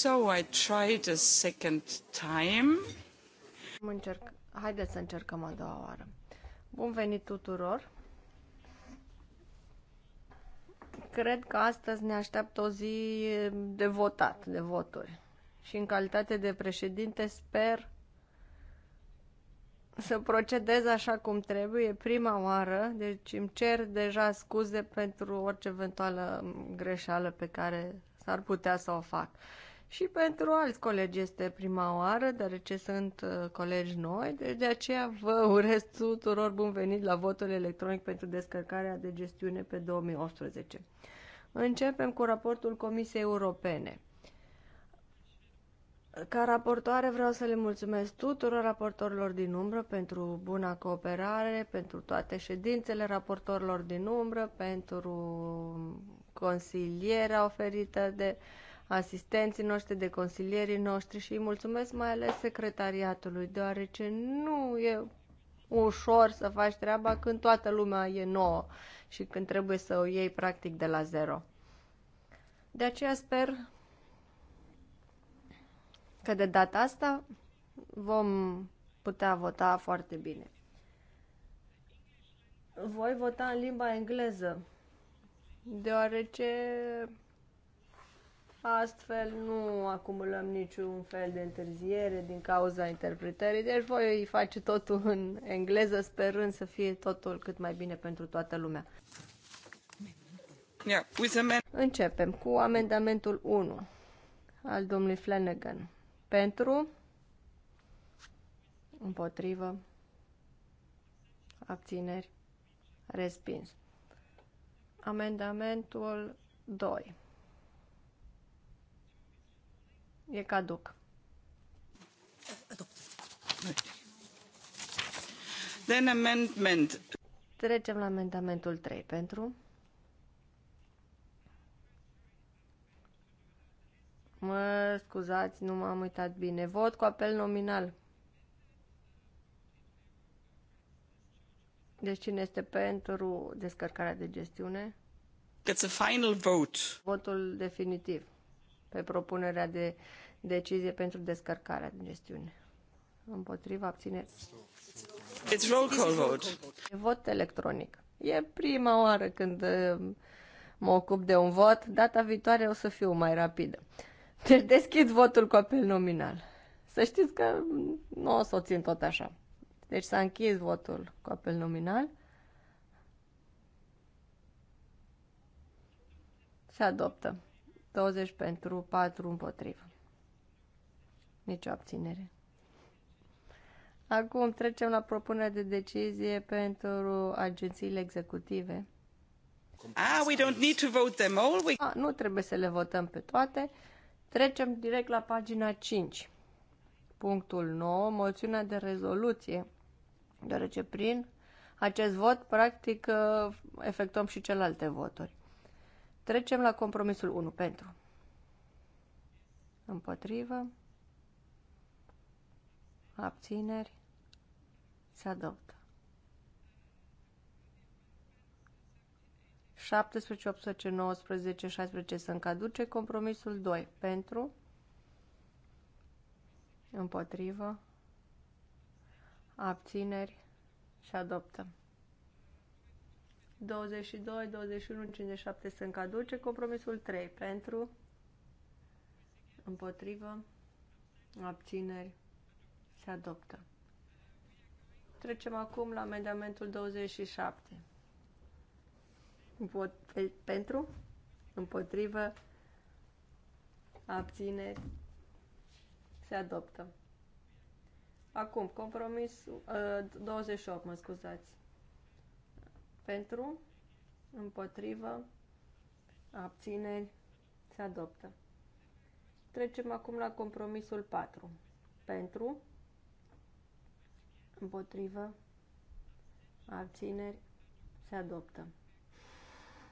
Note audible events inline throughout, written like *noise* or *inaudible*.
So I tried a second time. Încerc... Haideți să încercăm a doua oară. Bun venit tuturor! Cred că astăzi ne așteaptă o zi de votat, de voturi. Și în calitate de președinte sper să procedez așa cum trebuie, prima oară, deci îmi cer deja scuze pentru orice eventuală greșeală pe care s-ar putea să o fac. Și pentru alți colegi este prima oară, deoarece sunt uh, colegi noi, deci de aceea vă urez tuturor bun venit la votul electronic pentru descărcarea de gestiune pe 2018. Începem cu raportul Comisiei Europene. Ca raportoare vreau să le mulțumesc tuturor raportorilor din umbră pentru buna cooperare, pentru toate ședințele raportorilor din umbră, pentru consilierea oferită de uh, asistenții noștri, de consilierii noștri și îi mulțumesc mai ales secretariatului, deoarece nu e ușor să faci treaba când toată lumea e nouă și când trebuie să o iei practic de la zero. De aceea sper că de data asta vom putea vota foarte bine. Voi vota în limba engleză, deoarece Astfel nu acumulăm niciun fel de întârziere din cauza interpretării, deci voi face totul în engleză sperând să fie totul cât mai bine pentru toată lumea. Yeah, Începem cu amendamentul 1 al domnului Flanagan. Pentru, împotrivă, abțineri, respins. Amendamentul 2 E caduc. Then amendment. Trecem la amendamentul 3 pentru. Mă scuzați, nu m-am uitat bine. Vot cu apel nominal. Deci cine este pentru descărcarea de gestiune? That's a final vote. Votul definitiv pe propunerea de decizie pentru descărcarea din gestiune. Împotriva abțineți. It's roll call vote. vot electronic. E prima oară când uh, mă ocup de un vot. Data viitoare o să fiu mai rapidă. Deci deschid votul cu apel nominal. Să știți că mm, nu o să o țin tot așa. Deci s-a închis votul cu apel nominal. Se adoptă. 20 pentru, 4 împotrivă. Nicio abținere. Acum trecem la propunerea de decizie pentru agențiile executive. Ah, we don't need to vote them all. We... Ah, nu trebuie să le votăm pe toate. Trecem direct la pagina 5. Punctul 9, moțiunea de rezoluție. Deoarece prin acest vot, practic, uh, efectuăm și celelalte voturi. Trecem la compromisul 1 pentru. Împotrivă abțineri, se adoptă. 17, 18, 19, 16 sunt caduce. Compromisul 2 pentru, împotrivă, abțineri și adoptă. 22, 21, 57 sunt caduce. Compromisul 3 pentru, împotrivă, abțineri se adoptă. Trecem acum la amendamentul 27. Vot pe, pentru, împotrivă, abțineri, se adoptă. Acum, compromisul ă, uh, 28, mă scuzați. Pentru, împotrivă, abțineri, se adoptă. Trecem acum la compromisul 4. Pentru, împotrivă, abțineri, se adoptă.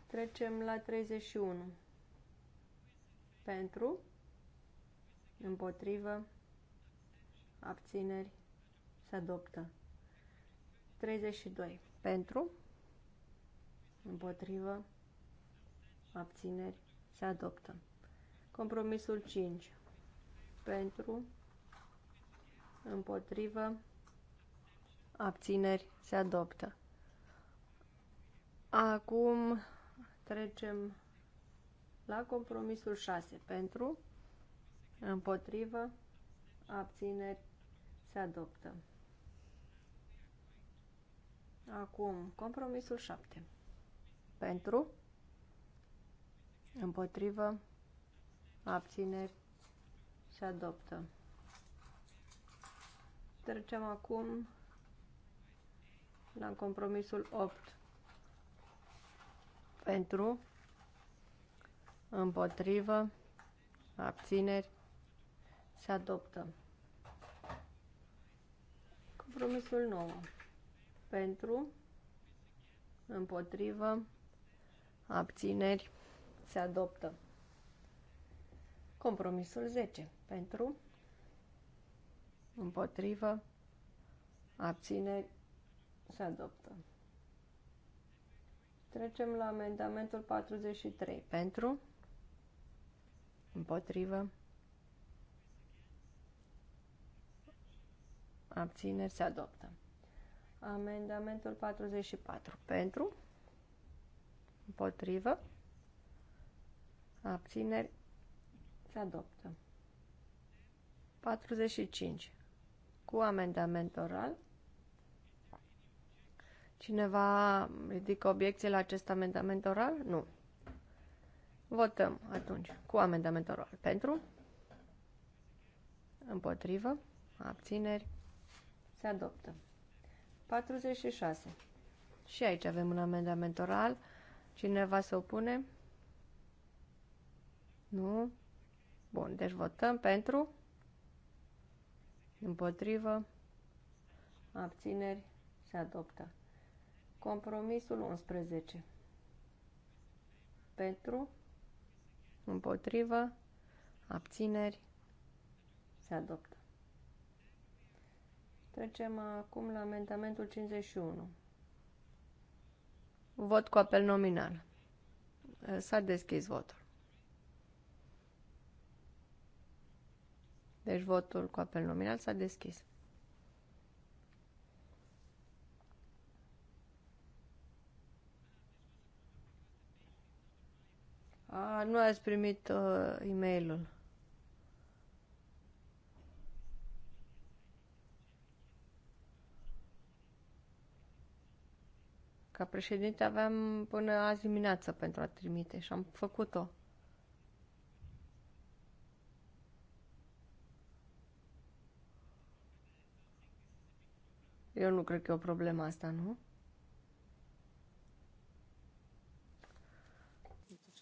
Trecem la 31. Pentru, împotrivă, abțineri, se adoptă. 32. Pentru, împotrivă, abțineri, se adoptă. Compromisul 5. Pentru, împotrivă, abțineri, se adoptă. Acum trecem la compromisul 6. Pentru, împotrivă, abțineri, se adoptă. Acum, compromisul 7. Pentru, împotrivă, abțineri, se adoptă. Trecem acum la compromisul 8. Pentru, împotrivă, abțineri, se adoptă. Compromisul 9. Pentru, împotrivă, abțineri, se adoptă. Compromisul 10. Pentru, împotrivă, abțineri, se adoptă. Trecem la amendamentul 43. Pentru? Împotrivă? Abțineri? Se adoptă. Amendamentul 44. Pentru? Împotrivă? Abțineri? Se adoptă. 45. Cu amendament oral Cineva ridică obiecție la acest amendament oral? Nu. Votăm atunci cu amendament oral. Pentru? Împotrivă? Abțineri? Se adoptă. 46. Și aici avem un amendament oral. Cineva se opune? Nu? Bun, deci votăm pentru, împotrivă, abțineri, se adoptă. Compromisul 11. Pentru, împotrivă, abțineri, se adoptă. Trecem acum la amendamentul 51. Vot cu apel nominal. S-a deschis votul. Deci votul cu apel nominal s-a deschis. A, nu ați primit uh, e-mailul. Ca președinte aveam până azi dimineață pentru a trimite și am făcut-o. Eu nu cred că e o problemă asta, nu?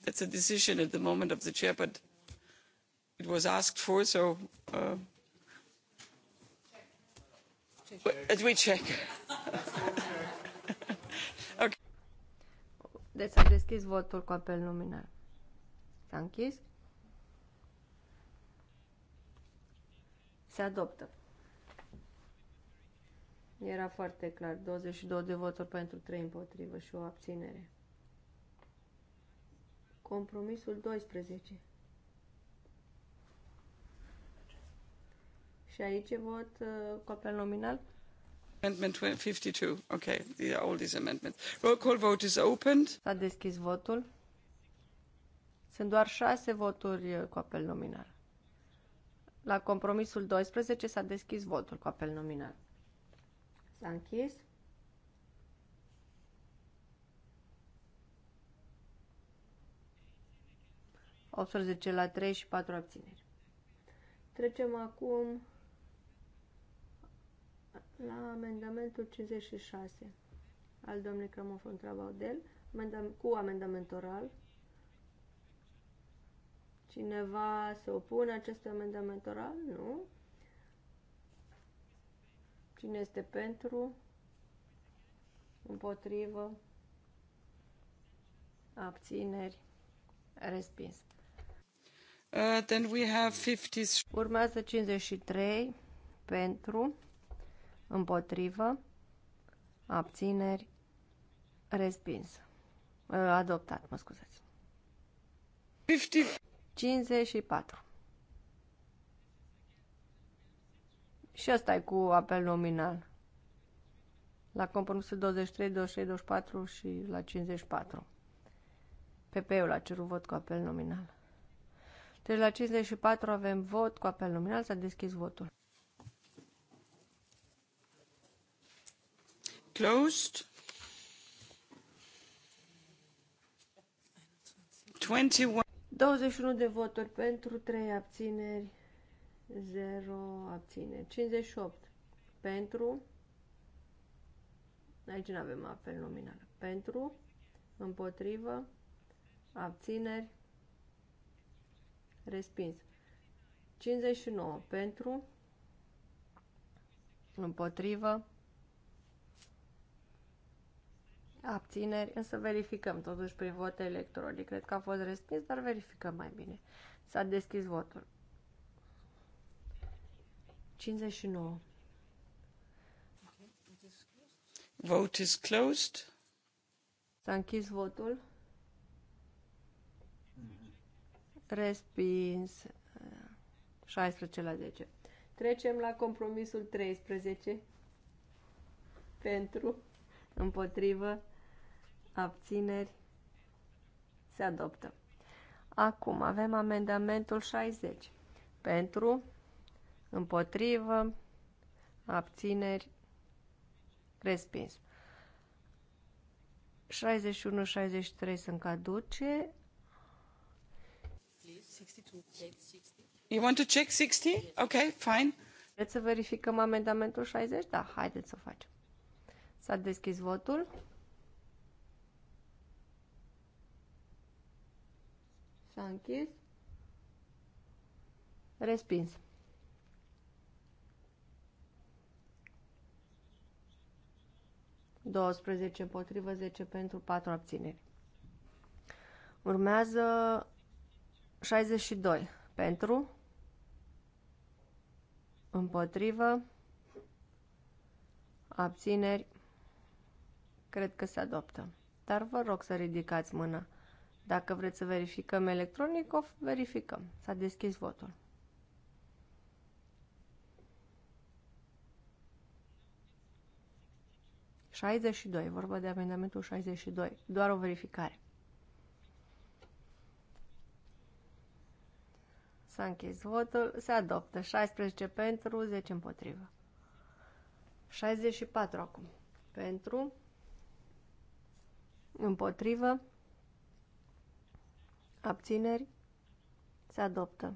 that's a decision at the moment of the chair, but it was asked for, so uh, check. we check. *laughs* okay. Deci s-a deschis votul cu apel nominal. S-a închis. Se adoptă. Era foarte clar. 22 de voturi pentru 3 împotrivă și o abținere. Compromisul 12. Și aici vot uh, cu apel nominal. Amendment 52. ok, these are uh, all these amendments. Roll call vote is opened. S-a deschis votul. Sunt doar șase voturi uh, cu apel nominal. La compromisul 12 s-a deschis votul cu apel nominal. S-a închis. 18 la 3 și 4 abțineri. Trecem acum la amendamentul 56 al domnului Cramofon Travaudel cu amendament oral. Cineva se opune acestui amendament oral? Nu. Cine este pentru? Împotrivă? Abțineri? Respins. Uh, then we have 50... Urmează 53 pentru, împotrivă, abțineri, respins. Uh, adoptat, mă scuzați. 50... 54. Și asta e cu apel nominal. La compromisul 23, 23, 24 și la 54. PP-ul a cerut vot cu apel nominal. Deci la 54 avem vot cu apel nominal, s-a deschis votul. Closed. 21. de voturi pentru, 3 abțineri, 0 abțineri. 58 pentru, aici nu avem apel nominal, pentru, împotrivă, abțineri, Respins. 59 pentru. Împotrivă. Abțineri. Însă verificăm totuși prin vot electronic. Cred că a fost respins, dar verificăm mai bine. S-a deschis votul. 59. Vote is closed. S-a închis votul. Respins. 16 la 10. Trecem la compromisul 13. Pentru, împotrivă, abțineri, se adoptă. Acum avem amendamentul 60. Pentru, împotrivă, abțineri, respins. 61-63 sunt caduce, You want to check 60? Okay, fine. Vreți să verificăm amendamentul 60? Da, haideți să facem. S-a deschis votul. S-a închis. Respins. Douăsprezece împotrivă, zece pentru, 4 abțineri. Urmează 62 pentru, împotrivă, abțineri, cred că se adoptă. Dar vă rog să ridicați mâna. Dacă vreți să verificăm electronic, o verificăm. S-a deschis votul. Șaizeci și doi, vorba de amendamentul 62. Doar o verificare. S-a închis votul. Se adoptă. 16 pentru, 10 împotrivă. 64 acum. Pentru. Împotrivă. Abțineri. Se adoptă.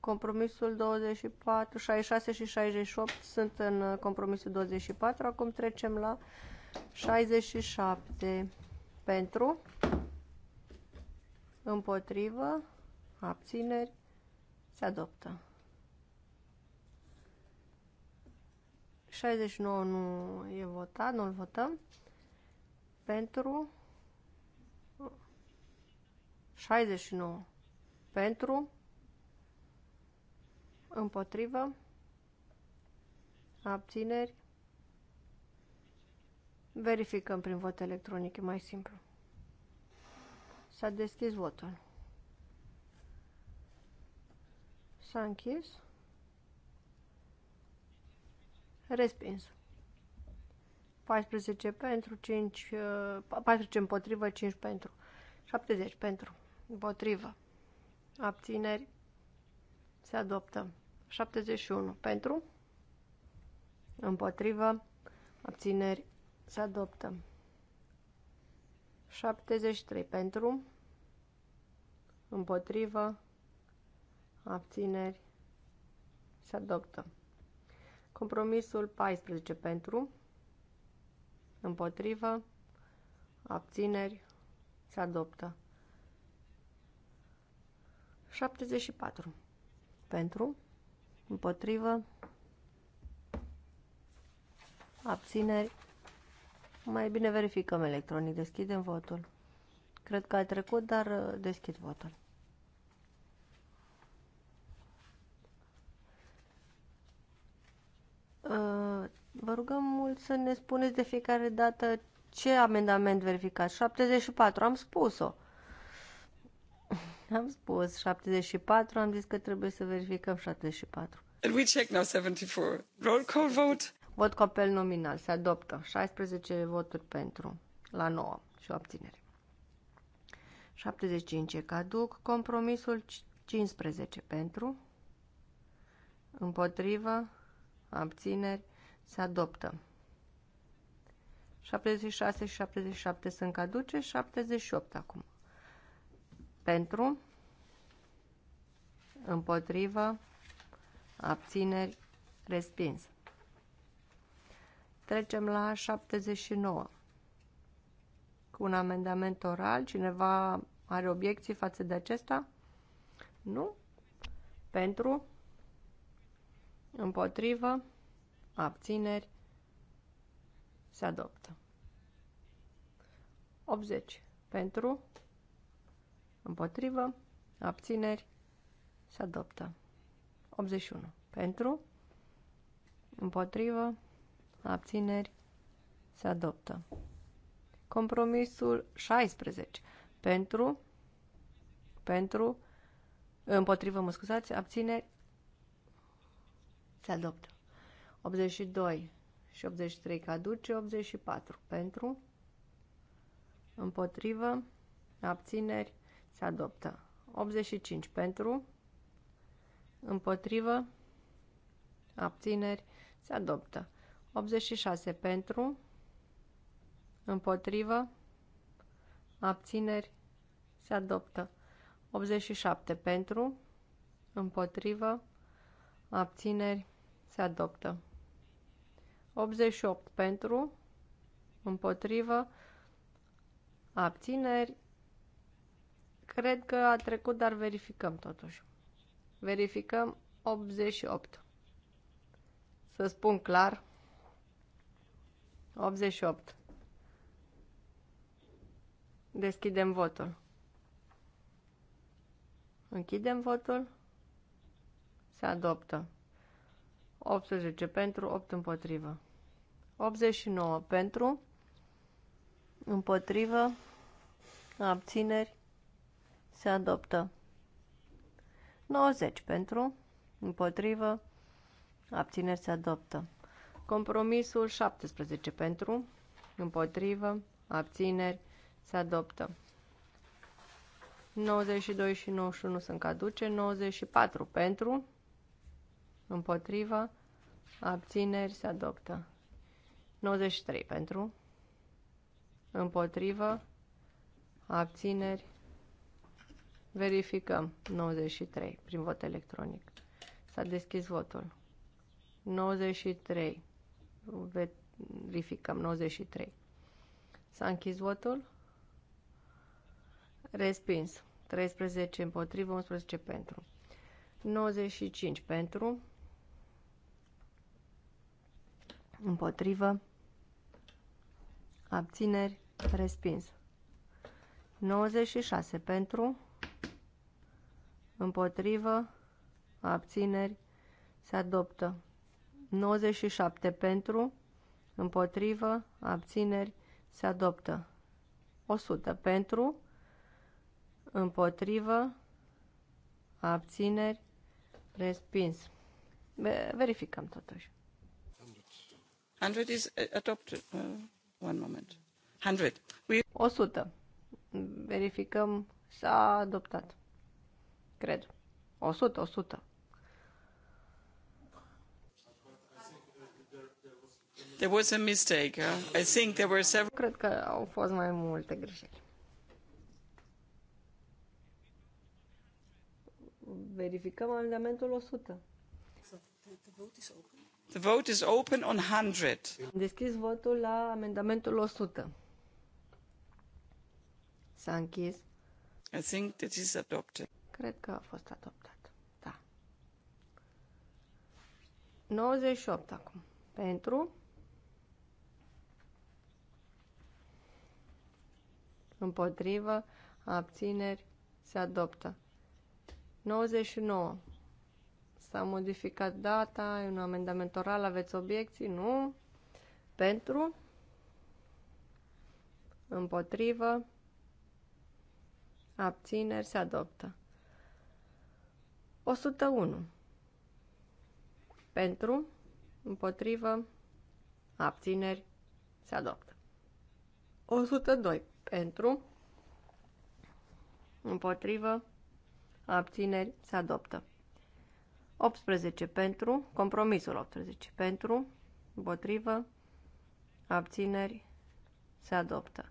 Compromisul 24, 66 și 68 sunt în compromisul 24. Acum trecem la 67 pentru, împotrivă, abțineri, se adoptă. 69 nu e votat, nu-l votăm. Pentru 69 pentru împotrivă abțineri Verificăm prin vot electronic, e mai simplu. S-a deschis votul. S-a închis. Respins. 14 pentru, 5, 14 uh, împotrivă, 5 pentru. 70 pentru, împotrivă. Abțineri. Se adoptă. 71 pentru, împotrivă, abțineri se adoptă. 73 pentru, împotrivă, abțineri, se adoptă. Compromisul 14 pentru, împotrivă, abțineri, se adoptă. 74 pentru, împotrivă, abțineri, mai bine verificăm electronic. Deschidem votul. Cred că a trecut, dar uh, deschid votul. Uh, vă rugăm mult să ne spuneți de fiecare dată ce amendament verificați. 74, am spus-o. *laughs* Am spus 74, am zis că trebuie să verificăm 74. And we check now 74. Roll call vote. Vot cu apel nominal. Se adoptă. 16 voturi pentru. La 9. Și o abținere. 75 caduc. Compromisul 15 pentru. Împotrivă. Abțineri. Se adoptă. 76 și 77 sunt caduce. 78 acum. Pentru. Împotrivă. Abțineri. Respins. Trecem la 79. Cu un amendament oral, cineva are obiecții față de acesta? Nu? Pentru? Împotrivă? Abțineri? Se adoptă. 80. Pentru? Împotrivă? Abțineri? Se adoptă. 81. Pentru? Împotrivă? abțineri, se adoptă. Compromisul 16. Pentru, pentru, împotrivă, mă scuzați, abțineri, se adoptă. 82 și 83 caduce, 84 pentru, împotrivă, abțineri, se adoptă. 85 pentru, împotrivă, abțineri, se adoptă. 86 pentru, împotrivă, abțineri, se adoptă. 87 pentru, împotrivă, abțineri, se adoptă. 88 pentru, împotrivă, abțineri, cred că a trecut, dar verificăm totuși. Verificăm 88. Să spun clar, 88. Deschidem votul. Închidem votul. Se adoptă. 18 pentru, 8 împotrivă. 89 pentru, împotrivă, abțineri, se adoptă. 90 pentru, împotrivă, abțineri se adoptă. Compromisul 17 pentru, împotrivă, abțineri, se adoptă. 92 și 91 sunt caduce, 94 pentru, împotrivă, abțineri, se adoptă. 93 pentru, împotrivă, abțineri, verificăm 93 prin vot electronic. S-a deschis votul. 93 verificăm 93. S-a închis votul? Respins. 13 împotrivă, 11 pentru. 95 pentru. Împotrivă. Abțineri. Respins. 96 pentru. Împotrivă. Abțineri. Se adoptă. 97 pentru, împotrivă, abțineri, se adoptă. 100 pentru, împotrivă, abțineri, respins. Verificăm totuși. 100 is uh, adopted. Uh, one moment. 100. We... 100. Verificăm s-a adoptat. Cred. 100, 100. There was a mistake. Huh? I think there were several... Cred că au fost mai multe greșeli. Verificăm amendamentul 100. The vote is open on 100. Deschis votul la amendamentul 100. S-a închis. I think that is adopted. Cred că a fost adoptat. Da. 98 acum. Pentru împotrivă, abțineri, se adoptă. 99. S-a modificat data, e un amendament oral, aveți obiecții? Nu. Pentru, împotrivă, abțineri, se adoptă. 101. Pentru, împotrivă, abțineri, se adoptă. 102. Pentru. Împotrivă. Abțineri. Se adoptă. 18 pentru. Compromisul 18 pentru. Împotrivă. Abțineri. Se adoptă.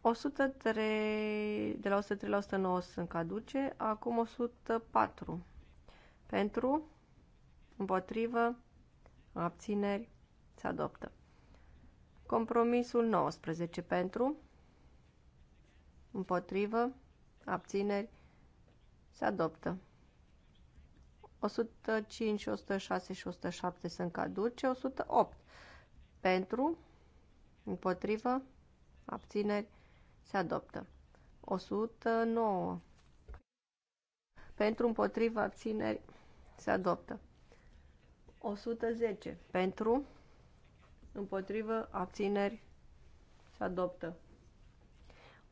103, de la 103 la 109 sunt caduce, acum 104. Pentru, împotrivă, abțineri, se adoptă. Compromisul 19 pentru, împotrivă, abțineri, se adoptă. 105, 106 și 107 sunt caduce, 108 pentru, împotrivă, abțineri, se adoptă. 109 pentru, împotrivă, abțineri, se adoptă. 110 pentru, împotrivă, abțineri, se adoptă.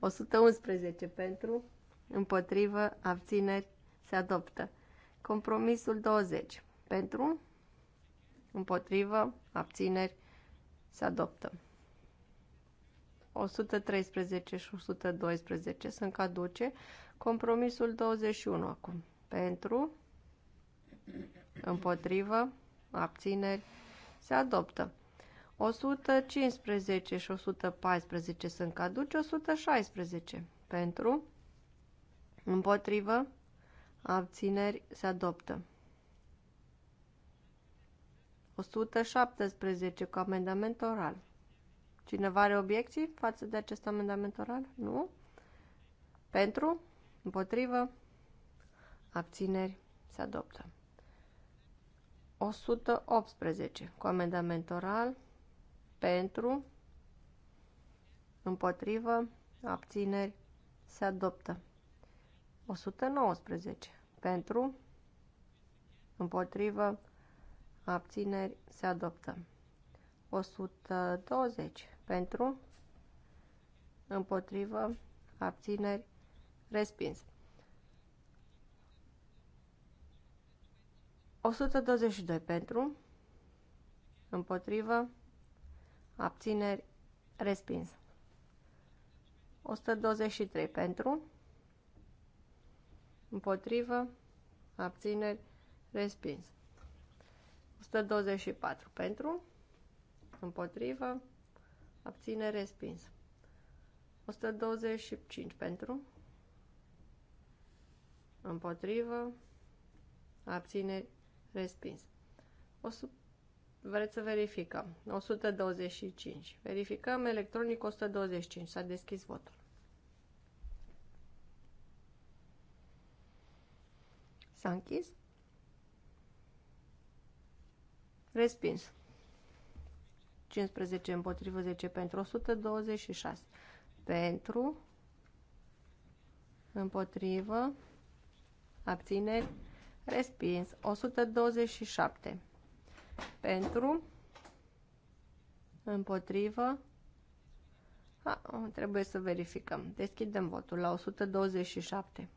111 pentru, împotrivă, abțineri, se adoptă. Compromisul 20 pentru, împotrivă, abțineri, se adoptă. 113 și 112 sunt caduce. Compromisul 21 acum. Pentru, împotrivă, abțineri, se adoptă. 115 și 114 sunt caduci, 116 pentru, împotrivă, abțineri se adoptă. 117 cu amendament oral. Cineva are obiecții față de acest amendament oral? Nu? Pentru? Împotrivă? Abțineri? Se adoptă. 118 cu amendament oral pentru, împotrivă, abțineri, se adoptă. 119 pentru, împotrivă, abțineri, se adoptă. 120 pentru, împotrivă, abțineri, respins. 122 pentru, împotrivă, abțineri, respins. 123 pentru, împotrivă, abțineri, respins. 124 pentru, împotrivă, abțineri, respins. 125 pentru, împotrivă, abțineri, respins. 100 Vreți să verificăm. 125. Verificăm electronic 125. S-a deschis votul. S-a închis. Respins. 15 împotrivă 10 pentru 126. Pentru. Împotrivă. Abțineri. Respins. 127 pentru, împotrivă, a, trebuie să verificăm. Deschidem votul la 127.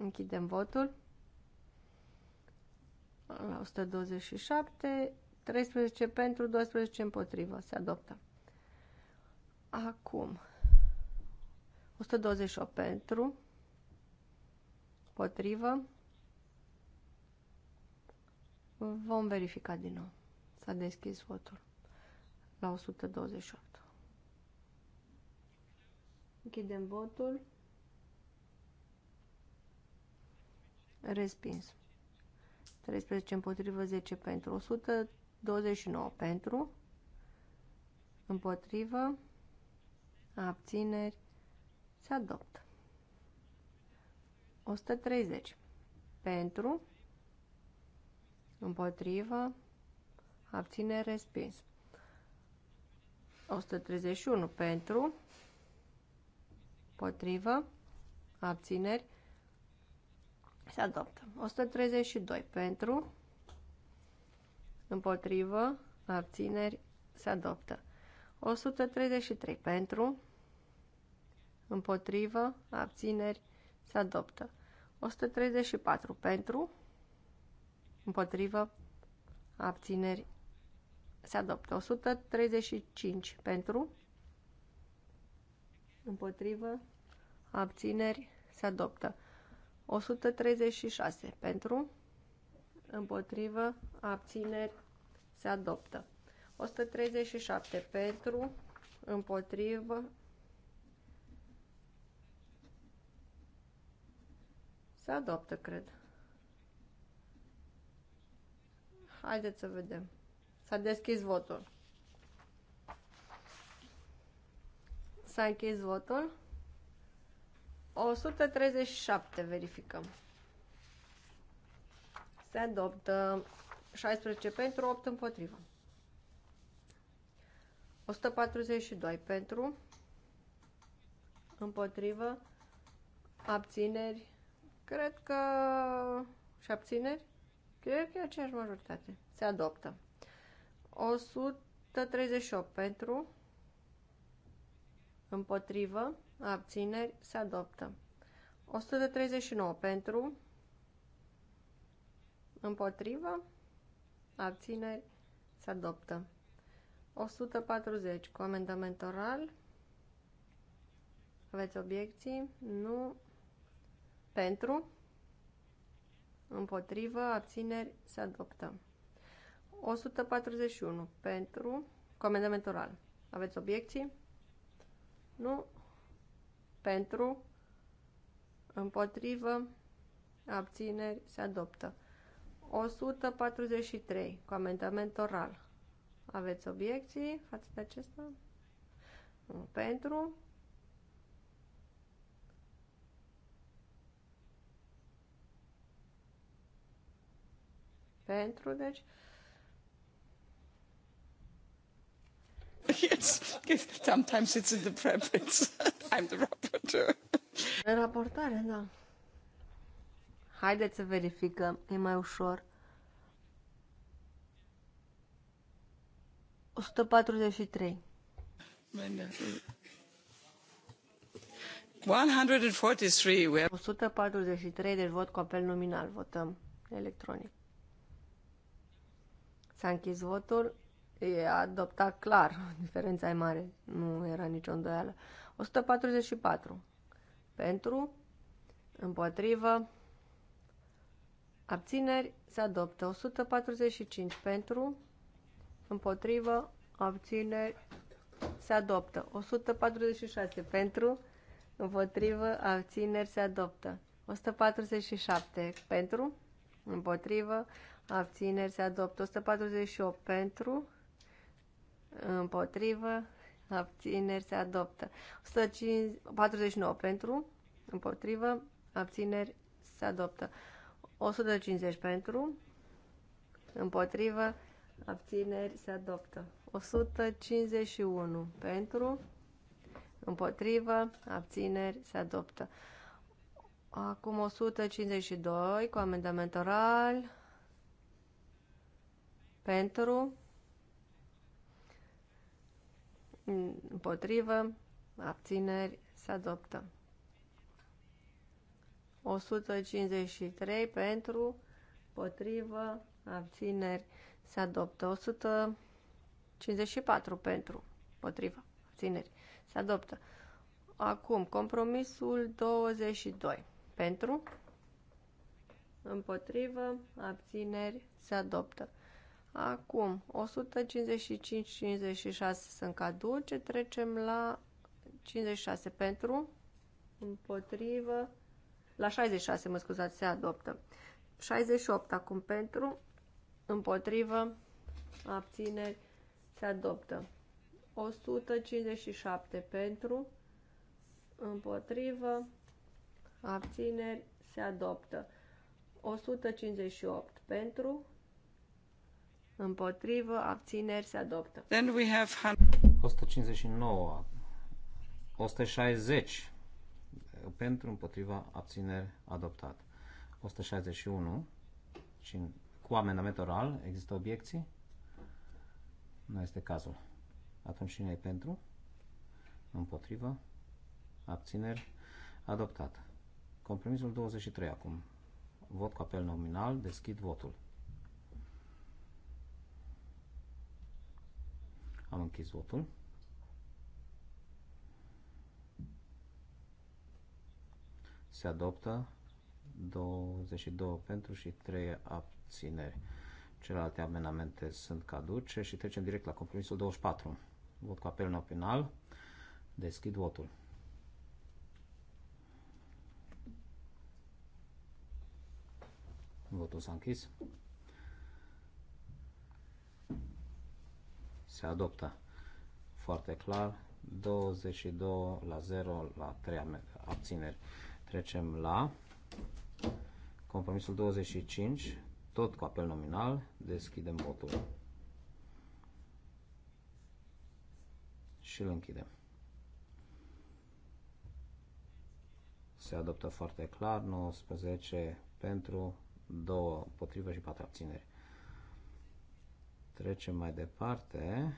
Închidem votul. La 127, 13 pentru, 12 împotrivă. Se adoptă. Acum, 128 pentru, împotrivă, Vom verifica din nou. S-a deschis votul la 128. Închidem votul. Respins. 13 împotrivă, 10 pentru, 129 pentru, împotrivă, abțineri, se adoptă. 130 pentru, Împotrivă. Abține respins. 131 pentru. Potrivă. Abțineri. Se adoptă. 132 pentru. Împotrivă. Abțineri. Se adoptă. 133 pentru. Împotrivă. Abțineri. Se adoptă. 134 pentru împotrivă, abțineri, se adoptă. 135 pentru, împotrivă, abțineri, se adoptă. 136 pentru, împotrivă, abțineri, se adoptă. 137 pentru, împotrivă, se adoptă, cred. Haideți să vedem. S-a deschis votul. S-a închis votul. 137 verificăm. Se adoptă 16 pentru, 8 împotrivă. 142 pentru, împotrivă, abțineri, cred că și abțineri, Cred că e aceeași majoritate. Se adoptă. 138 pentru, împotrivă, abțineri, se adoptă. 139 pentru, împotrivă, abțineri, se adoptă. 140 cu amendament oral. Aveți obiecții? Nu. Pentru? Împotrivă, abțineri, se adoptă. 141 pentru comandament oral. Aveți obiecții? Nu. Pentru, împotrivă, abțineri, se adoptă. 143 comandament oral. Aveți obiecții față de acesta? Nu. Pentru, Pentru, deci... Yes, sometimes it's in the preference. I'm the rapporteur. În raportare, da. Haideți să verificăm, e mai ușor. 143. 143, 143, deci vot cu apel nominal, votăm electronic. S-a închis votul. E adoptat clar. *laughs* Diferența e mare. Nu era nicio îndoială. 144. Pentru. Împotrivă. Abțineri. Se adoptă. 145. Pentru. Împotrivă. Abțineri. Se adoptă. 146. Pentru. Împotrivă. Abțineri. Se adoptă. 147. Pentru. Împotrivă abțineri se adoptă. 148 pentru, împotrivă, abțineri se adoptă. 149 pentru, împotrivă, abțineri se adoptă. 150 pentru, împotrivă, abțineri se adoptă. 151 pentru, împotrivă, abțineri se adoptă. Acum 152 cu amendament oral pentru, împotrivă, abțineri, se adoptă. 153 pentru, împotrivă, abțineri, se adoptă. 154 pentru, împotrivă, abțineri, se adoptă. Acum, compromisul 22 pentru, împotrivă, abțineri, se adoptă. Acum, 155-56 sunt caduce, trecem la 56 pentru, împotrivă, la 66, mă scuzați, se adoptă. 68 acum pentru, împotrivă, abțineri, se adoptă. 157 pentru, împotrivă, abțineri, se adoptă. 158 pentru, Împotrivă, abțineri, se adoptă. Then we have 159, 160 pentru, împotriva, abțineri, adoptat. 161 și cu amendament oral există obiecții? Nu este cazul. Atunci cine e pentru? Împotrivă, abțineri, adoptat. Compromisul 23 acum. Vot cu apel nominal, deschid votul. Am închis votul. Se adoptă 22 pentru și 3 abțineri. Celelalte amenamente sunt caduce și trecem direct la compromisul 24. Vot cu apel în penal. Deschid votul. Votul s-a închis. se adoptă foarte clar, 22 la 0 la 3 abțineri. Trecem la compromisul 25, tot cu apel nominal, deschidem votul. Și îl închidem. Se adoptă foarte clar, 19 pentru, 2 potrivă și 4 abțineri. Trecem mai departe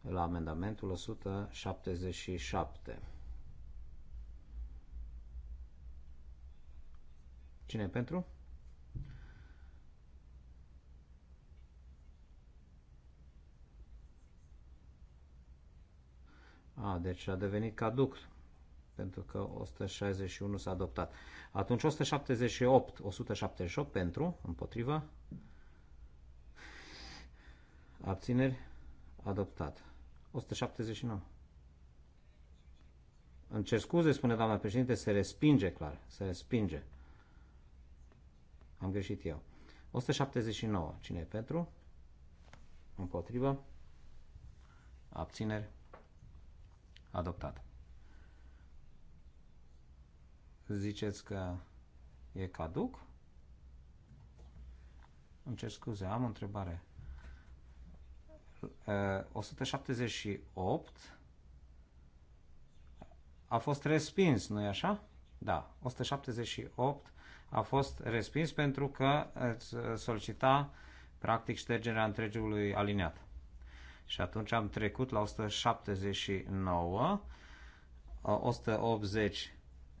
la amendamentul 177. Cine pentru? A, deci a devenit caduc pentru că 161 s-a adoptat. Atunci 178, 178 pentru, împotriva, abțineri, adoptat. 179. Îmi cer scuze, spune doamna președinte, se respinge clar, se respinge. Am greșit eu. 179. Cine e pentru? Împotrivă? Abțineri? Adoptat ziceți că e caduc? Îmi cer scuze, am o întrebare. 178 uh, a fost respins, nu-i așa? Da, 178 a fost respins pentru că îți uh, solicita practic ștergerea întregului aliniat. Și atunci am trecut la 179, 180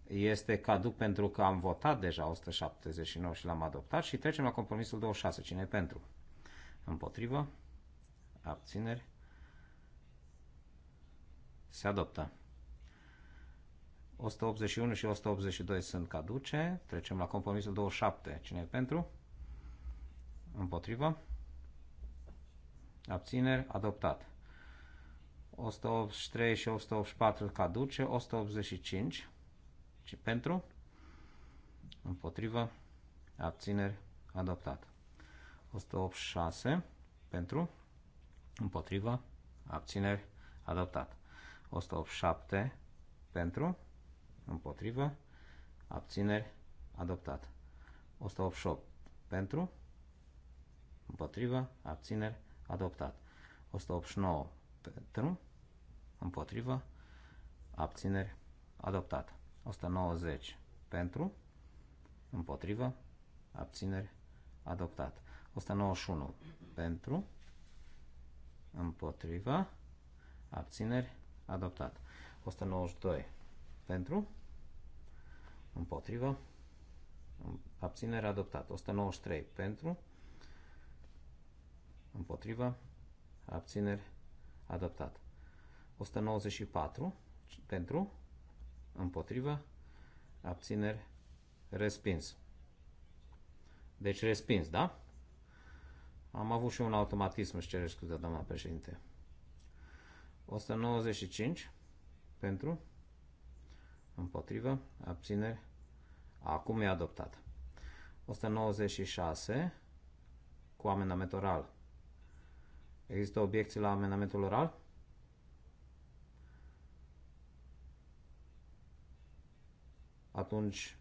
este caduc pentru că am votat deja 179 și l-am adoptat și trecem la compromisul 26. Cine e pentru? Împotrivă? Abțineri? Se adoptă. 181 și 182 sunt caduce. Trecem la compromisul 27. Cine e pentru? Împotrivă? Abțineri? Adoptat. 183 și 184 caduce. 185 și pentru, împotrivă, abțineri, adoptat. 186 pentru, împotrivă, abțineri, adoptat. 187 pentru, împotrivă, abțineri, adoptat. 188 pentru, împotrivă, abțineri, adoptat. 189 pentru, împotrivă, abțineri, adoptat. 190 pentru, împotrivă, abțineri, adoptat. 191 pentru, împotrivă, abțineri, adoptat. 192 pentru, împotrivă, abținere adoptat. 193 pentru, împotrivă, abțineri, adoptat. 194 pentru, împotrivă, abțineri, respins. Deci respins, da? Am avut și un automatism, își cere scuze, doamna președinte. 195 pentru, împotrivă, abțineri, acum e adoptat. 196 cu amendament oral. Există obiecții la amendamentul oral? Atunci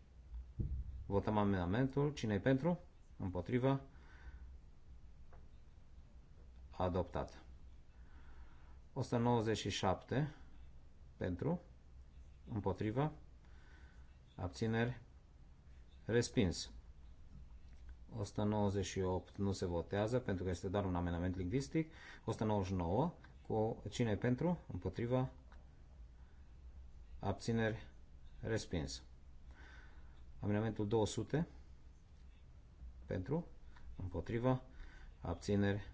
votăm amendamentul. Cine-i pentru? Împotrivă? Adoptat. 197 pentru, împotrivă, abțineri, respins. 198 nu se votează pentru că este doar un amendament lingvistic. 199 cu cine pentru, împotriva, abțineri, respins. Amendamentul 200 pentru, împotriva, abțineri,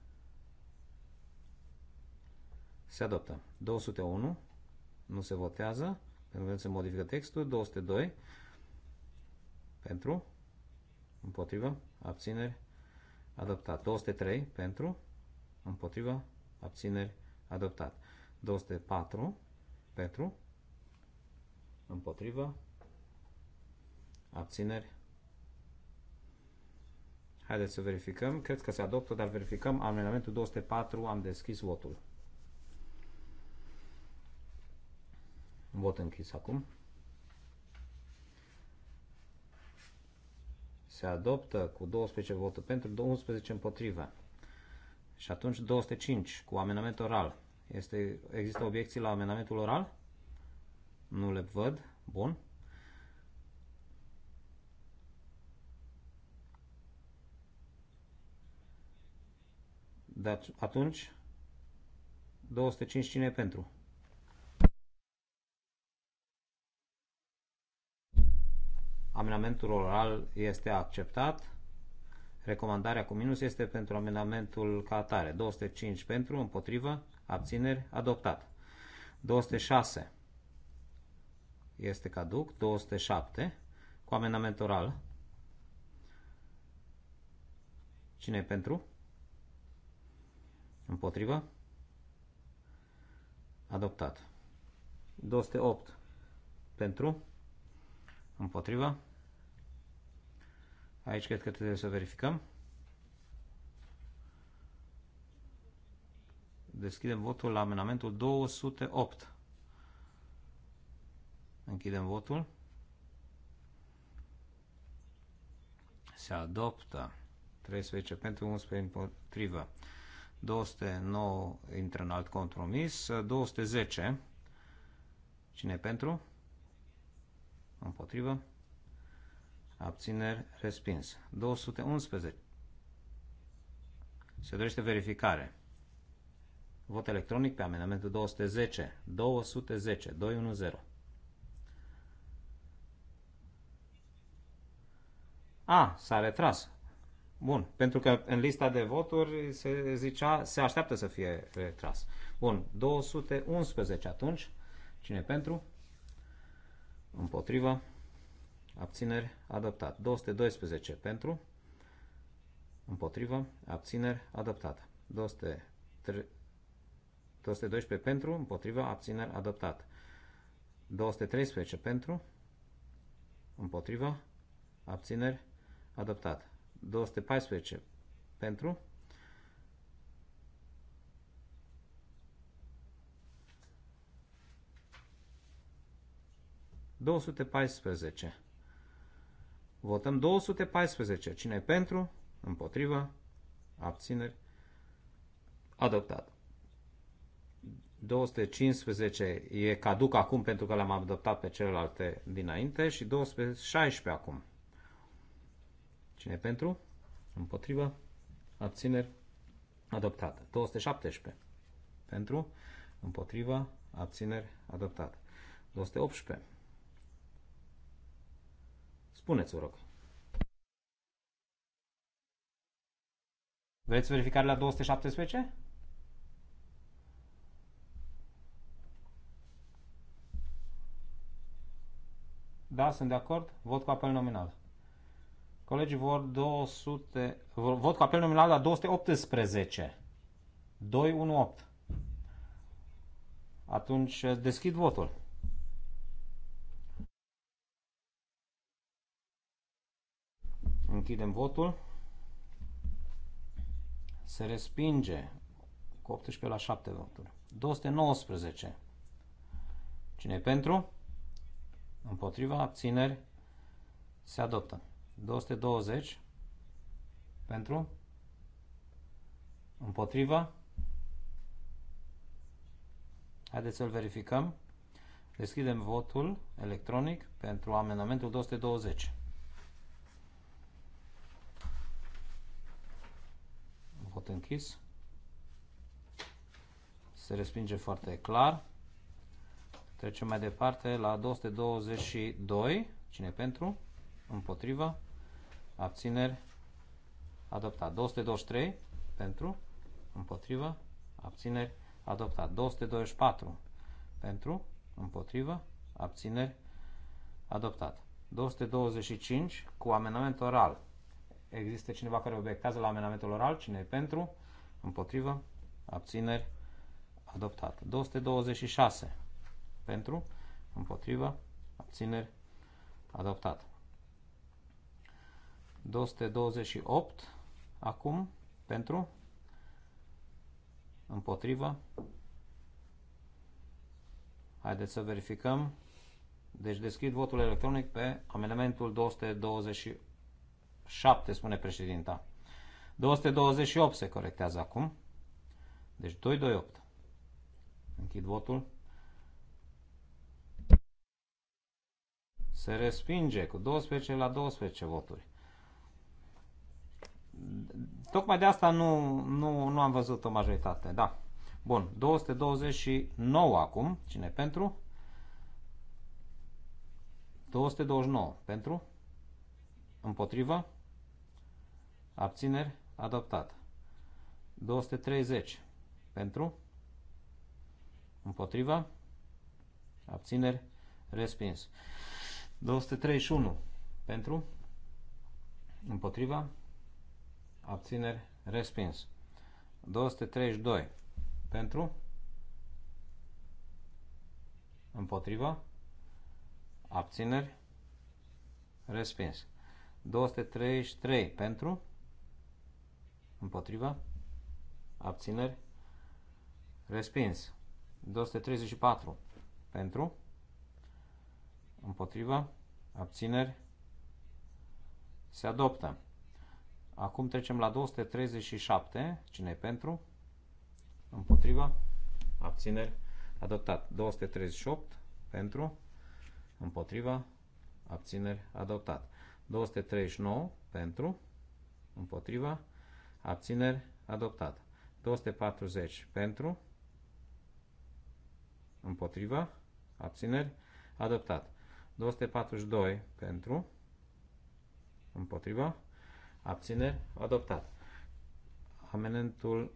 se adoptă. 201 nu se votează, pentru că se modifică textul. 202 pentru, împotriva, abțineri, adoptat. 203 pentru, împotriva, abțineri, adoptat. 204 pentru, împotriva, Abțineri. Haideți să verificăm. Cred că se adoptă, dar verificăm. Amendamentul 204. Am deschis votul. Vot închis acum. Se adoptă cu 12 voturi pentru, 11 împotrivă. Și atunci 205 cu amendament oral. Este, există obiecții la amendamentul oral? Nu le văd. Bun. Dar atunci, 205 cine pentru? Amendamentul oral este acceptat. Recomandarea cu minus este pentru amendamentul ca atare. 205 pentru, împotrivă, abțineri, adoptat. 206 este caduc. 207 cu amendament oral. Cine e pentru? Împotrivă. Adoptat. 208 pentru. Împotrivă. Aici cred că trebuie să verificăm. Deschidem votul la amenamentul 208. Închidem votul. Se adoptă 13 pentru 11 împotrivă. 209 intră în alt compromis. 210. Cine pentru? Împotrivă. Abțineri respins. 211. Se dorește verificare. Vot electronic pe amendamentul 210. 210. 210. A, s-a retras. Bun, pentru că în lista de voturi se zicea, se așteaptă să fie retras. Bun, 211 atunci. Cine pentru? Împotriva. Abțineri, adoptat. 212 pentru. Împotriva. Abțineri, adoptat. 203, 212 pentru. Împotriva. Abțineri, adoptat. 213 pentru. Împotriva. Abțineri, adoptat. 214 pentru. ...214. Votăm 214. Cine e pentru? Împotrivă? Abțineri? Adoptat. 215 e caduc acum pentru că l-am adoptat pe celelalte dinainte și 216 acum. Cine pentru? Împotrivă. Abțineri. Adoptată. 217. Pentru. Împotrivă. Abțineri. Adoptată. 218. Spuneți, vă rog. Vreți verificare la 217? Da, sunt de acord. Vot cu apel nominal. Colegii vor 200, vot cu apel nominal la 218. 218. Atunci eh, deschid votul. Închidem votul. Se respinge cu 18 la 7 voturi. 219. Cine e pentru? Împotriva abțineri se adoptă. 220 pentru, împotriva. Haideți să-l verificăm. Deschidem votul electronic pentru amendamentul 220. Vot închis. Se respinge foarte clar. Trecem mai departe la 222. Cine pentru? Împotriva abțineri, adoptat. 223 pentru, împotrivă, abțineri, adoptat. 224 pentru, împotrivă, abțineri, adoptat. 225 cu amenament oral. Există cineva care obiectează la amenamentul oral? Cine e pentru? Împotrivă, abțineri, adoptat. 226 pentru, împotrivă, abțineri, adoptat. 228 acum pentru, împotrivă. Haideți să verificăm. Deci deschid votul electronic pe amendamentul 227, spune președinta. 228 se corectează acum. Deci 228. Închid votul. Se respinge cu 12 la 12 voturi. Tocmai de asta nu, nu, nu am văzut o majoritate, da. Bun, 229 acum, cine pentru? 229 pentru? Împotrivă? Abțineri? Adoptat. 230 pentru? Împotrivă? Abțineri? Respins. 231 pentru? Împotriva? abțineri, respins. 232 pentru, împotriva, abțineri, respins. 233 pentru, împotriva, abțineri, respins. 234 pentru, împotriva, abțineri, se adoptă. Acum trecem la 237. Cine e pentru? Împotriva? Abțineri? Adoptat. 238 pentru? Împotriva? Abțineri? Adoptat. 239 pentru? Împotriva? Abțineri? Adoptat. 240 pentru? Împotriva? Abțineri? Adoptat. 242 pentru? Împotriva? abțineri, adoptat. Amenentul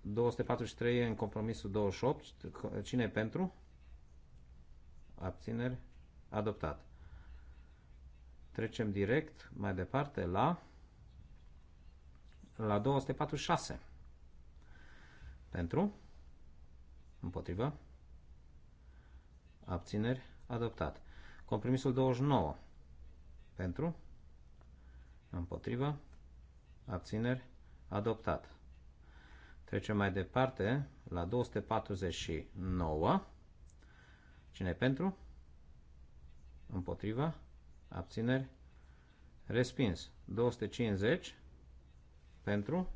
243 în compromisul 28, cine e pentru? Abțineri, adoptat. Trecem direct mai departe la la 246. Pentru, împotrivă, abțineri, adoptat. Compromisul 29. Pentru, Împotrivă. Abțineri. Adoptat. Trecem mai departe la 249. Cine pentru? Împotrivă. Abțineri. Respins. 250. Pentru.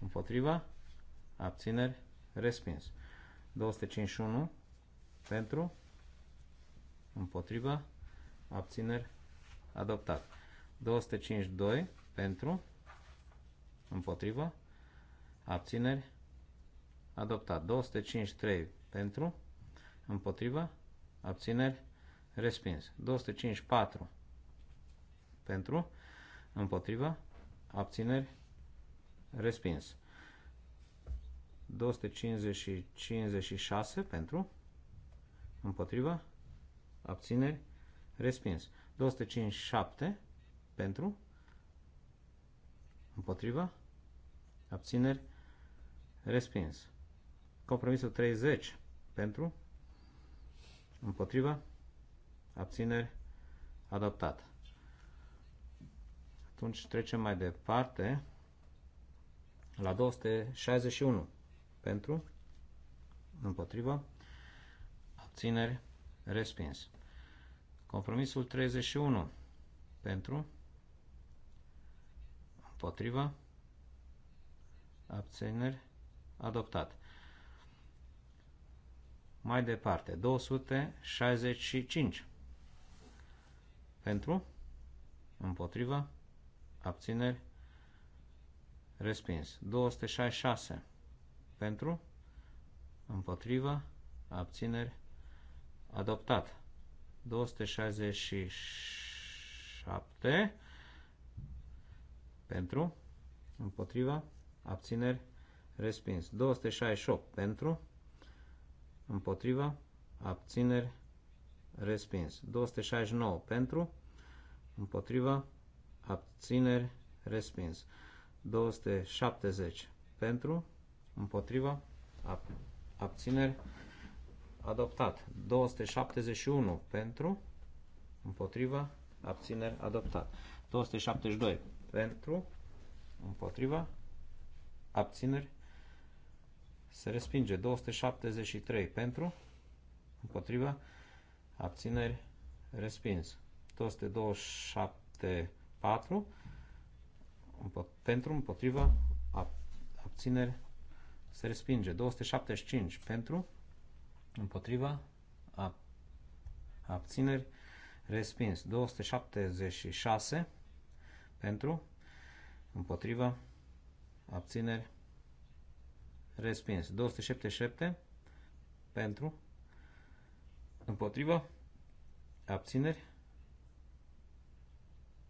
Împotrivă. Abțineri. Respins. 251. Pentru. Împotrivă. Abțineri. Adoptat. 252 pentru, împotrivă, abțineri, adoptat. 253 pentru, împotrivă, abțineri, respins. 254 pentru, împotrivă, abțineri, respins. 256 pentru, împotrivă, abțineri, respins. 257 pentru, împotriva, abțineri, respins. Compromisul 30 pentru, împotriva, abțineri, adoptat. Atunci trecem mai departe la 261 pentru, împotriva, abțineri, respins. Compromisul 31 pentru, Împotriva. Abțineri. Adoptat. Mai departe, 265. Pentru, împotriva, abțineri, respins. 266. Pentru, împotriva, abțineri, adoptat. 267 pentru, împotriva, abțineri, respins. 268 pentru, împotriva, abțineri, respins. 269 pentru, împotriva, abțineri, respins. 270 pentru, împotriva, abțineri, adoptat. 271 pentru, împotriva, abțineri, adoptat. 272 pentru, împotriva, abțineri, se respinge. 273 pentru, împotriva, abțineri, respins. 227 4 pentru, împotriva, abțineri, se respinge. 275 pentru, împotriva, abțineri, respins. 276 pentru, împotrivă, abțineri, respins. 277 pentru, împotrivă, abțineri,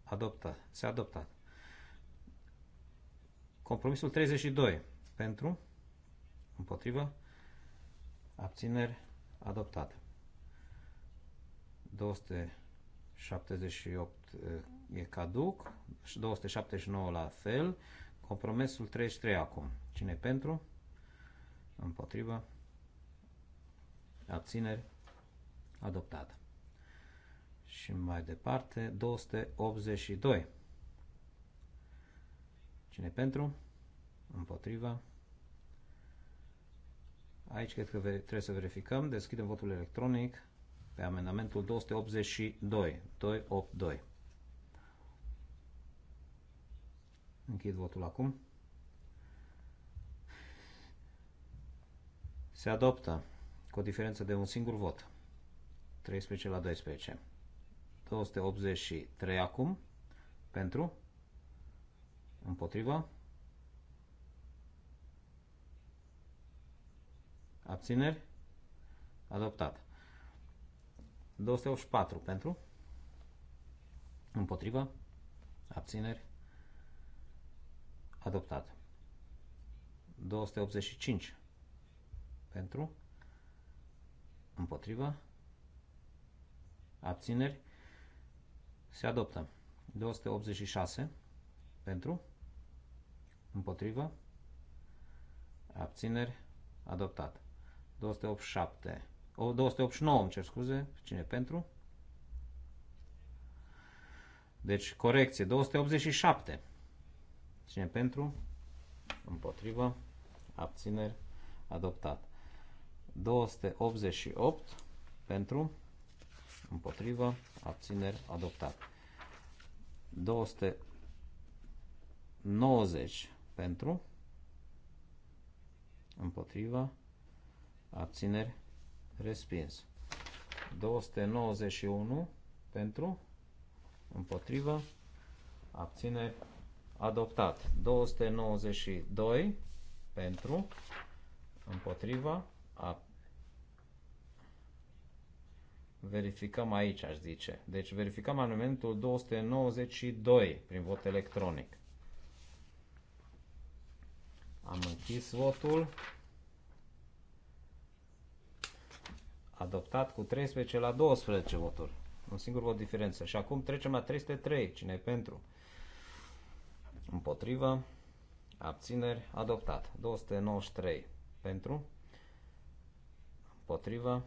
adoptat, se adoptat. Compromisul 32 pentru, împotrivă, abțineri, adoptat. 278 e caduc, 279 la fel, compromisul 33 acum. Cine pentru? Împotrivă. Abțineri. Adoptat. Și mai departe, 282. Cine pentru? Împotrivă. Aici cred că trebuie să verificăm. Deschidem votul electronic pe amendamentul 282. 282. Închid votul acum. Se adoptă cu o diferență de un singur vot. 13 la 12. 283 acum. Pentru. Împotriva. Abțineri. Adoptat. 284 pentru. Împotriva. Abțineri adoptat. 285 pentru, împotriva, abțineri, se adoptă. 286 pentru, împotriva, abțineri, adoptat. 287, o, 289, îmi cer scuze, cine pentru? Deci, corecție, 287 Cine pentru? Împotrivă. Abțineri. Adoptat. 288 pentru. Împotrivă. Abțineri. Adoptat. 290 pentru. Împotrivă. Abțineri. Respins. 291 pentru. Împotrivă. Abțineri adoptat. 292 pentru, împotriva, a, verificăm aici, aș zice. Deci verificăm amendamentul 292 prin vot electronic. Am închis votul. Adoptat cu 13 la 12 voturi. Un singur vot diferență. Și acum trecem la 303. Cine e pentru? Împotrivă. Abțineri. Adoptat. 293 pentru. Împotrivă.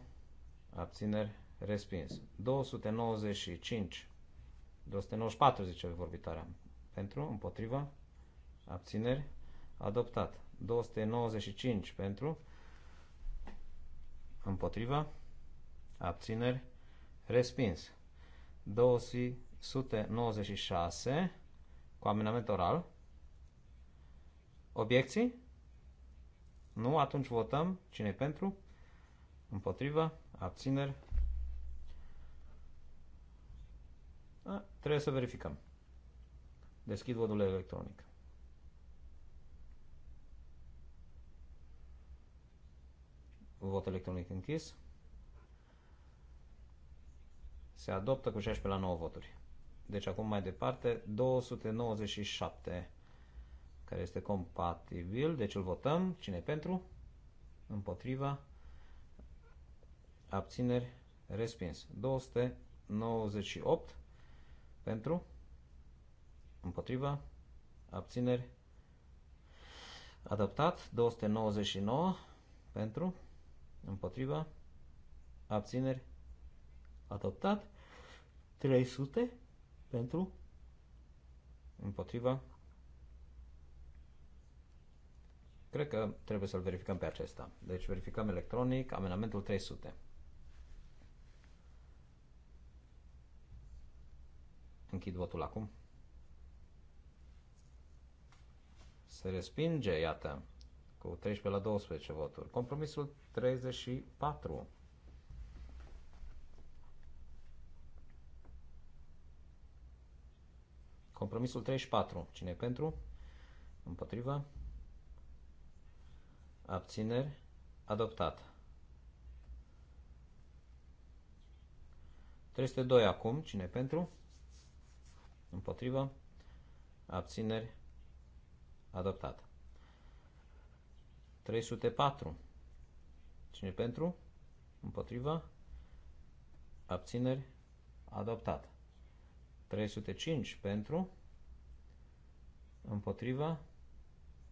Abțineri. Respins. 295. 294 zice vorbitarea. Pentru. Împotrivă. Abțineri. Adoptat. 295 pentru. Împotrivă. Abțineri. Respins. 296 cu amenament oral. Obiecții? Nu, atunci votăm. cine pentru? Împotrivă? Abțineri? A, trebuie să verificăm. Deschid votul electronic. Vot electronic închis. Se adoptă cu 16 la 9 voturi. Deci acum mai departe, 297, care este compatibil, deci îl votăm. Cine pentru? Împotriva? Abțineri? Respins. 298 pentru? Împotriva? Abțineri? Adoptat. 299 pentru? Împotriva? Abțineri? Adoptat. 300 pentru, împotriva. Cred că trebuie să-l verificăm pe acesta. Deci verificăm electronic amenamentul 300. Închid votul acum. Se respinge, iată, cu 13 la 12 voturi. Compromisul 34 Compromisul 34. Cine e pentru? Împotrivă? Abțineri? Adoptat. 302 acum. Cine e pentru? Împotrivă? Abțineri? Adoptat. 304. Cine pentru? Împotrivă? Abțineri? Adoptat. 305 pentru, împotriva,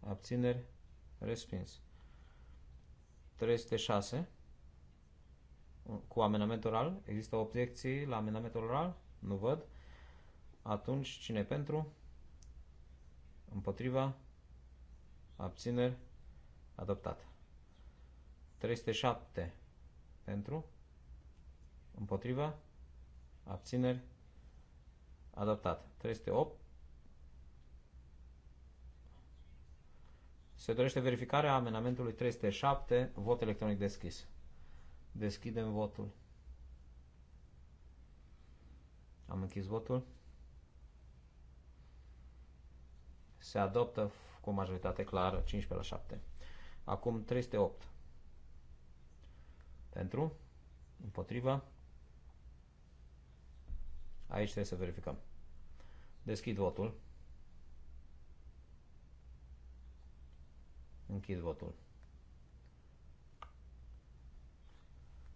abțineri, respins. 306 cu amenament oral. Există obiecții la amenamentul oral? Nu văd. Atunci, cine pentru? Împotriva? Abțineri? Adoptat. 307 pentru? Împotriva? Abțineri? adaptat. 308. Se dorește verificarea amenamentului 307, vot electronic deschis. Deschidem votul. Am închis votul. Se adoptă cu majoritate clară, 15 la 7. Acum 308. Pentru, împotriva, Aici trebuie să verificăm. Deschid votul. Închid votul.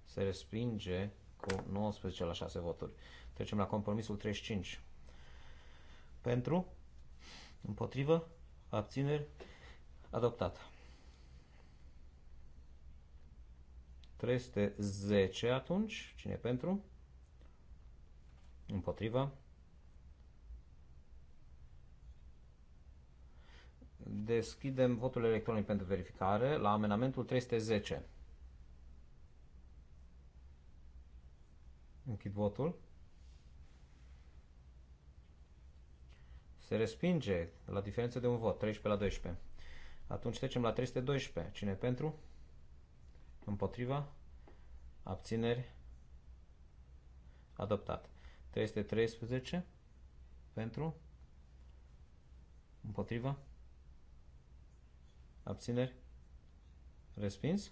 Se respinge cu 19 la 6 voturi. Trecem la compromisul 35. Pentru, împotrivă, abțineri, adoptat. 310 atunci, cine pentru? Împotrivă. Deschidem votul electronic pentru verificare la amenamentul 310. Închid votul. Se respinge la diferență de un vot, 13 la 12. Atunci trecem la 312. Cine pentru? Împotriva? Abțineri? Adoptat. 313 pentru, împotriva, abțineri, respins.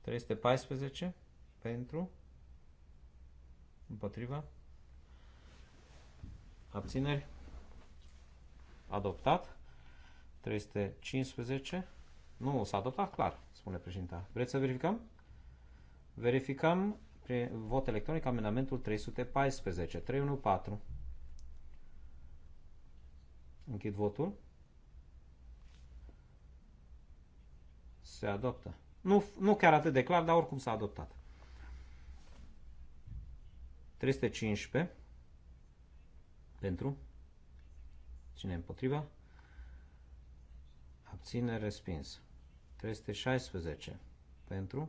314 pentru, împotriva, abțineri, adoptat. 315, nu, s-a adoptat clar, spune președinta. Vreți să verificăm? Verificăm prin vot electronic amendamentul 314. 314. Închid votul. Se adoptă. Nu, nu chiar atât de clar, dar oricum s-a adoptat. 315 pentru cine împotriva abține respins 316 pentru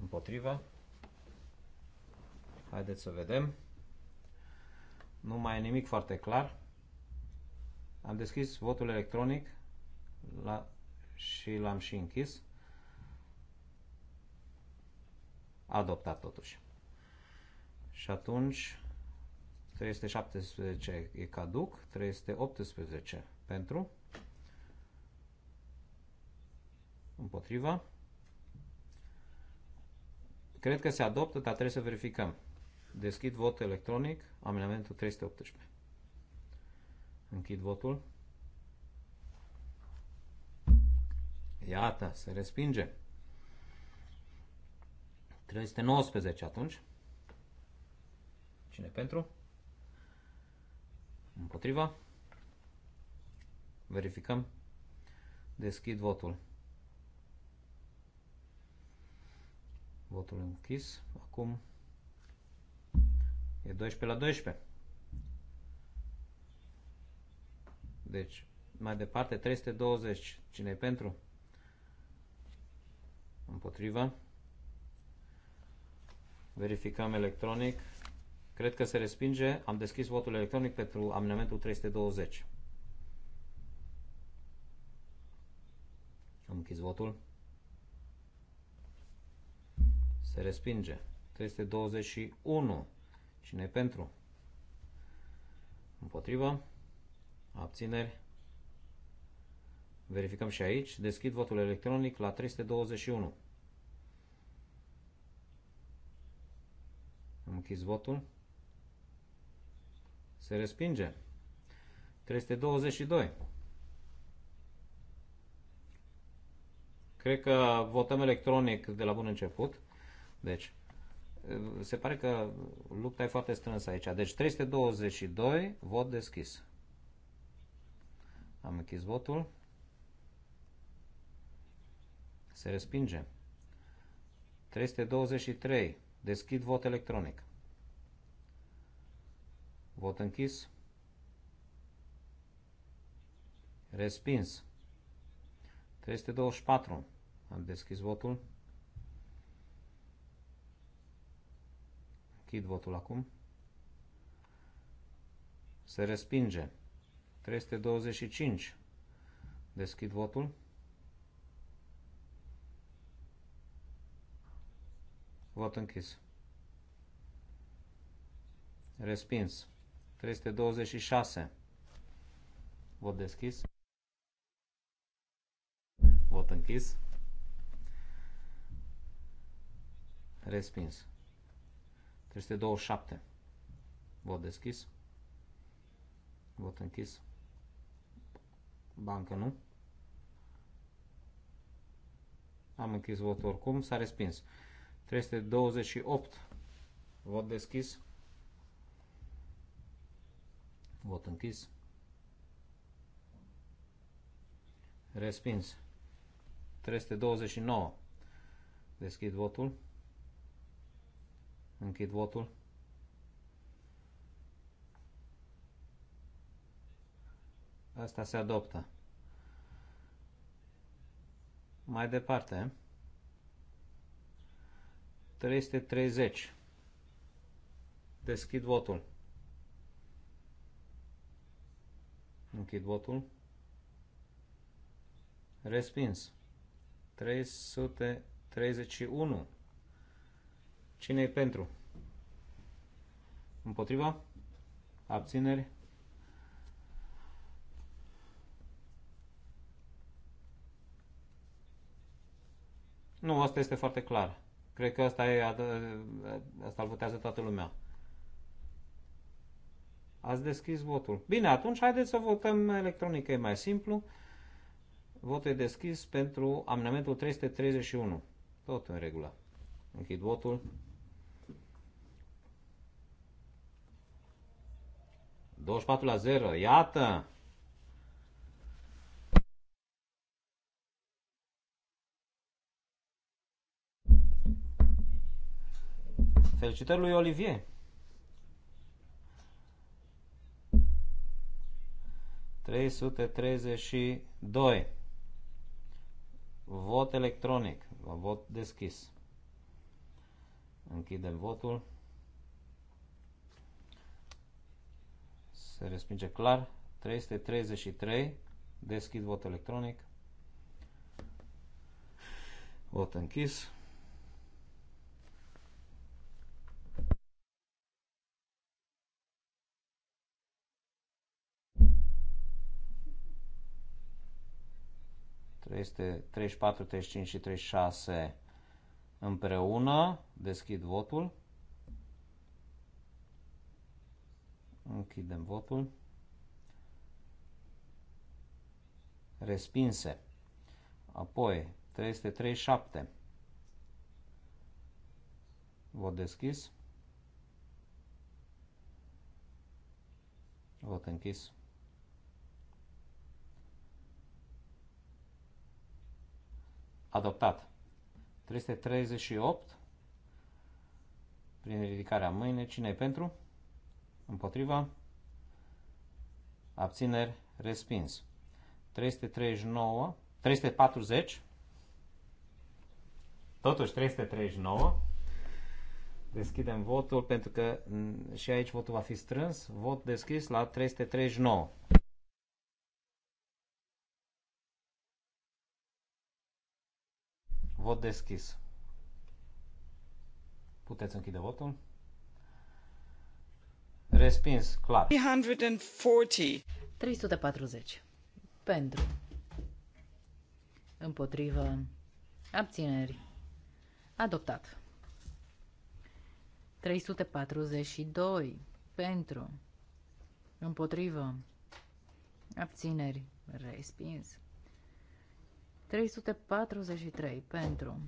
Împotriva. Haideți să vedem. Nu mai e nimic foarte clar. Am deschis votul electronic la, și l-am și închis. Adoptat totuși. Și atunci 317 e caduc, 318 pentru, împotriva, Cred că se adoptă, dar trebuie să verificăm. Deschid vot electronic, amendamentul 318. Închid votul. Iată, se respinge. 319 atunci. Cine pentru? Împotriva. Verificăm. Deschid votul. Votul închis. Acum e 12 la 12. Deci, mai departe, 320. Cine e pentru? Împotriva. Verificăm electronic. Cred că se respinge. Am deschis votul electronic pentru amendamentul 320. Am închis votul. Se respinge. 321. Cine pentru? Împotrivă. Abțineri. Verificăm și aici. Deschid votul electronic la 321. Am închis votul. Se respinge. 322. Cred că votăm electronic de la bun început. Deci, se pare că lupta e foarte strânsă aici. Deci 322, vot deschis. Am închis votul. Se respinge. 323, deschid vot electronic. Vot închis. Respins. 324, am deschis votul. Deschid votul acum. Se respinge. 325. Deschid votul. Vot închis. Respins. 326. Vot deschis. Vot închis. Respins. 327. Vot deschis. Vot închis. Bancă nu. Am închis votul oricum. S-a respins. 328. Vot deschis. Vot închis. Respins. 329. Deschid votul. Închid votul. Asta se adoptă. Mai departe. 330. Deschid votul. Închid votul. Respins. 331. Cine e pentru? Împotriva? Abțineri? Nu, asta este foarte clar. Cred că asta e, asta îl votează toată lumea. Ați deschis votul. Bine, atunci haideți să votăm electronic, e mai simplu. Votul e deschis pentru amendamentul 331. Tot în regulă. Închid votul. 24 la 0, iată! Felicitări lui Olivier! Trei sute treizeci și doi. Vot electronic. Vot deschis. Închidem votul. Se respinge clar. 333. Deschid vot electronic. Vot închis. Este 34, 35 și 36 împreună. Deschid votul. Închidem votul. Respinse. Apoi, 337. Vot deschis. Vot închis. Adoptat. 338. Prin ridicarea mâine. Cine e pentru? împotriva, abțineri, respins. 339, 340, totuși 339, deschidem votul pentru că și aici votul va fi strâns, vot deschis la 339. Vot deschis. Puteți închide votul. Respins, clar. 340. 340. Pentru. Împotrivă. Abțineri. Adoptat. 342. Pentru. Împotrivă. Abțineri. Respins. 343. Pentru.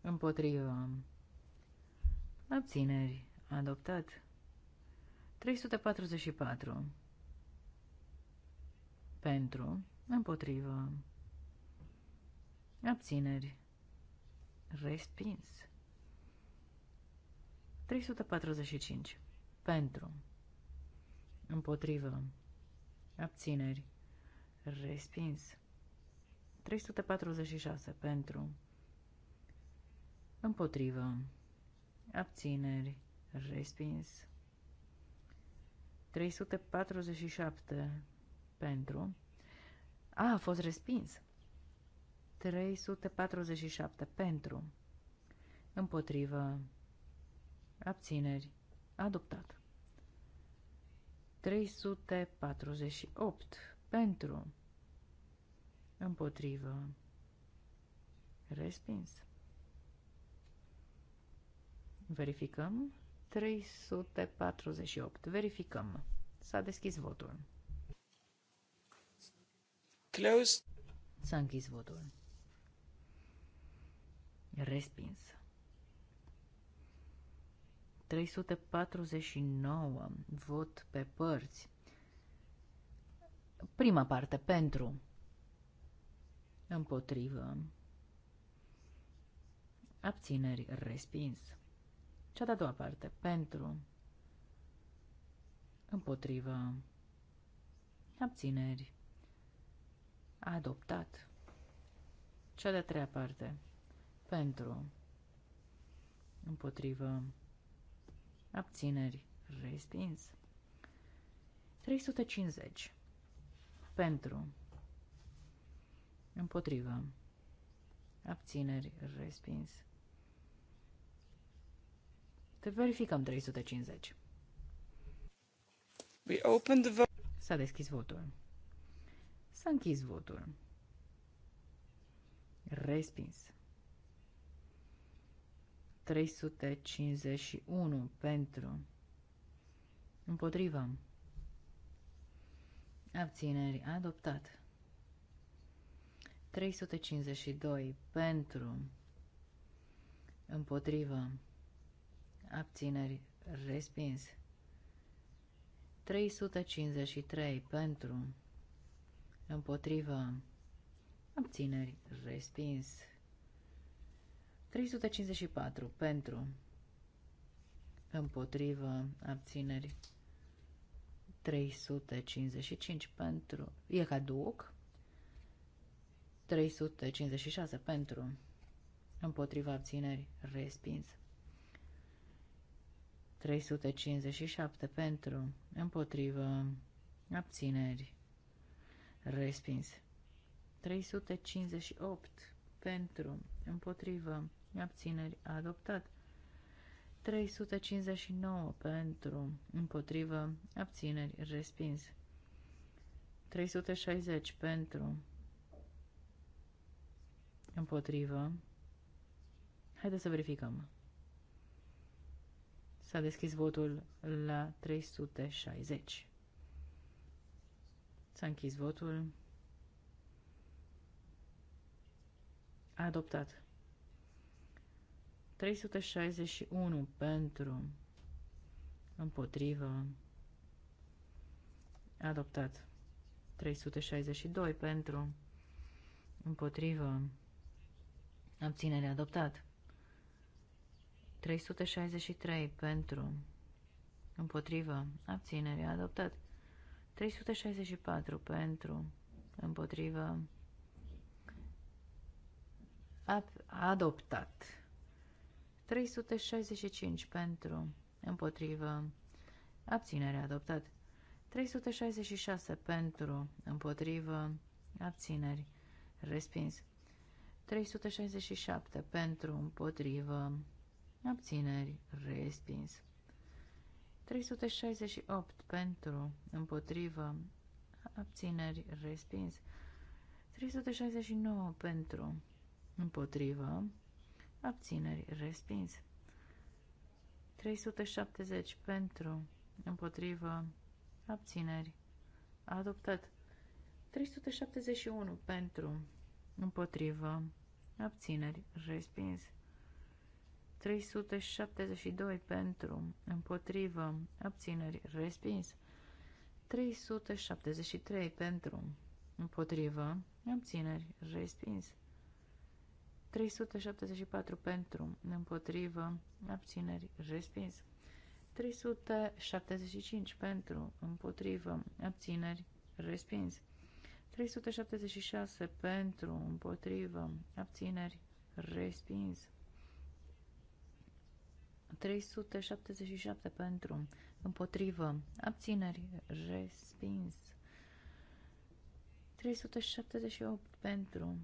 Împotrivă. Abțineri. Adoptat. 344. Pentru, împotrivă, abțineri, respins. 345. Pentru, împotrivă, abțineri, respins. 346. Pentru, împotrivă, abțineri, respins. 347 pentru. A, a fost respins. 347 pentru. Împotrivă. Abțineri. Adoptat. 348 pentru. Împotrivă. Respins. Verificăm. 348. Verificăm. S-a deschis votul. Close. S-a închis votul. Respins. 349. Vot pe părți. Prima parte pentru. Împotrivă. Abțineri respins. Cea de-a doua parte. Pentru. Împotrivă. Abțineri. Adoptat. Cea de-a treia parte. Pentru. Împotrivă. Abțineri. Respins. 350. Pentru. Împotrivă. Abțineri. Respins. Te verificăm 350. We open the vote. S-a deschis votul. S-a închis votul. Respins. 351 pentru. Împotrivă. Abțineri. Adoptat. 352 pentru. Împotrivă abțineri, respins. 353 pentru, împotrivă, abțineri, respins. 354 pentru, împotrivă, abțineri, 355 pentru, e caduc, 356 pentru, împotriva abțineri, respins. 357 pentru, împotrivă, abțineri, respins. 358 pentru, împotrivă, abțineri, adoptat. 359 pentru, împotrivă, abțineri, respins. 360 pentru, împotrivă. Haideți să verificăm. S-a deschis votul la 360. S-a închis votul. A adoptat. 361 pentru, împotrivă, adoptat. 362 pentru, împotrivă, abținere adoptat. 363 pentru, împotrivă, abținere, adoptat. 364 pentru, împotrivă, ab- adoptat. 365 pentru, împotrivă, abținere, adoptat. 366 pentru, împotrivă, abțineri, respins. 367 pentru, împotrivă, abțineri, respins. 368 pentru, împotrivă, abțineri, respins. 369 pentru, împotrivă, abțineri, respins. 370 pentru, împotrivă, abțineri, adoptat. 371 pentru, împotrivă, abțineri, respins. 372 pentru, împotrivă, abțineri, respins. 373 pentru, împotrivă, abțineri, respins. 374 pentru, împotrivă, abțineri, respins. 375 pentru, împotrivă, abțineri, respins. 376 pentru, împotrivă, abțineri, respins. 377 pentru, împotrivă, abțineri, respins. 378 pentru,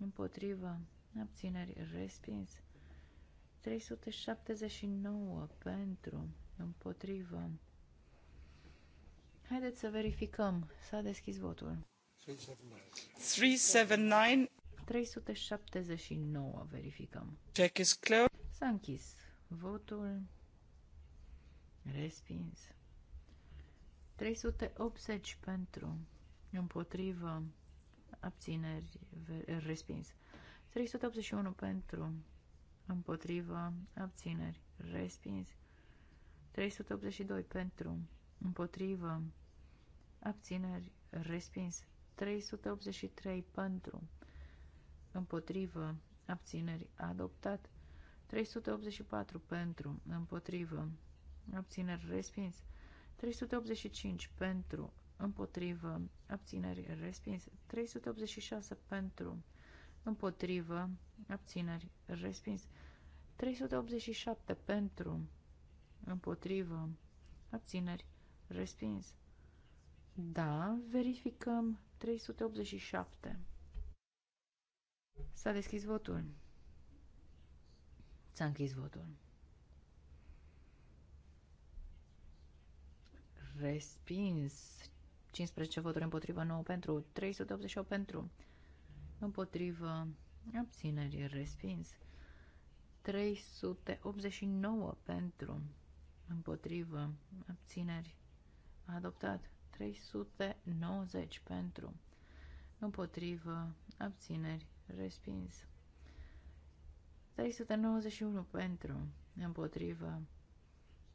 împotrivă, abțineri, respins. 379 pentru, împotrivă. Haideți să verificăm. S-a deschis votul. 379. 379 verificăm. Check is closed. S-a închis votul, respins. 380 eh, pentru, împotrivă, abțineri, respins. 381 pentru, împotrivă, abțineri, respins. 382 pentru, împotrivă, abțineri, respins. 383 pentru, împotrivă, abțineri, adoptat. 384 pentru, împotrivă, abțineri respins. 385 pentru, împotrivă, abțineri respins. 386 pentru, împotrivă, abțineri respins. 387 pentru, împotrivă, abțineri respins. Da, verificăm 387. S-a deschis votul sunt a închis votul. Respins. 15 voturi împotrivă, 9 pentru, 388 pentru, împotrivă, abțineri, respins. 389 pentru, împotrivă, abțineri, adoptat. 390 pentru, împotrivă, abțineri, respins. 391 pentru, împotrivă,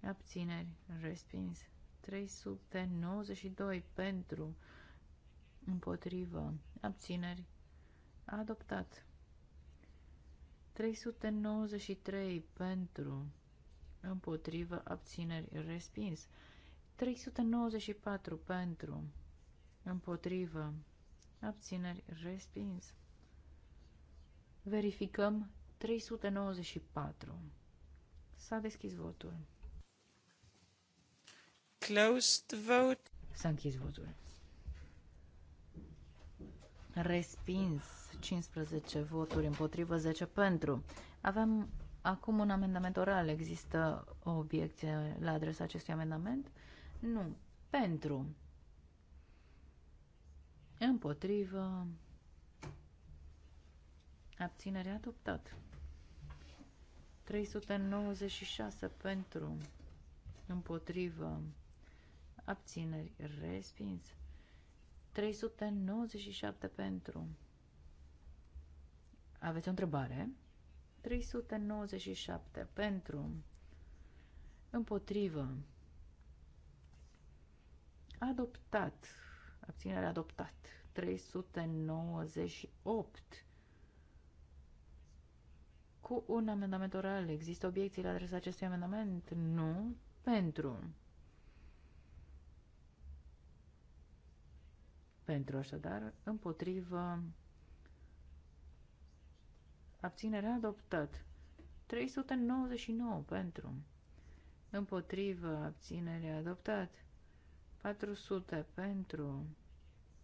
abțineri, respins. 392 pentru, împotrivă, abțineri, adoptat. 393 pentru, împotrivă, abțineri, respins. 394 pentru, împotrivă, abțineri, respins. Verificăm 394. S-a deschis votul. Closed vote. S-a închis votul. Respins 15 voturi împotrivă, 10 pentru. Avem acum un amendament oral. Există o obiecție la adresa acestui amendament? Nu. Pentru. Împotrivă. Abținere adoptată. 396 pentru împotrivă abțineri respins 397 pentru aveți o întrebare? 397 pentru împotrivă adoptat abținere adoptat 398 cu un amendament oral. Există obiecții la adresa acestui amendament? Nu. Pentru. Pentru așadar, împotrivă, abținere adoptat. 399 pentru. Împotrivă, abținere adoptat. 400 pentru.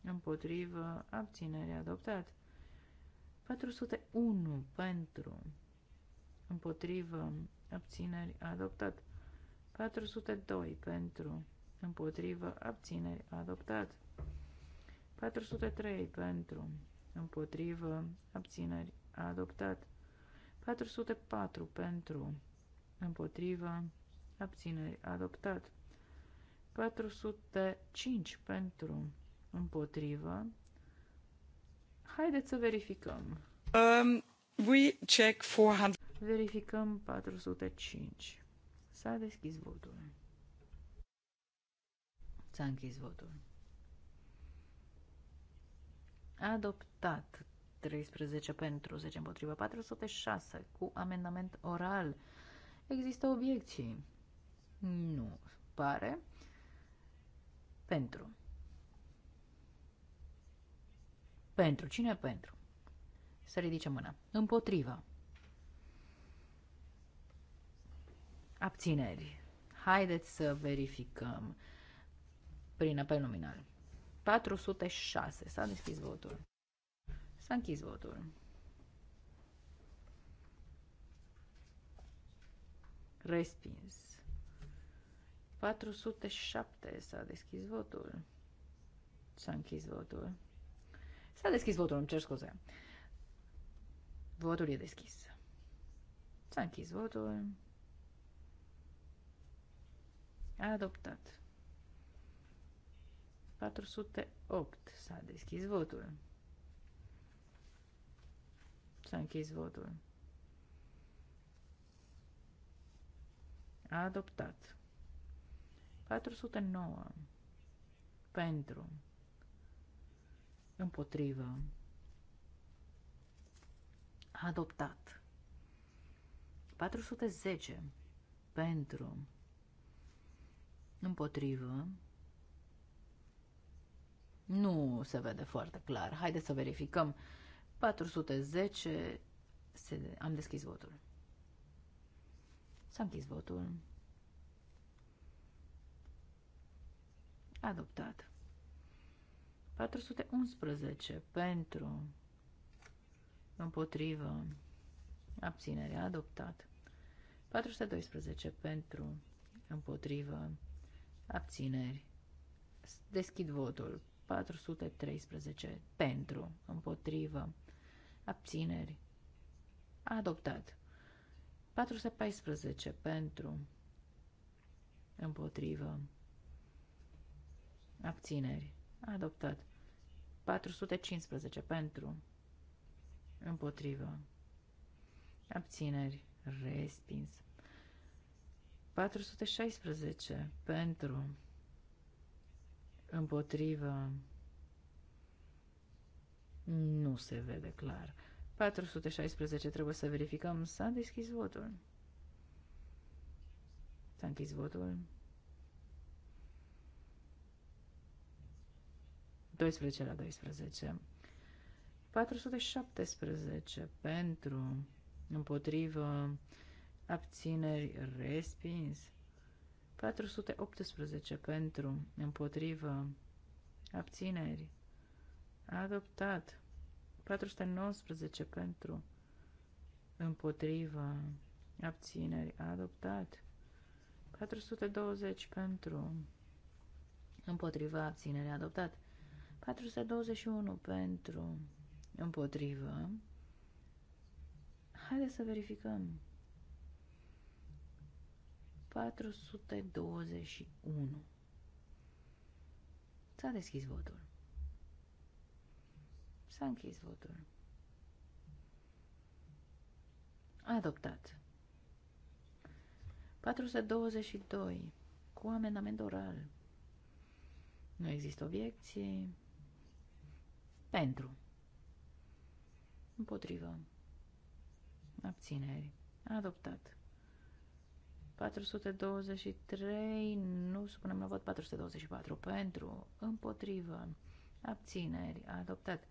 Împotrivă, abținere adoptat. 401 pentru împotrivă, abțineri, adoptat. 402 pentru, împotrivă, abțineri, adoptat. 403 pentru, împotrivă, abțineri, adoptat. 404 pentru, împotrivă, abțineri, adoptat. 405 pentru, împotrivă. Haideți să verificăm. Um, we check 400. Verificăm 405. S-a deschis votul. S-a închis votul. Adoptat 13 pentru 10 împotriva 406 cu amendament oral. Există obiecții? Nu. Pare. Pentru. Pentru. Cine pentru? Să ridice mâna. Împotriva. Abțineri. Haideți să verificăm prin apel nominal. 406. S-a deschis votul. S-a închis votul. Respins. 407. S-a deschis votul. S-a închis votul. S-a deschis votul, îmi cer scuze. Votul e deschis. S-a închis votul. Adoptat. 408. S-a deschis votul. S-a închis votul. A adoptat. 409. Pentru. Împotrivă. Adoptat. 410. Pentru împotrivă. Nu se vede foarte clar. Haideți să verificăm. 410, se, am deschis votul. S-a închis votul. Adoptat. 411 pentru, împotrivă, abținere, adoptat. 412 pentru, împotrivă, abțineri. Deschid votul. 413 pentru, împotrivă, abțineri. Adoptat. 414 pentru, împotrivă, abțineri. Adoptat. 415 pentru, împotrivă, abțineri, respins. 416 pentru, împotrivă, nu se vede clar. 416 trebuie să verificăm, s-a deschis votul. S-a închis votul. 12 la 12. 417 pentru, împotrivă, abțineri respins. 418 pentru, împotrivă, abțineri, adoptat. 419 pentru, împotrivă, abțineri, adoptat. 420 pentru, împotrivă, abțineri, adoptat. 421 pentru, împotrivă. Haideți să verificăm. 421. S-a deschis votul. S-a închis votul. Adoptat. 422. Cu amendament oral. Nu există obiecții. Pentru. Împotrivă. Abțineri. Adoptat. 423, nu supunem la vot 424 pentru, împotrivă, abțineri, adoptat.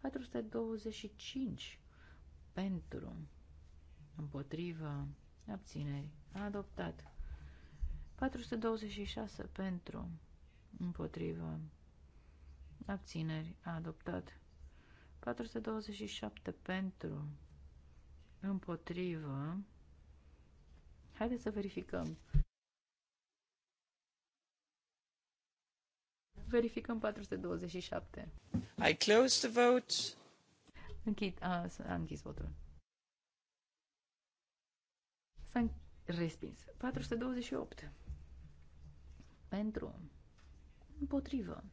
425 pentru, împotrivă, abțineri, adoptat. 426 pentru, împotrivă, abțineri, adoptat. 427 pentru, împotrivă, Haideți să verificăm. Verificăm 427. I close the vote. Închid, a, a închis votul. S-a respins. 428. Pentru. Împotrivă.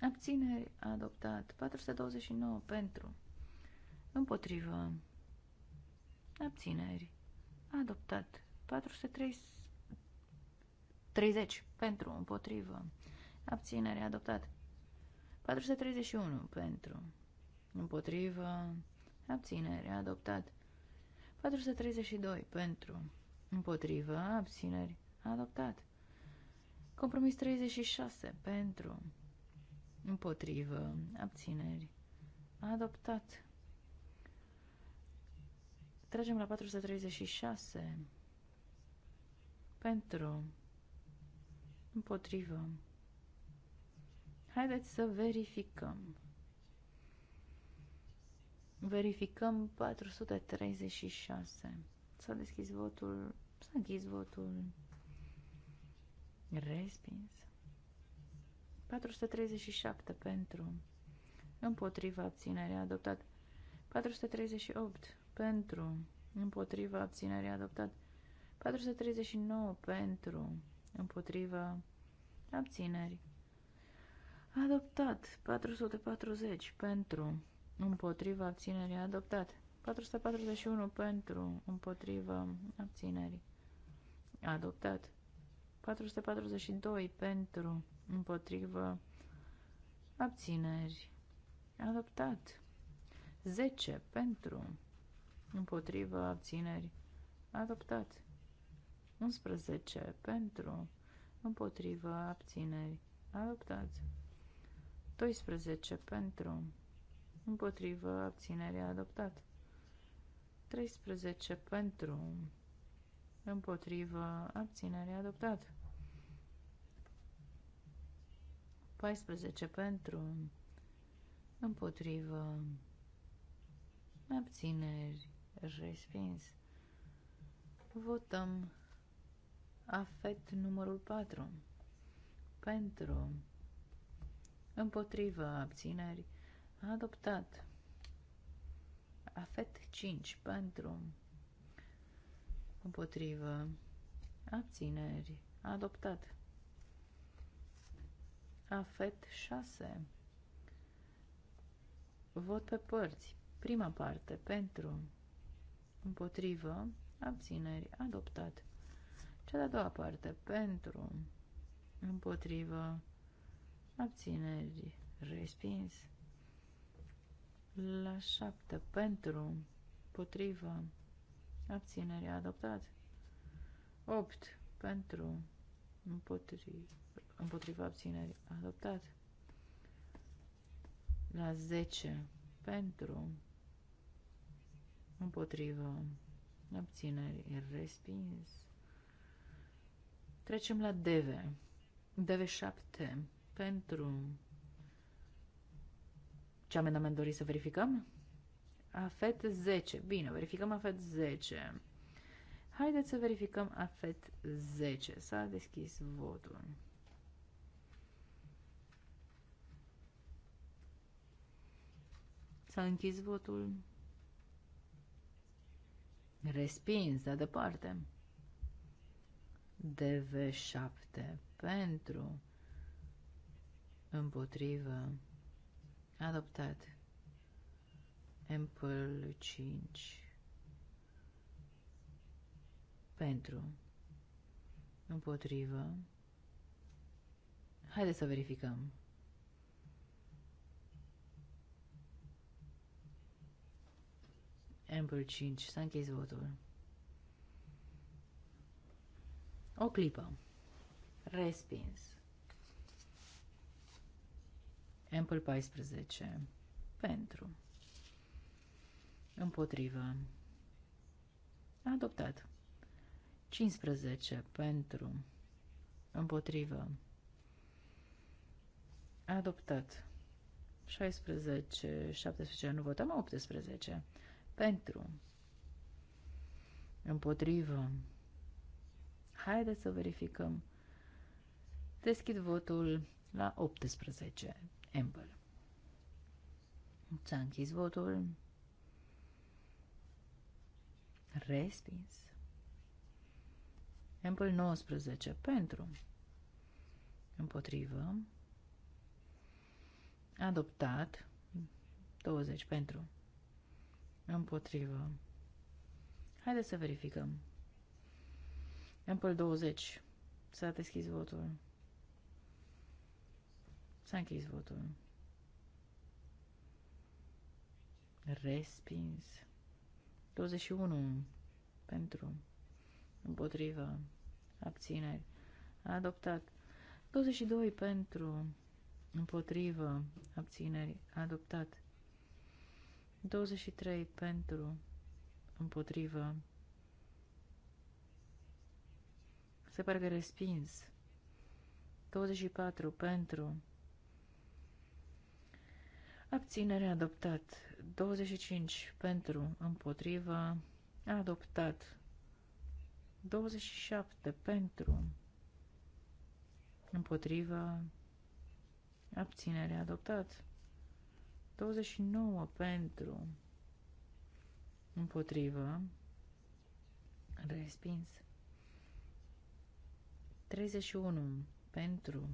Abțineri adoptat. 429 pentru. Împotrivă. Abțineri. Adoptat. 430 pentru, împotrivă. Abținere. Adoptat. 431 pentru, împotrivă. Abținere. Adoptat. 432 pentru, împotrivă. Abțineri. Adoptat. Compromis 36 pentru, împotrivă. Abțineri. Adoptat. Tragem la 436. Pentru. Împotrivă. Haideți să verificăm. Verificăm 436. S-a deschis votul, s-a închis votul. Respins. 437 pentru. Împotriva abținerea adoptat. 438 pentru, împotriva abținerii adoptat. 439 pentru, împotriva abțineri. Adoptat. 440 pentru, împotriva abținerii. Adoptat. 441 pentru, împotriva abținerii. Adoptat. 442 pentru, împotriva abțineri. Adoptat. 10 pentru, împotriva abțineri, adoptat. 11 pentru, împotriva abțineri, adoptat. 12 pentru, împotriva abținerii adoptat. 13 pentru, împotriva abținerii adoptat. 14 pentru, împotriva abțineri, respins. Votăm afect numărul 4. Pentru, împotrivă, abțineri, adoptat. Afect 5. Pentru, împotrivă, abțineri, adoptat. Afect 6. Vot pe părți. Prima parte, pentru, împotrivă, abțineri, adoptat. Cea de-a doua parte, pentru, împotrivă, abțineri, respins. La șapte, pentru, împotrivă, abțineri, adoptat. 8. Pentru, Împotrivă. Împotrivă. Abțineri. adoptat. La 10. Pentru, împotrivă, abțineri, respins. Trecem la deve. Deve 7 pentru... Ce amendament dori să verificăm? AFET 10. Bine, verificăm AFET 10. Haideți să verificăm AFET 10. S-a deschis votul. S-a închis votul. Respins, da, departe. DV7 pentru împotrivă adoptat Ample 5 pentru împotrivă haideți să verificăm Amber 5. S-a închis votul. O clipă. Respins. Ample 14. Pentru. Împotrivă. Adoptat. 15. Pentru. Împotrivă. Adoptat. 16, 17, nu votăm, 18. Pentru. Împotrivă. Haideți să verificăm. Deschid votul la 18. Ample. ți a închis votul. Respins. Ample 19. Pentru. Împotrivă. Adoptat. 20 pentru. Împotrivă. Haideți să verificăm. Ample 20. S-a deschis votul. S-a închis votul. Respins. 21. Pentru. Împotrivă. Abțineri. A Adoptat. 22. Pentru. Împotrivă. Abțineri. A Adoptat. 23 pentru, împotrivă. Se pare că respins. 24 pentru. Abținere adoptat. 25 pentru, împotrivă. Adoptat. 27 pentru. Împotrivă. Abținere adoptat. 29 pentru împotrivă respins 31 pentru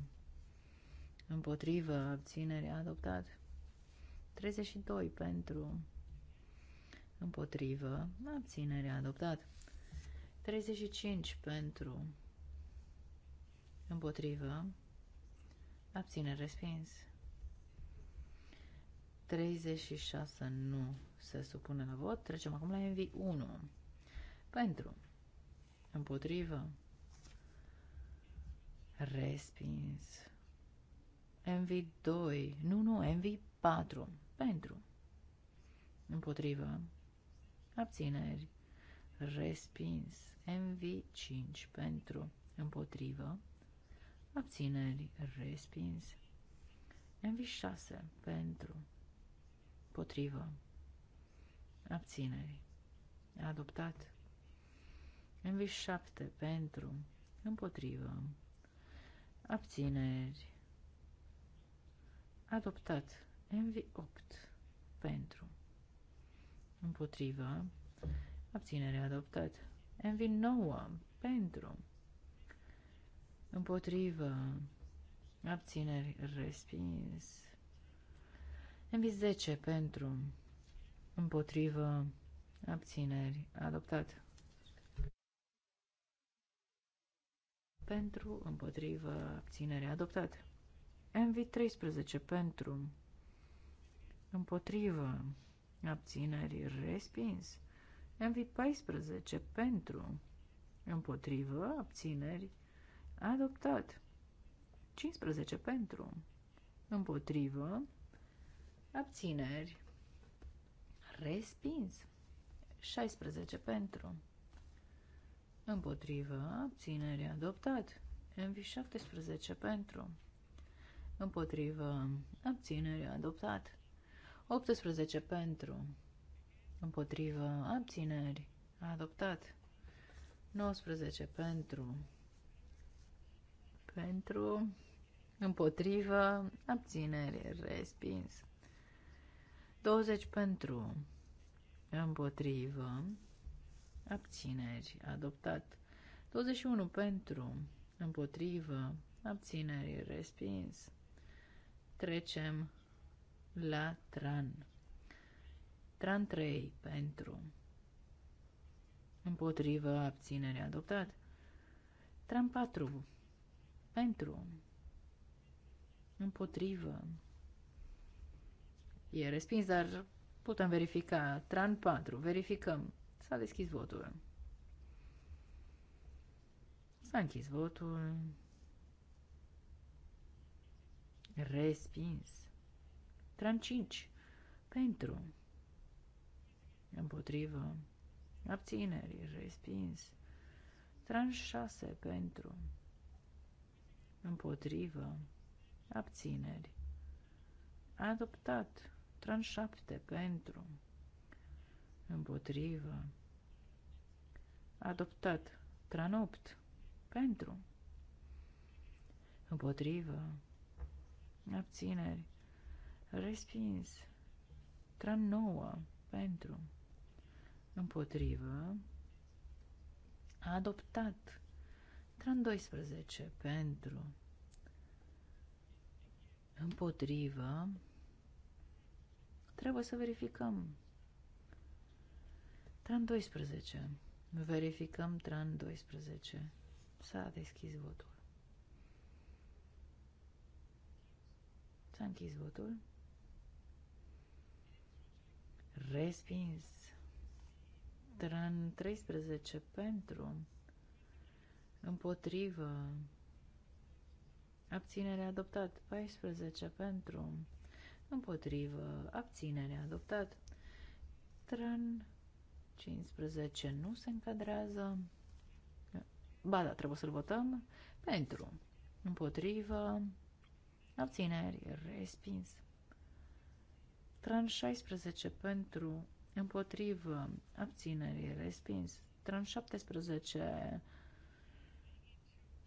împotrivă abținere adoptat 32 pentru împotrivă abținere adoptat 35 pentru împotrivă abținere respins 36 nu se supune la vot. Trecem acum la MV1. Pentru. Împotrivă. Respins. MV2. Nu, nu, MV4. Pentru. Împotrivă. Abțineri. Respins. MV5. Pentru. Împotrivă. Abțineri. Respins. MV6. Pentru potrivă Abțineri. Adoptat. MV7 pentru. Împotrivă. Abțineri. Adoptat. MV8 pentru. Împotrivă. Abținere adoptat. MV9 pentru. Împotrivă. Abțineri respins. MV10 pentru, împotrivă, abțineri, adoptat. Pentru, împotrivă, abținere, adoptat. Envi 13 pentru, împotrivă, abțineri, respins. Envi 14 pentru, împotrivă, abțineri, adoptat. 15 pentru, împotrivă, abțineri, respins. 16 pentru, împotrivă, abțineri, adoptat. MV17 pentru, împotrivă, abțineri, adoptat. 18 pentru, împotrivă, abțineri, adoptat. 19 pentru, pentru, împotrivă, abținere, respins. 20 pentru, împotrivă, abțineri, adoptat. 21 pentru, împotrivă, abțineri, respins. Trecem la tran. Tran 3 pentru, împotrivă, abținere, adoptat. Tran 4 pentru, împotrivă, E respins, dar putem verifica. Tran 4. Verificăm. S-a deschis votul. S-a închis votul. Respins. Tran 5. Pentru. Împotrivă. Abțineri. Respins. Tran 6. Pentru. Împotrivă. Abțineri. Adoptat tranșapte pentru. Împotrivă. Adoptat. tranopt, pentru. Împotrivă. Abțineri. Respins. Tran nouă pentru. Împotrivă. Adoptat. Tran 12 pentru. Împotrivă. Trebuie să verificăm. Tran 12. Verificăm Tran 12. S-a deschis votul. S-a închis votul. Respins. Tran 13 pentru. Împotrivă. Abținere adoptat. 14 pentru împotrivă, abținere, adoptat. Tran 15 nu se încadrează. Ba da, trebuie să-l votăm. Pentru, împotrivă, abțineri, respins. Tran 16 pentru, împotrivă, abțineri, respins. Tran 17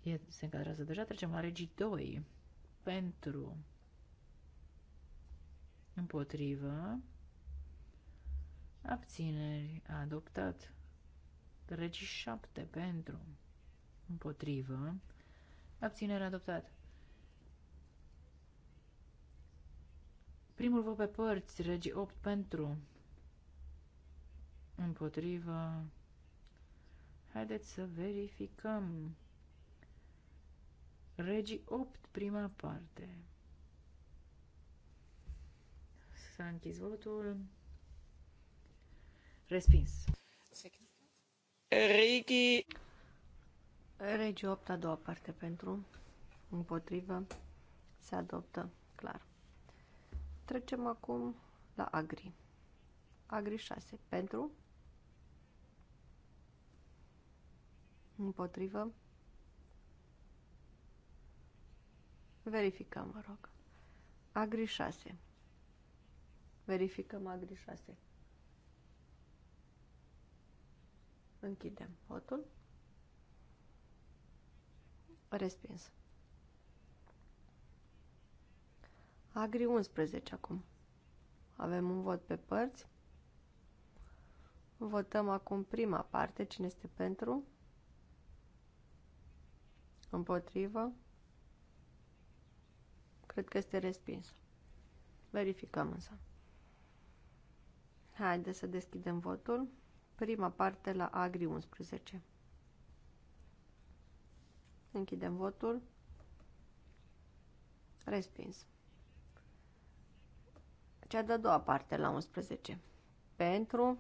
e, se încadrează deja, trecem la regii 2. Pentru, împotrivă, abțineri, adoptat. Regii 7 pentru, împotrivă, abținere, adoptat. Primul vot pe părți, Regi 8 pentru, împotrivă. Haideți să verificăm. Regi 8, prima parte. S-a închis votul. Respins. Regi. Regi 8, a doua parte pentru. Împotrivă. Se adoptă. Clar. Trecem acum la Agri. Agri 6. Pentru. Împotrivă. Verificăm, vă mă rog. Agri 6. Verificăm Agri 6. Închidem votul. Respins. Agri 11 acum. Avem un vot pe părți. Votăm acum prima parte. Cine este pentru? Împotrivă? Cred că este respins. Verificăm însă. Haideți să deschidem votul. Prima parte la Agri 11. Închidem votul. Respins. Cea de-a doua parte la 11. Pentru,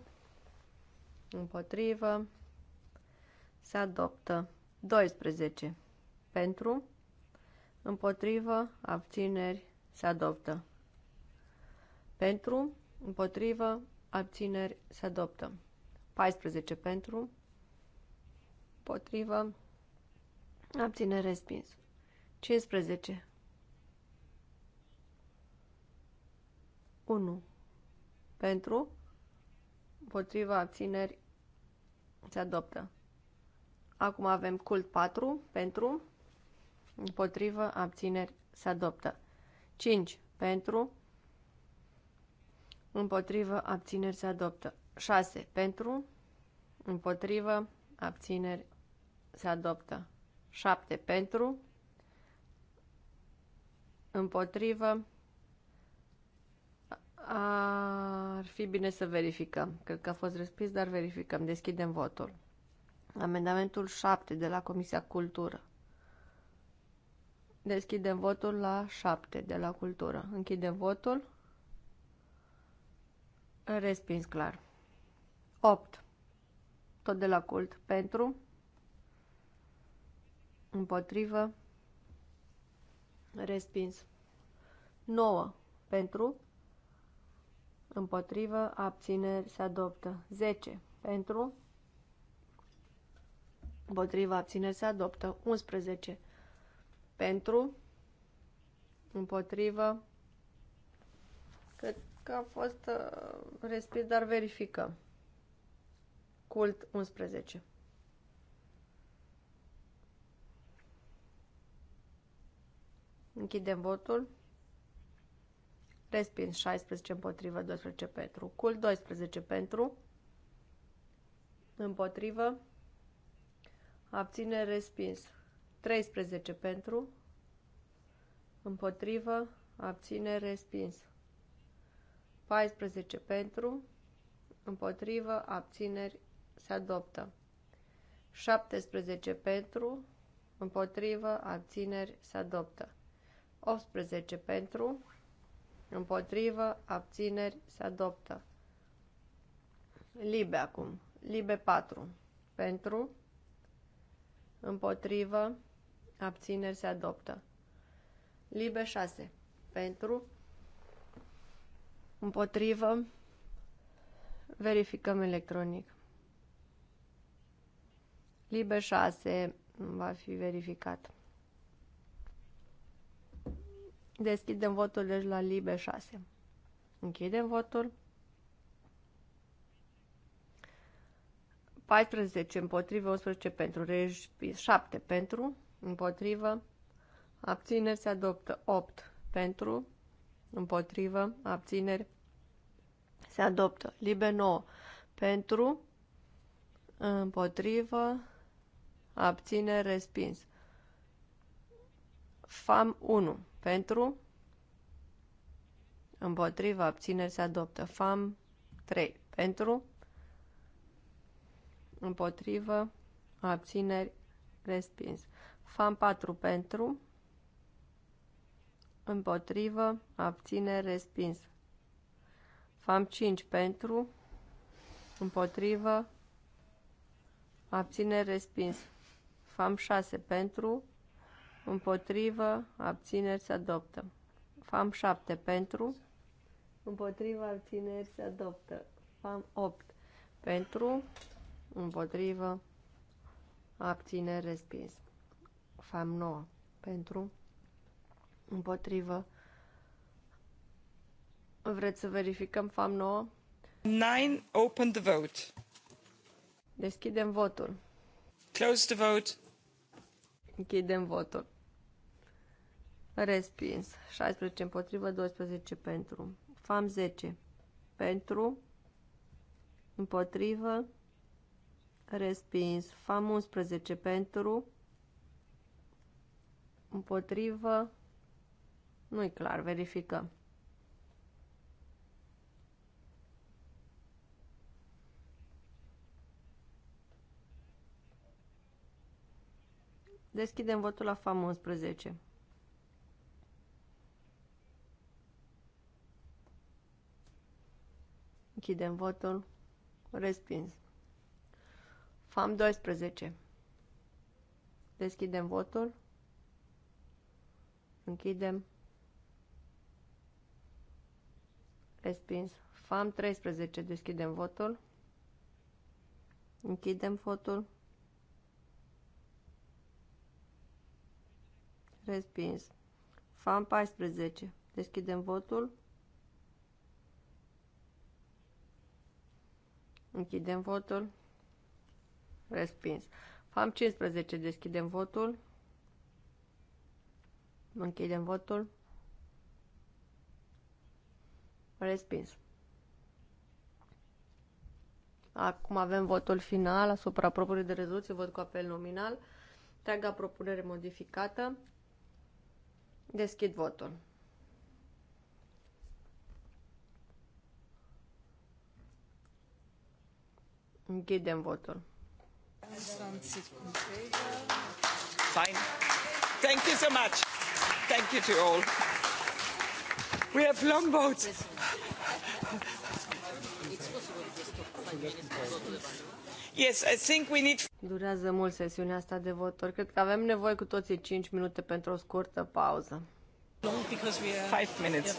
împotrivă, se adoptă 12. Pentru, împotrivă, abțineri, se adoptă. Pentru, împotrivă, abțineri, se adoptă. 14 pentru, potrivă, abțineri, respins. 15. 1. Pentru, potrivă, abțineri, se adoptă. Acum avem cult 4 pentru, împotrivă, abțineri, se adoptă. 5 pentru, Împotrivă, abțineri se adoptă. 6. Pentru. Împotrivă, abțineri se adoptă. 7. Pentru. Împotrivă. Ar fi bine să verificăm. Cred că a fost respins, dar verificăm. Deschidem votul. Amendamentul 7 de la Comisia Cultură. Deschidem votul la 7 de la Cultură. Închidem votul. Respins clar. 8. Tot de la cult. Pentru. Împotrivă. Respins. 9. Pentru. Împotrivă. Abțineri. Se adoptă. 10. Pentru. Împotrivă. Abțineri. Se adoptă. 11. Pentru. Împotrivă. Cât că a fost uh, respins, dar verifică. Cult 11. Închidem votul. Respins 16 împotrivă, 12 pentru. Cult 12 pentru. Împotrivă. Abține respins. 13 pentru. Împotrivă. Abține respins. 14 pentru, împotrivă, abțineri, se adoptă. 17 pentru, împotrivă, abțineri, se adoptă. 18 pentru, împotrivă, abțineri, se adoptă. Libe acum. Libe 4. Pentru, împotrivă, abțineri, se adoptă. Libe 6. Pentru, Împotrivă. Verificăm electronic. Libe 6 va fi verificat. Deschidem votul deci la Libe 6. Închidem votul. 14 împotrivă, 11 pentru, regi 7 pentru, împotrivă, abțineri se adoptă 8 pentru, împotrivă, abțineri, se adoptă. Libe 9, pentru, împotrivă, abțineri, respins. FAM 1, pentru, împotrivă, abțineri, se adoptă. FAM 3, pentru, împotrivă, abțineri, respins. FAM 4 pentru, împotrivă, abține, respins. FAM 5 pentru, împotrivă, abține, respins. FAM 6 pentru, împotrivă, abțineri, se adoptă. FAM 7 pentru, împotrivă, abțineri, se adoptă. FAM 8 pentru, împotrivă, abține, respins. FAM 9 pentru, Împotrivă. Vreți să verificăm FAM 9? 9. Open the vote. Deschidem votul. Close the vote. Închidem votul. Respins. 16 împotrivă, 12 pentru. FAM 10. Pentru. Împotrivă. Respins. FAM 11 pentru. Împotrivă. Nu-i clar, verificăm. Deschidem votul la FAM 11. Închidem votul. Respins. FAM 12. Deschidem votul. Închidem. Respins. FAM 13. Deschidem votul. Închidem votul. Respins. FAM 14. Deschidem votul. Închidem votul. Respins. FAM 15. Deschidem votul. Închidem votul. Respins. Acum avem votul final asupra propunerii de rezoluție, vot cu apel nominal. Întreaga propunere modificată. Deschid votul. Închidem votul. Fine. Thank you so much. Thank you to all. We have long boats. Yes, I think we need... Durează mult sesiunea asta de voturi. Cred că avem nevoie cu toții 5 minute pentru o scurtă pauză. five minutes.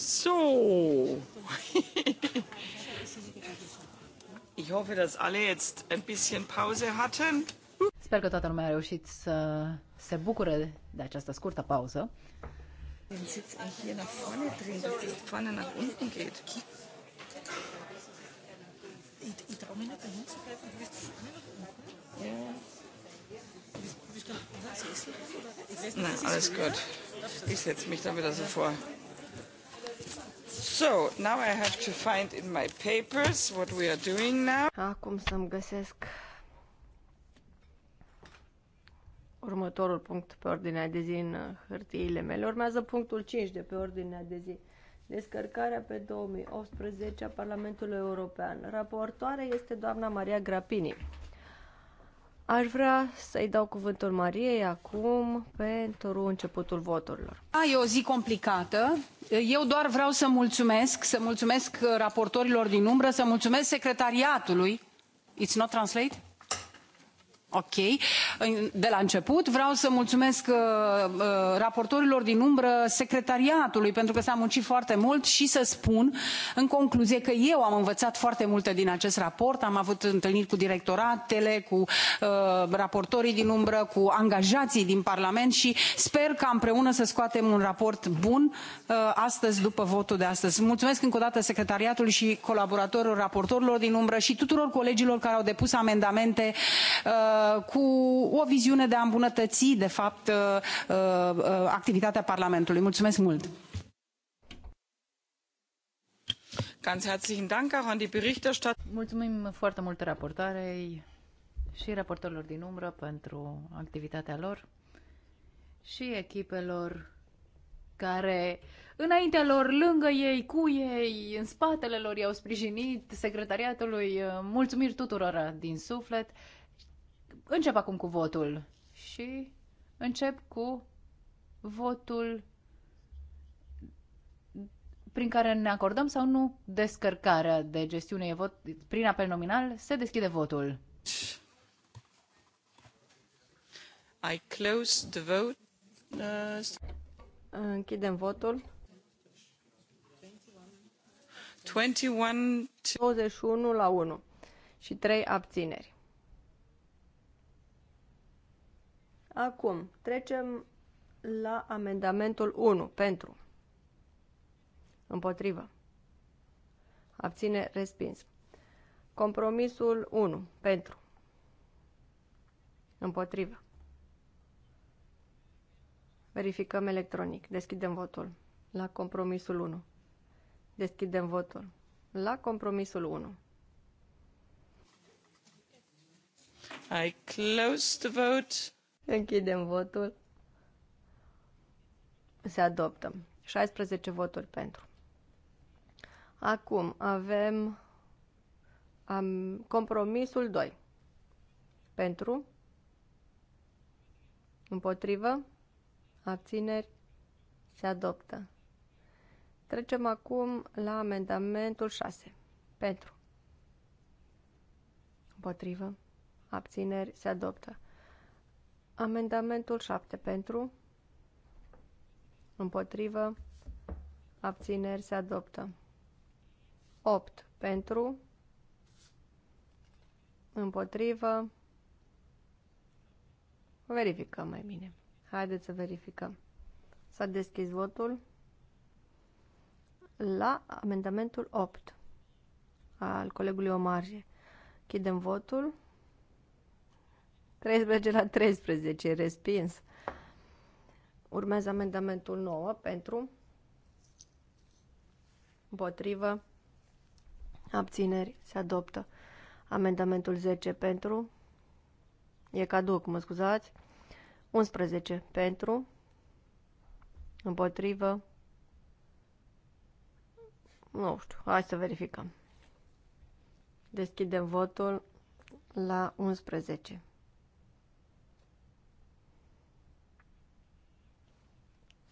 So. Ich hoffe, dass alle jetzt ein bisschen Pause hatten. Sper că toată lumea a reușit să se bucure de această scurtă pauză. Den Sitz eigentlich hier nach vorne drehen, dass das vorne nach unten geht. Ich, traue mich nicht dahin zu Du bist nach unten. Ja. Du bist, Sessel Nein, alles gut. Ich setze mich dann wieder so vor. So, now I have to find in my papers what we are doing now. Acum să-mi găsesc următorul punct pe ordinea de zi în hârtiile mele. Urmează punctul 5 de pe ordinea de zi. Descărcarea pe 2018 a Parlamentului European. Raportoare este doamna Maria Grapini. Aș vrea să-i dau cuvântul Mariei acum pentru începutul voturilor. A, e o zi complicată. Eu doar vreau să mulțumesc, să mulțumesc raportorilor din umbră, să mulțumesc secretariatului. It's not translate? Ok. De la început vreau să mulțumesc uh, uh, raportorilor din umbră secretariatului pentru că s-a muncit foarte mult și să spun în concluzie că eu am învățat foarte multe din acest raport. Am avut întâlniri cu directoratele, cu uh, raportorii din umbră, cu angajații din Parlament și sper că împreună să scoatem un raport bun uh, astăzi după votul de astăzi. Mulțumesc încă o dată secretariatului și colaboratorilor raportorilor din umbră și tuturor colegilor care au depus amendamente uh, Uh, cu o viziune de a îmbunătăți, de fapt, uh, uh, activitatea Parlamentului. Mulțumesc mult! Mulțumim foarte mult raportarei și raportorilor din umbră pentru activitatea lor și echipelor care înaintea lor, lângă ei, cu ei, în spatele lor i-au sprijinit, secretariatului, mulțumiri tuturora din suflet Încep acum cu votul și încep cu votul prin care ne acordăm sau nu descărcarea de gestiune. E vot prin apel nominal. Se deschide votul. I close the vote. Uh... Închidem votul. 21... 21 la 1 și 3 abțineri. Acum, trecem la amendamentul 1. Pentru. Împotrivă. Abține respins. Compromisul 1. Pentru. Împotrivă. Verificăm electronic. Deschidem votul. La compromisul 1. Deschidem votul. La compromisul 1. I close the vote. Închidem votul. Se adoptă. 16 voturi pentru. Acum avem am, compromisul 2. Pentru. Împotrivă. Abțineri. Se adoptă. Trecem acum la amendamentul 6. Pentru. Împotrivă. Abțineri. Se adoptă. Amendamentul 7 pentru, împotrivă, abțineri se adoptă. 8 pentru, împotrivă, verificăm mai bine. Haideți să verificăm. S-a deschis votul la amendamentul 8 al colegului Omarie. Chidem votul. 13 la 13, respins. Urmează amendamentul 9 pentru împotrivă abțineri se adoptă. Amendamentul 10 pentru e caduc, mă scuzați. 11 pentru împotrivă nu știu, hai să verificăm. Deschidem votul la 11.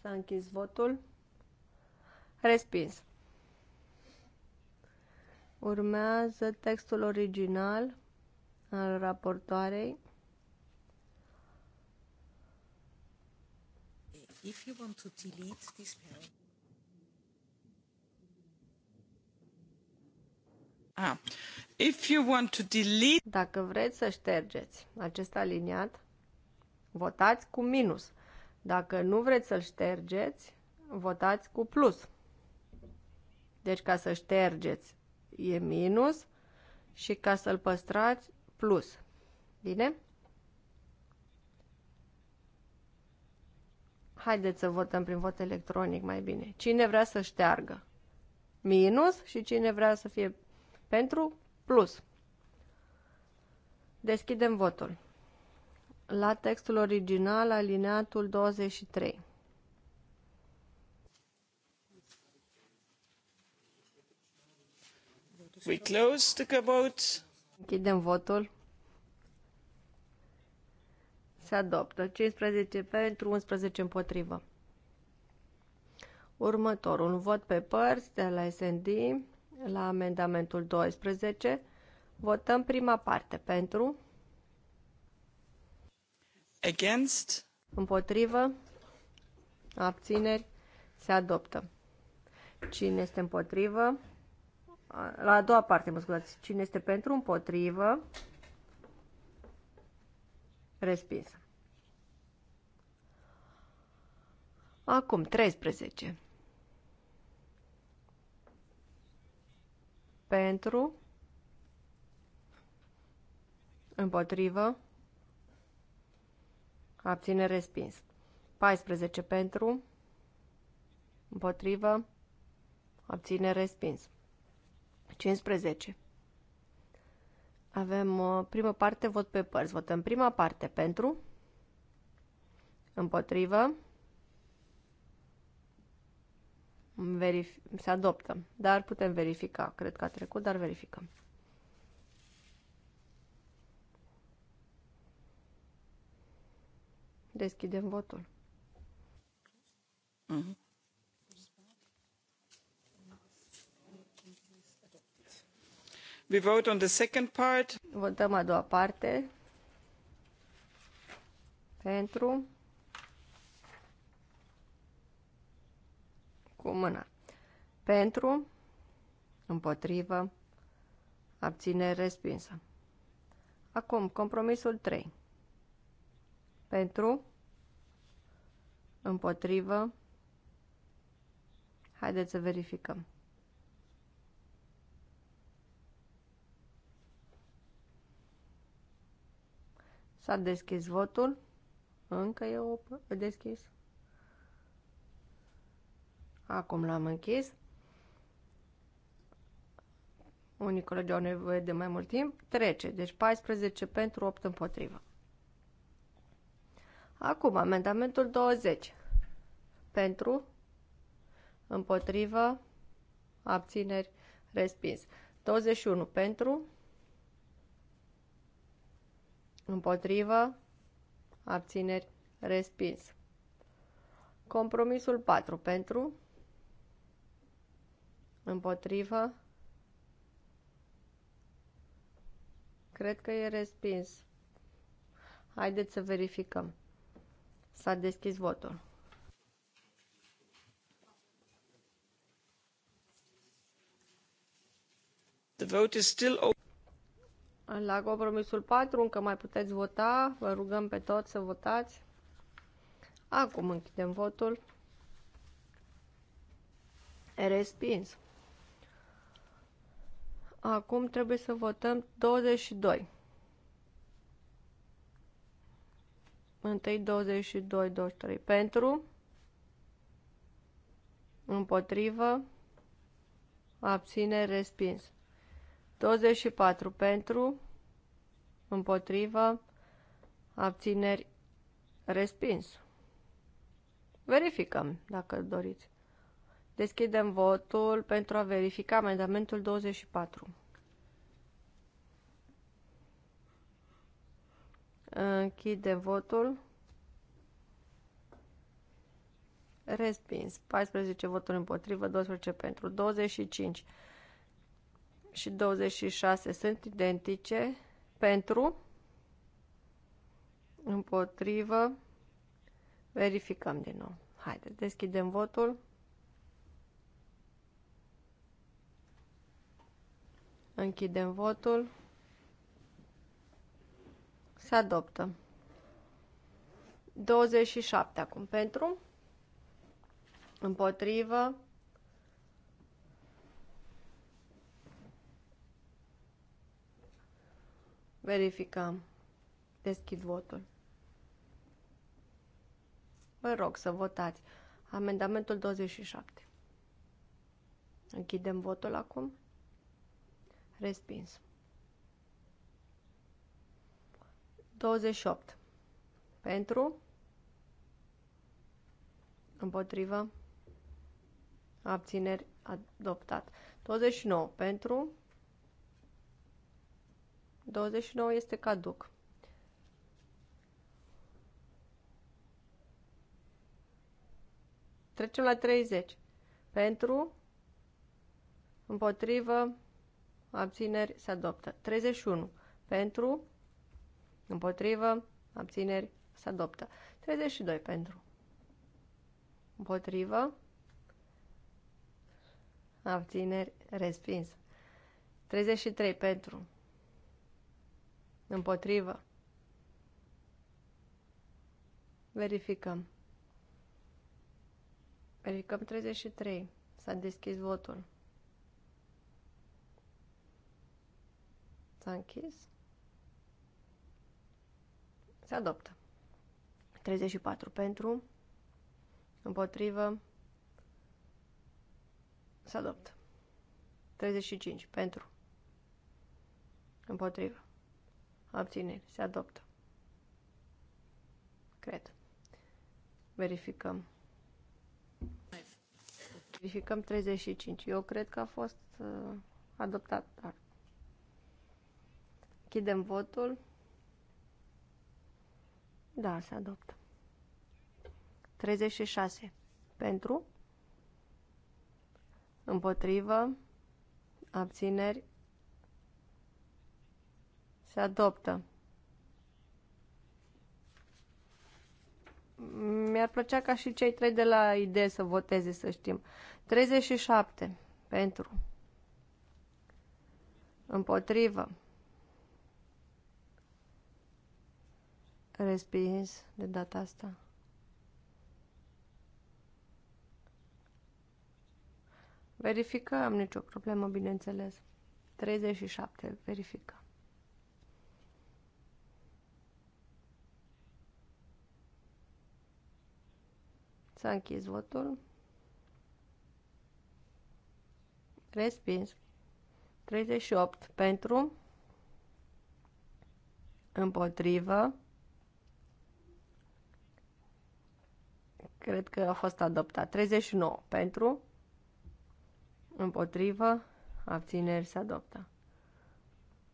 S-a închis votul. Respins. Urmează textul original al raportoarei. If you want to delete this paragraph. Ah. If you want to delete... Dacă vreți să ștergeți acest aliniat, votați cu minus. Dacă nu vreți să-l ștergeți, votați cu plus. Deci ca să ștergeți e minus și ca să-l păstrați plus. Bine? Haideți să votăm prin vot electronic mai bine. Cine vrea să șteargă? Minus și cine vrea să fie pentru? Plus. Deschidem votul la textul original, alineatul 23. We close the vote. Închidem votul. Se adoptă. 15 pentru, 11 împotrivă. Următorul. Un vot pe părți de la SND la amendamentul 12. Votăm prima parte pentru. Against. Împotrivă. Abțineri. Se adoptă. Cine este împotrivă? La a doua parte, mă scuzați. Cine este pentru? Împotrivă. Respins. Acum, 13. Pentru. Împotrivă. Abține respins. 14 pentru. Împotrivă. Abține respins. 15. Avem uh, prima parte, vot pe părți. Votăm prima parte pentru. Împotrivă. Verif se adoptă, dar putem verifica. Cred că a trecut, dar verificăm. Deschidem votul. Mm-hmm. We vote on the second part. Votăm a doua parte. Pentru. Cu mâna. Pentru. Împotrivă. Abținere respinsă. Acum, compromisul 3 pentru, împotrivă. Haideți să verificăm. S-a deschis votul. Încă e o deschis. Acum l-am închis. Unii colegi au nevoie de mai mult timp. Trece. Deci 14 pentru 8 împotrivă. Acum, amendamentul 20. Pentru, împotrivă, abțineri, respins. 21 pentru, împotrivă, abțineri, respins. Compromisul 4 pentru, împotrivă, cred că e respins. Haideți să verificăm. S-a deschis votul. The vote is still open. La compromisul 4 încă mai puteți vota. Vă rugăm pe toți să votați. Acum închidem votul. Respins. Acum trebuie să votăm 22. Întâi 22, 23. Pentru, împotrivă, abține, respins. 24 pentru, împotrivă, abțineri, respins. Verificăm, dacă doriți. Deschidem votul pentru a verifica amendamentul 24. Închide votul. Respins. 14 voturi împotrivă, 12 pentru, 25 și 26 sunt identice pentru, împotrivă, verificăm din nou. Haideți, deschidem votul. Închidem votul. Se adoptă. 27 acum pentru. Împotrivă. Verificăm. Deschid votul. Vă rog să votați. Amendamentul 27. Închidem votul acum. Respins. 28. Pentru. Împotrivă. Abțineri adoptat. 29. Pentru. 29 este caduc. Trecem la 30. Pentru, împotrivă, abțineri, se adoptă. 31. Pentru, Împotrivă, abțineri, se adoptă. 32 pentru. Împotrivă, abțineri, respins. 33 pentru. Împotrivă. Verificăm. Verificăm 33. S-a deschis votul. S-a închis. Se adoptă. 34 pentru, împotrivă, se adoptă. 35 pentru, împotrivă, abțineri, se adoptă. Cred. Verificăm. Verificăm 35. Eu cred că a fost uh, adoptat, dar... Chidem votul. Da, se adoptă. 36. Pentru. Împotrivă. Abțineri. Se adoptă. Mi-ar plăcea ca și cei trei de la idee să voteze, să știm. 37. Pentru. Împotrivă. Respins de data asta. am nicio problemă, bineînțeles. 37, verifică. S-a închis votul. Respins. 38 pentru. Împotrivă. Cred că a fost adoptat. 39 pentru, împotrivă, abțineri se adoptă.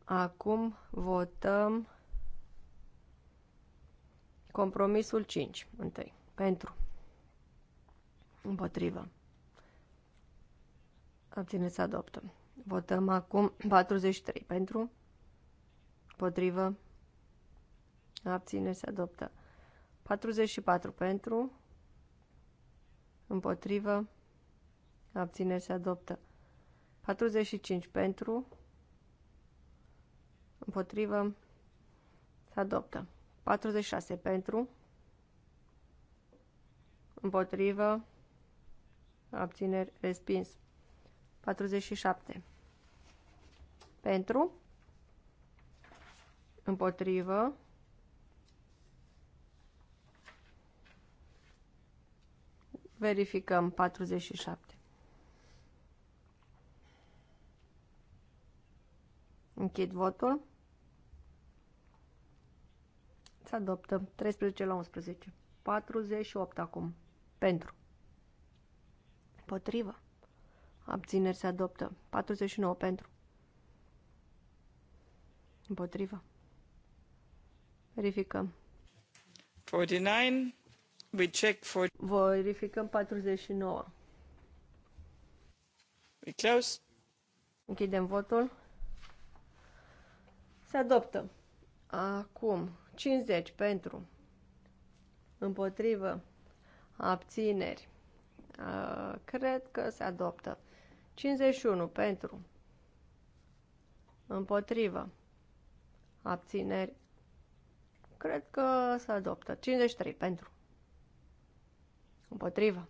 Acum votăm compromisul 5, întâi, pentru, împotrivă, abțineri se adoptă. Votăm acum 43 pentru, împotrivă, abțineri se adoptă. 44 pentru, împotrivă, abțineri se adoptă. 45 pentru, împotrivă, se adoptă. 46 pentru, împotrivă, abțineri, respins. 47 pentru, împotrivă, Verificăm 47. Închid votul. Se adoptă 13 la 11. 48 acum. Pentru. Potrivă. Abțineri se adoptă. 49 pentru. Împotrivă. Verificăm. 49. We check for... Verificăm 49. We close. Închidem votul. Se adoptă. Acum, 50 pentru, împotrivă, abțineri. cred că se adoptă. 51 pentru, împotrivă, abțineri. Cred că se adoptă. 53 pentru, Împotrivă.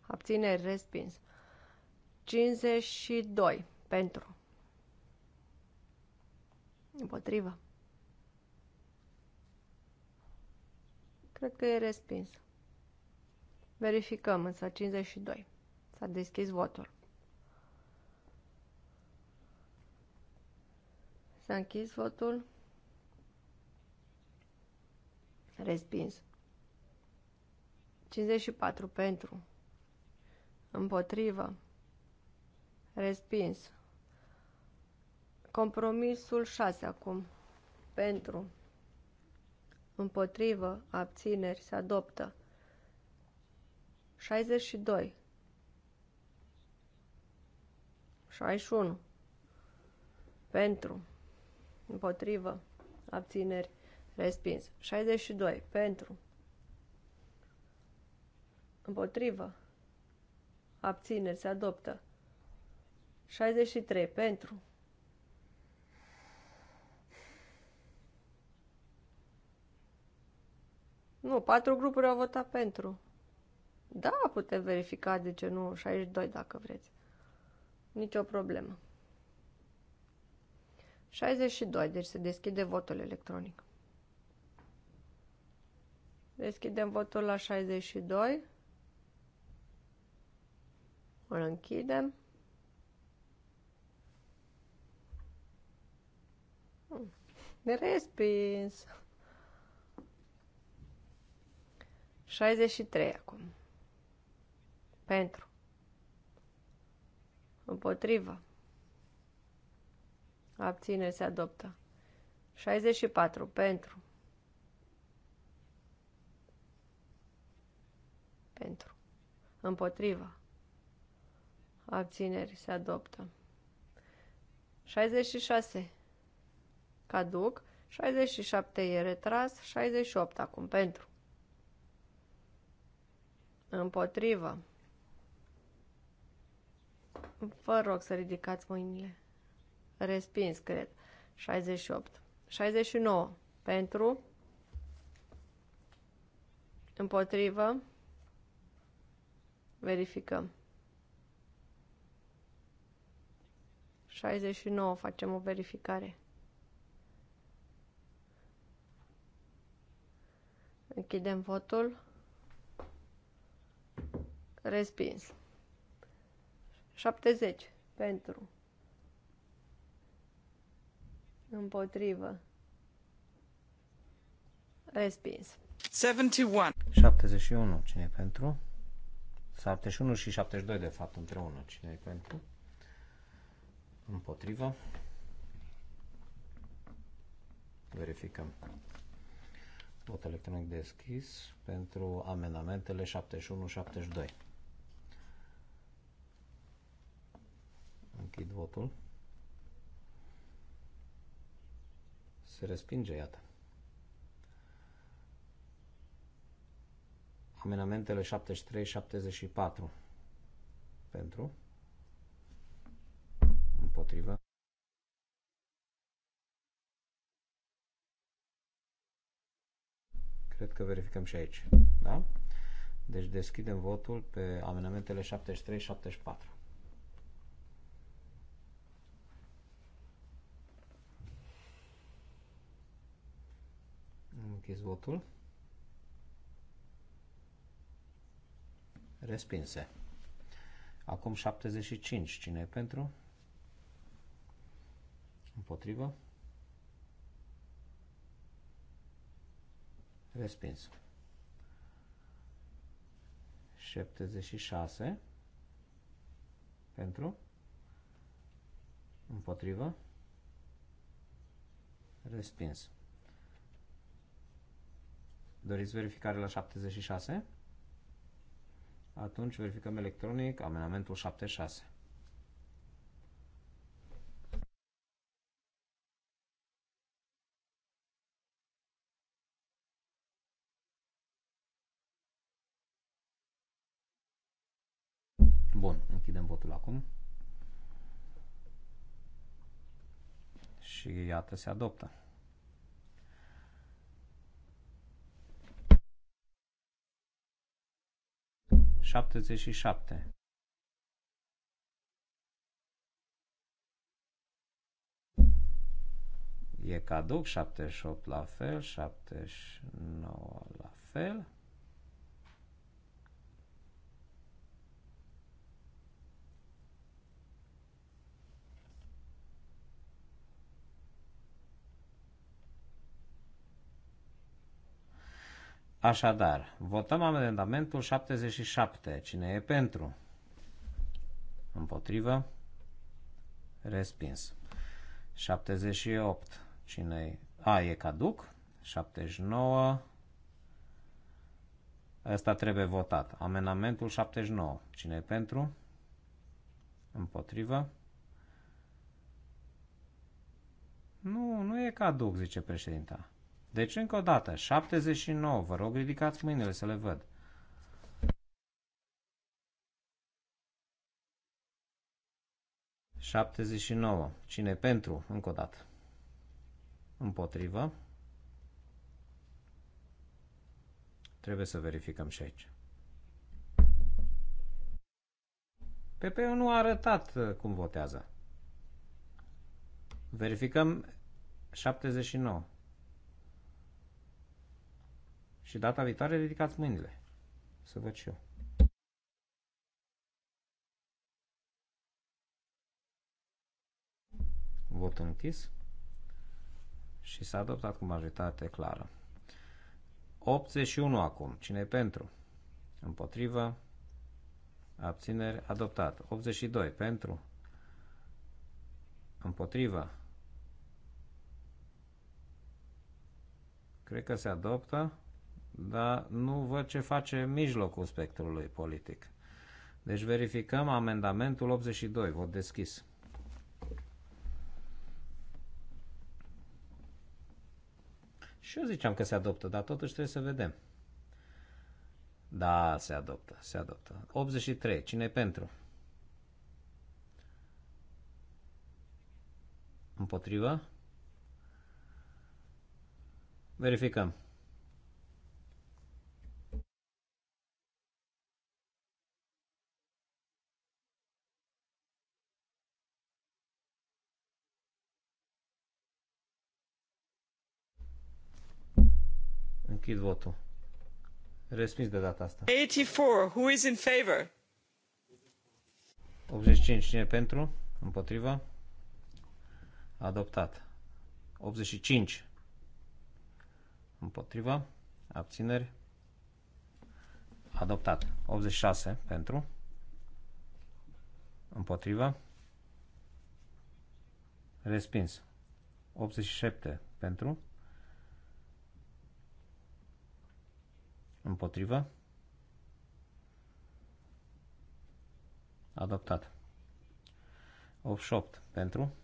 Abțineri respins. 52 pentru. Împotrivă. Cred că e respins. Verificăm, însă 52. S-a deschis votul. S-a închis votul. Respins. 54 pentru. Împotrivă. Respins. Compromisul 6 acum. Pentru. Împotrivă. Abțineri. Se adoptă. 62. 61. Pentru. Împotrivă. Abțineri. Respins. 62. Pentru. Împotrivă. Abțineri. Se adoptă. 63. Pentru. Nu, patru grupuri au votat pentru. Da, putem verifica, de ce nu, 62 dacă vreți. Nicio problemă. 62, deci se deschide votul electronic. Deschidem votul la 62. Îl închidem. Respins. 63 acum. Pentru. Împotrivă. Abține, se adoptă. 64 pentru. Pentru. Împotrivă abțineri se adoptă. 66 caduc, 67 e retras, 68 acum pentru. Împotrivă. Vă rog să ridicați mâinile. Respins, cred. 68. 69 pentru. Împotrivă. Verificăm. 69 facem o verificare. Închidem votul. Respins. 70 pentru. Împotrivă. Respins. 71. 71. Cine e pentru? 71 și 72 de fapt împreună. Cine e pentru? împotrivă. Verificăm. Vot electronic deschis pentru amendamentele 71-72. Închid votul. Se respinge, iată. Amenamentele 73-74 pentru împotrivă cred că verificăm și aici. Da? Deci deschidem votul pe amendamentele 73-74. Închis votul. Respinse. Acum 75. Cine e pentru? Împotrivă. Respins. 76 pentru împotrivă respins doriți verificare la 76 atunci verificăm electronic amenamentul 76 acum. Și iată, se adoptă. Șaptezeci și șapte. E caduc, 78 la fel, 79 la fel. Așadar, votăm amendamentul 77. Cine e pentru? Împotrivă? Respins. 78. Cine e? A, e caduc. 79. Ăsta trebuie votat. Amendamentul 79. Cine e pentru? Împotrivă? Nu, nu e caduc, zice președinta. Deci, încă o dată, 79, vă rog, ridicați mâinile să le văd. 79. Cine pentru? Încă o dată. Împotrivă. Trebuie să verificăm și aici. pp nu a arătat uh, cum votează. Verificăm 79. Și data viitoare ridicați mâinile. Să văd și eu. Vot închis. Și s-a adoptat cu majoritate clară. 81 acum. Cine pentru? Împotrivă. Abțineri. Adoptat. 82 pentru. Împotrivă. Cred că se adoptă dar nu văd ce face mijlocul spectrului politic. Deci verificăm amendamentul 82, vot deschis. Și eu ziceam că se adoptă, dar totuși trebuie să vedem. Da, se adoptă, se adoptă. 83, cine e pentru? Împotriva? Verificăm. Deschid votul. Respins de data asta. 84. Who is in favor? 85. Cine pentru? Împotriva? Adoptat. 85. Împotriva? Abțineri? Adoptat. 86 pentru? Împotriva? Respins. 87 pentru? Împotrivă. Adoptat. 88 pentru.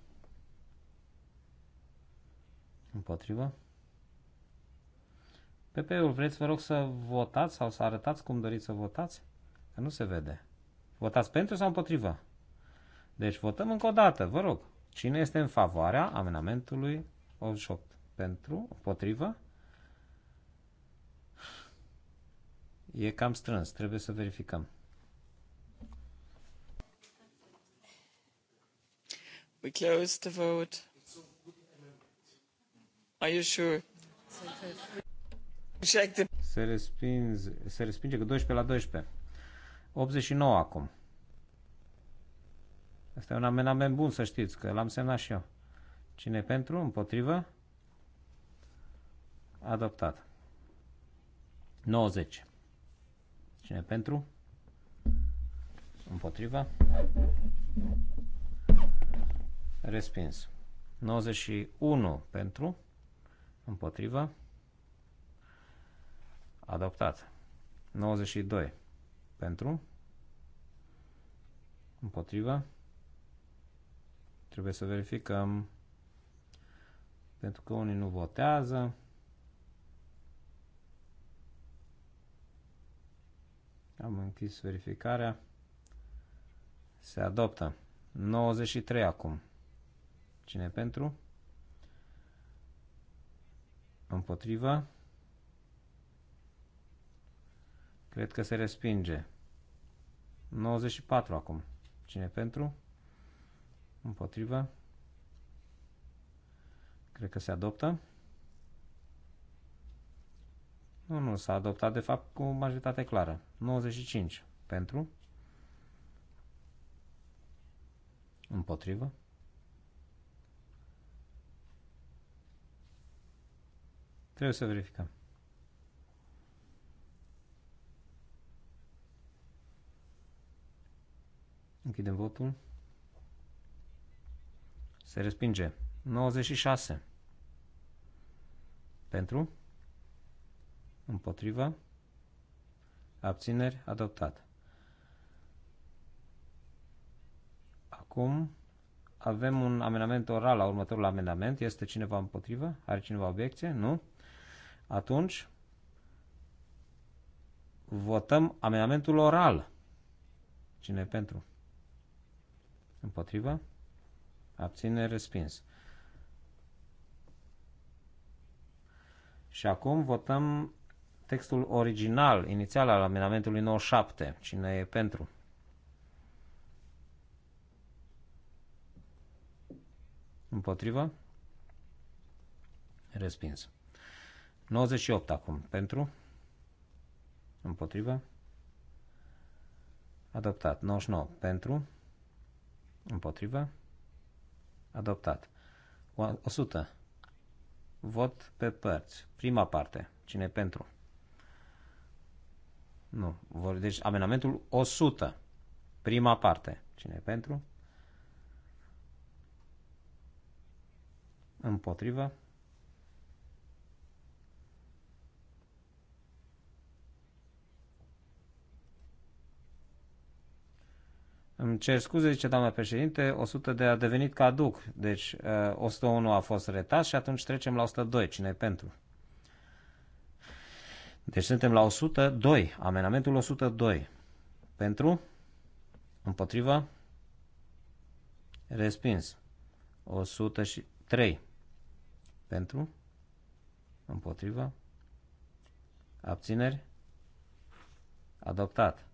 Împotrivă. PP-ul, vreți vă rog să votați sau să arătați cum doriți să votați? Că nu se vede. Votați pentru sau împotrivă? Deci votăm încă o dată, vă rog. Cine este în favoarea amenamentului 88? Pentru, împotrivă, E cam strâns, trebuie să verificăm. We close the vote. Are you sure? Se, respinge, se respinge cu 12 la 12. 89 acum. Asta e un amenament bun, să știți, că l-am semnat și eu. Cine pentru? Împotrivă? Adoptat. 90. Cine pentru? Împotriva? Respins. 91 pentru? Împotriva? Adoptat. 92 pentru? Împotriva? Trebuie să verificăm pentru că unii nu votează. Am închis verificarea. Se adoptă. 93 acum. Cine pentru? Împotriva. Cred că se respinge. 94 acum. Cine pentru? Împotriva. Cred că se adoptă. Nu, nu, s-a adoptat de fapt cu majoritate clară. 95 pentru. Împotrivă. Trebuie să verificăm. Închidem votul. Se respinge. 96. Pentru? Împotrivă. Abțineri. Adoptat. Acum avem un amendament oral la următorul amendament. Este cineva împotrivă? Are cineva obiecție? Nu? Atunci votăm amendamentul oral. Cine e pentru? Împotrivă? Abține respins. Și acum votăm textul original, inițial al amendamentului 97. Cine e pentru? Împotrivă? Respins. 98 acum. Pentru? Împotrivă? Adoptat. 99 pentru? Împotrivă? Adoptat. 100. Vot pe părți. Prima parte. Cine pentru? Nu. deci amenamentul 100. Prima parte. Cine e pentru? Împotrivă. Îmi cer scuze, zice doamna președinte, 100 de a devenit caduc, deci 101 uh, a fost retras și atunci trecem la 102. Cine e pentru? Deci suntem la 102, amenamentul 102. Pentru, împotriva, respins. 103. Pentru, împotriva, abțineri, adoptat.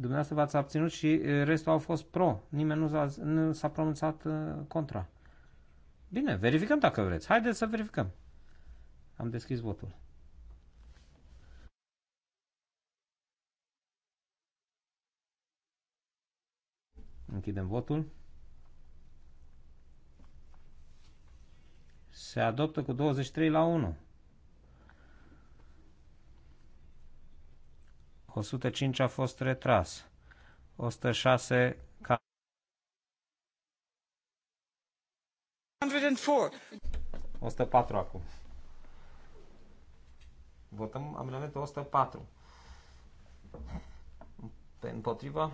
Dumneavoastră v-ați abținut și restul au fost pro. Nimeni nu s-a, pronunțat contra. Bine, verificăm dacă vreți. Haideți să verificăm. Am deschis votul. Închidem votul. Se adoptă cu 23 la 1. 105 a fost retras. 106 ca 104. acum. Votăm amendamentul 104. Pe împotriva.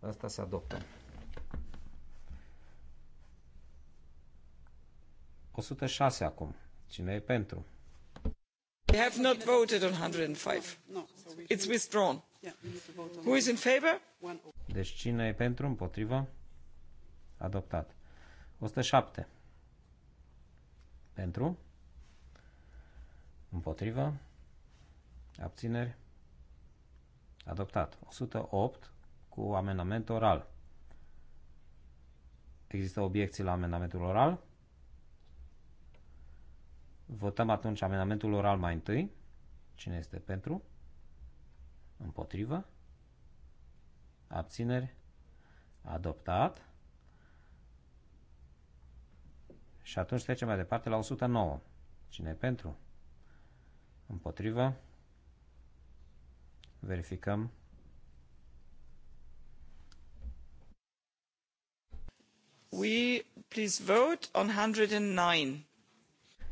Asta se adoptă. 106 acum. Cine e pentru? We have not voted on 105. It's withdrawn. Who is in favor? Oh. Deci cine e pentru, împotrivă? Adoptat. 107. Pentru? Împotrivă? Abțineri? Adoptat. 108 cu amendament oral. Există obiecții la amendamentul oral? Votăm atunci amendamentul oral mai întâi. Cine este pentru? Împotrivă? Abțineri? Adoptat. Și atunci trecem mai departe la 109. Cine e pentru? Împotrivă? Verificăm. We please vote on 109.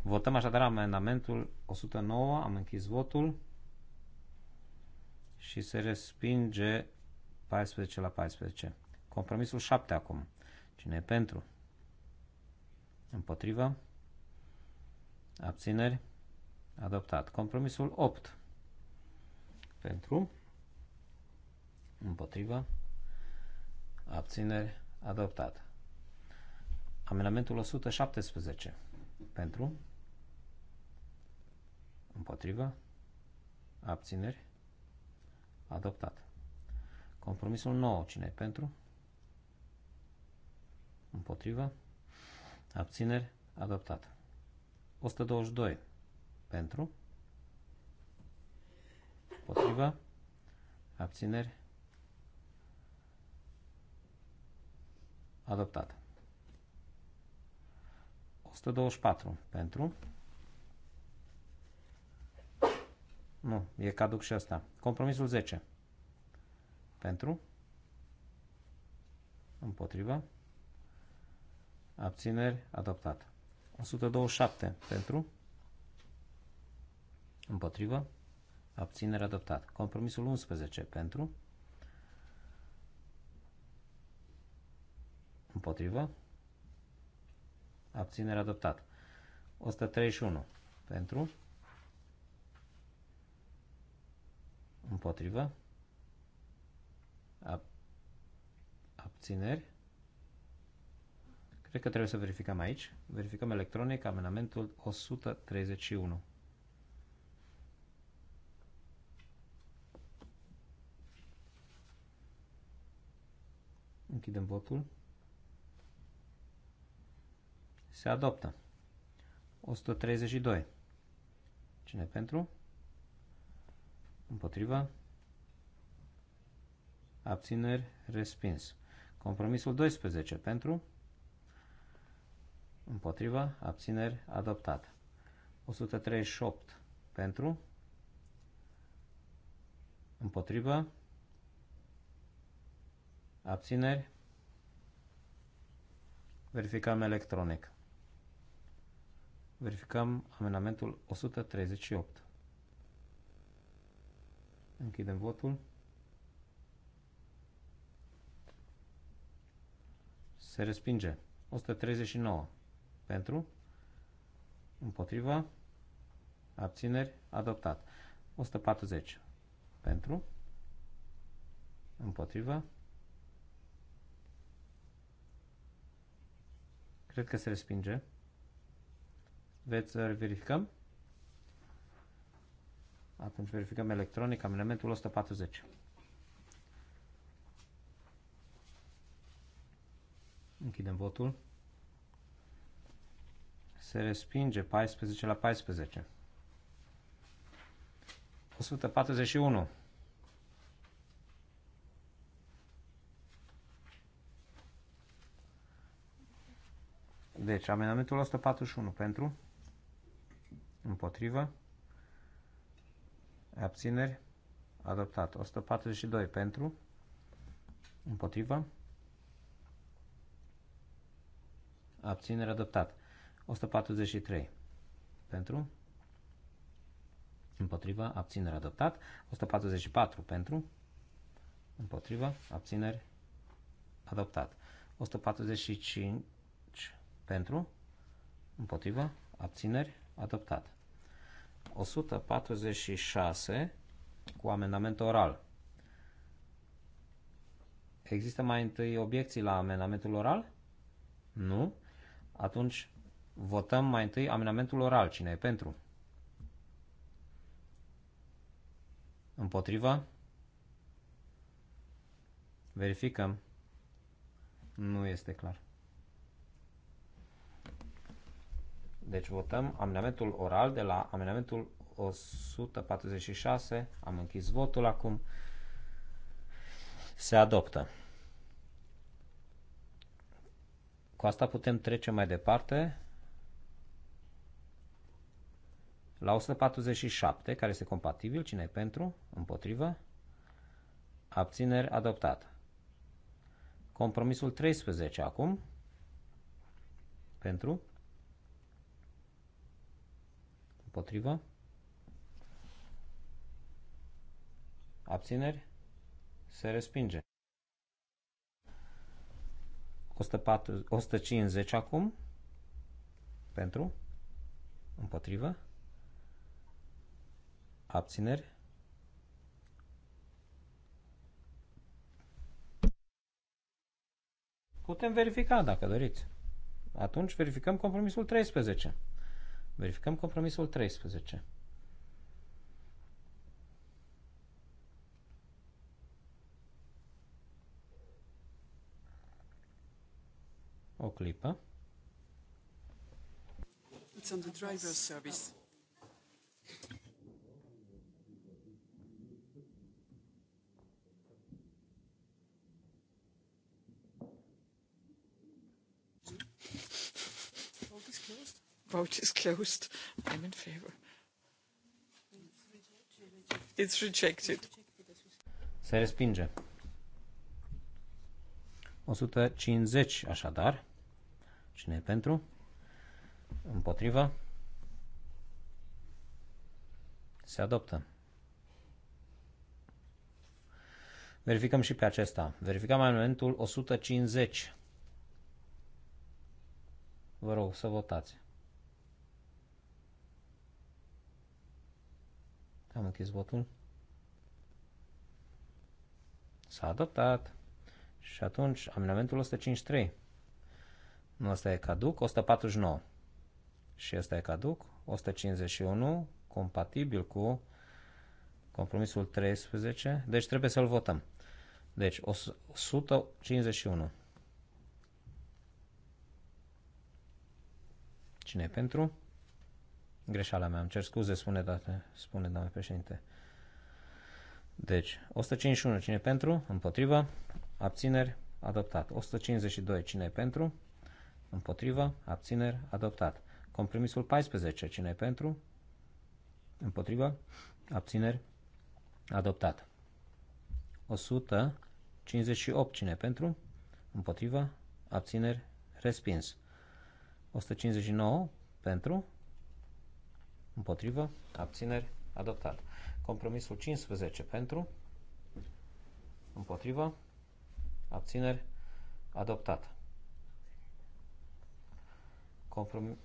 Votăm așadar amendamentul 109, am închis votul și se respinge 14 la 14. Compromisul 7 acum. Cine e pentru? Împotrivă? Abțineri? Adoptat. Compromisul 8. Pentru? Împotrivă? Abțineri? Adoptat. Amendamentul 117. Pentru? Împotrivă. Abțineri. Adoptat. Compromisul 9. Cine e pentru? Împotrivă. Abțineri. Adoptat. 122. Pentru. Împotrivă. Abțineri. Adoptat. 124. Pentru. Nu, e caduc și asta. Compromisul 10. Pentru. Împotrivă. Abțineri. Adoptat. 127. Pentru. Împotrivă. Abținere adoptat. Compromisul 11. Pentru. Împotrivă. Abținere adoptat. 131. Pentru. împotrivă, ab abțineri. Cred că trebuie să verificăm aici. Verificăm electronic amenamentul 131. Închidem votul. Se adoptă. 132. Cine pentru? Împotriva. Abțineri. Respins. Compromisul 12 pentru. Împotriva. Abțineri. Adoptat. 138 pentru. Împotriva. Abțineri. Verificăm electronic. Verificăm amendamentul 138. Închidem votul. Se respinge. 139 pentru, împotriva, abțineri, adoptat. 140 pentru, împotriva, cred că se respinge. Veți uh, verificăm? Atunci verificăm electronic amenamentul 140. Închidem votul. Se respinge 14 la 14. 141. Deci, amenamentul 141 pentru, împotrivă, abțineri, adoptat. 142 pentru, împotrivă, abțineri, adoptat. 143 pentru, împotrivă, abțineri, adoptat. 144 pentru, împotrivă, abțineri, adoptat. 145 pentru, împotrivă, abțineri, adoptat. 146 cu amendament oral. Există mai întâi obiecții la amendamentul oral? Nu? Atunci votăm mai întâi amendamentul oral. Cine e pentru? Împotriva? Verificăm. Nu este clar. Deci votăm amendamentul oral de la amendamentul 146. Am închis votul acum. Se adoptă. Cu asta putem trece mai departe la 147, care este compatibil. Cine e pentru? Împotrivă? Abțineri adoptat. Compromisul 13 acum. Pentru? Împotrivă. Abțineri. Se respinge. 104, 150 acum. Pentru. Împotrivă. Abțineri. Putem verifica dacă doriți. Atunci verificăm compromisul 13. Verificăm compromisul 13. O clipă. It's on the driver's service. Vote is closed. I'm in favor. It's rejected. Se respinge. 150 așadar. Cine e pentru? Împotriva? Se adoptă. Verificăm și pe acesta. Verificăm amendamentul 150. Vă rog să votați. Am închis votul. S-a adoptat. Și atunci, amendamentul 153. Nu, ăsta e caduc. 149. Și ăsta e caduc. 151, compatibil cu compromisul 13. Deci trebuie să-l votăm. Deci, 151. Cine e pentru? Greșeala mea, îmi cer scuze, spune, date, spune doamne președinte. Deci, 151, cine pentru? Împotrivă. Abțineri, adoptat. 152, cine pentru? Împotrivă. Abțineri, adoptat. Compromisul 14, cine pentru? Împotrivă. Abțineri, adoptat. 158, cine pentru? Împotrivă. Abțineri, respins. 159, pentru? Împotrivă. Abțineri. Adoptat. Compromisul 15 pentru. Împotrivă. Abțineri. Adoptat. Comprom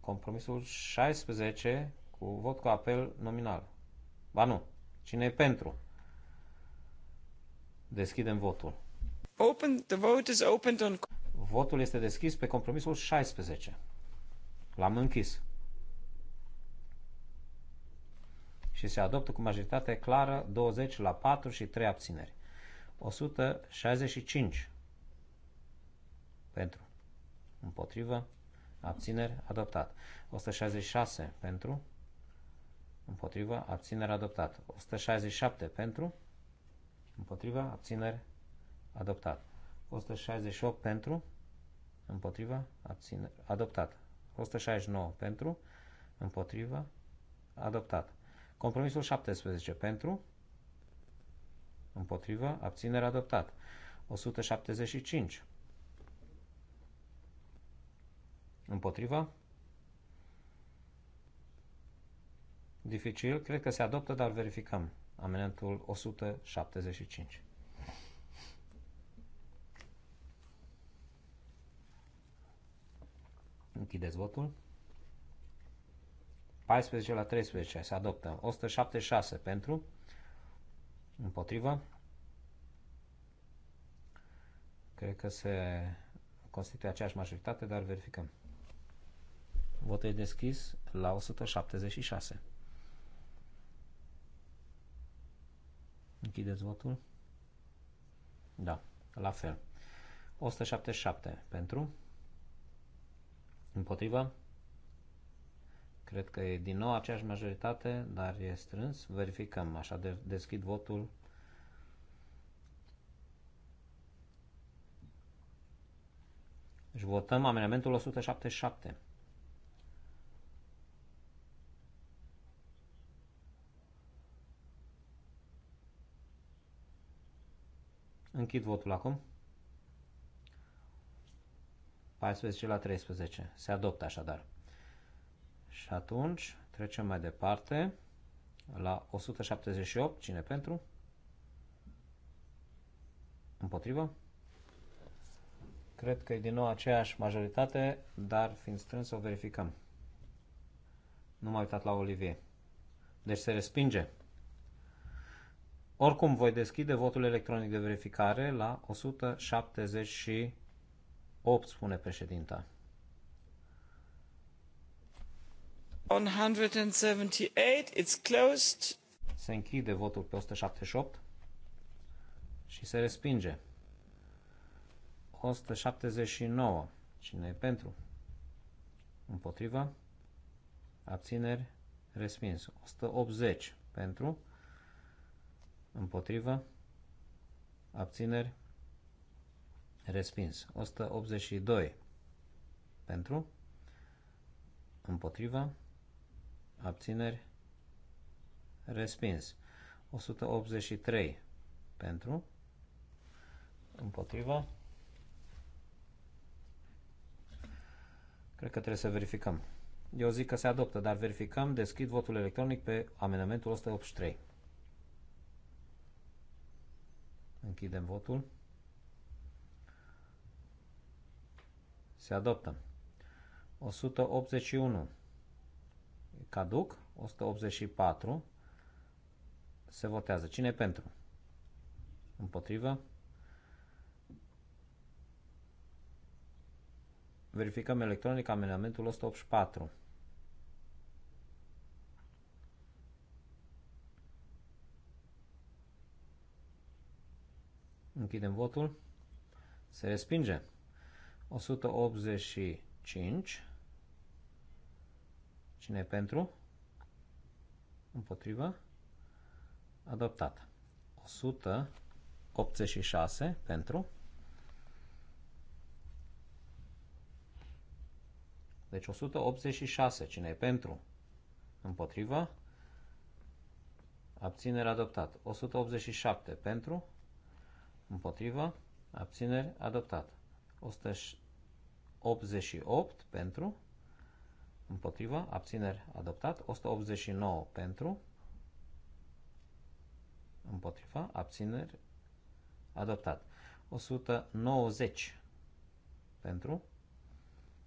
compromisul 16 cu vot cu apel nominal. Ba nu. Cine e pentru? Deschidem votul. Open, the vote is opened on... Votul este deschis pe compromisul 16. L-am închis. și se adoptă cu majoritate clară 20 la 4 și 3 abțineri. 165 pentru, împotrivă, abțineri, adoptat. 166 pentru, împotrivă, abțineri, adoptat. 167 pentru, împotrivă, abțineri, adoptat. 168 pentru, împotriva, abțineri, adoptat. 169 pentru, împotriva, adoptat. Compromisul 17 pentru, împotrivă, abținere adoptat. 175 împotrivă. Dificil, cred că se adoptă, dar verificăm. amenentul 175. Închideți votul. 14 la 13 se adoptă. 176 pentru, împotrivă. Cred că se constituie aceeași majoritate, dar verificăm. Votul e deschis la 176. Închideți votul. Da, la fel. 177 pentru, împotrivă, Cred că e din nou aceeași majoritate, dar e strâns. Verificăm. Așa de deschid votul. Deci votăm amendamentul 177. Închid votul acum. 14 la 13. Se adoptă așadar. Și atunci trecem mai departe la 178. Cine pentru? Împotrivă? Cred că e din nou aceeași majoritate, dar fiind strâns o verificăm. Nu m-am uitat la Olivier. Deci se respinge. Oricum voi deschide votul electronic de verificare la 178, spune președinta. Se închide votul pe 178 și se respinge. 179. Cine e pentru? Împotriva? Abțineri? Respins. 180 pentru? Împotriva? Abțineri? Respins. 182 pentru? Împotriva? abțineri, respins. 183 pentru, împotriva. Cred că trebuie să verificăm. Eu zic că se adoptă, dar verificăm, deschid votul electronic pe amendamentul 183. Închidem votul. Se adoptă. 181 caduc, 184, se votează. Cine pentru? Împotrivă? Verificăm electronic amendamentul 184. Închidem votul. Se respinge. 185 Cine e pentru? Împotrivă? Adoptat. 186 pentru. Deci 186. Cine e pentru? Împotrivă? Abținere adoptat. 187 pentru. Împotrivă? Abținere adoptat. 188 pentru împotrivă, abțineri adoptat, 189 pentru, împotrivă, abțineri adoptat, 190 pentru,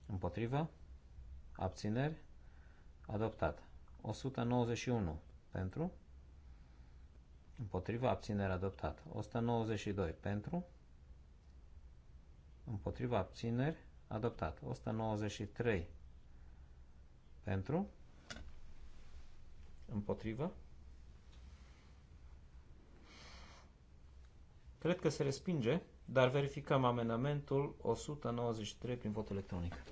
împotrivă, abțineri adoptat, 191 pentru, împotrivă, abțineri adoptat, 192 pentru, împotrivă, abțineri adoptat, 193 pentru? Împotrivă? Cred că se respinge, dar verificăm amenamentul 193 prin vot electronic.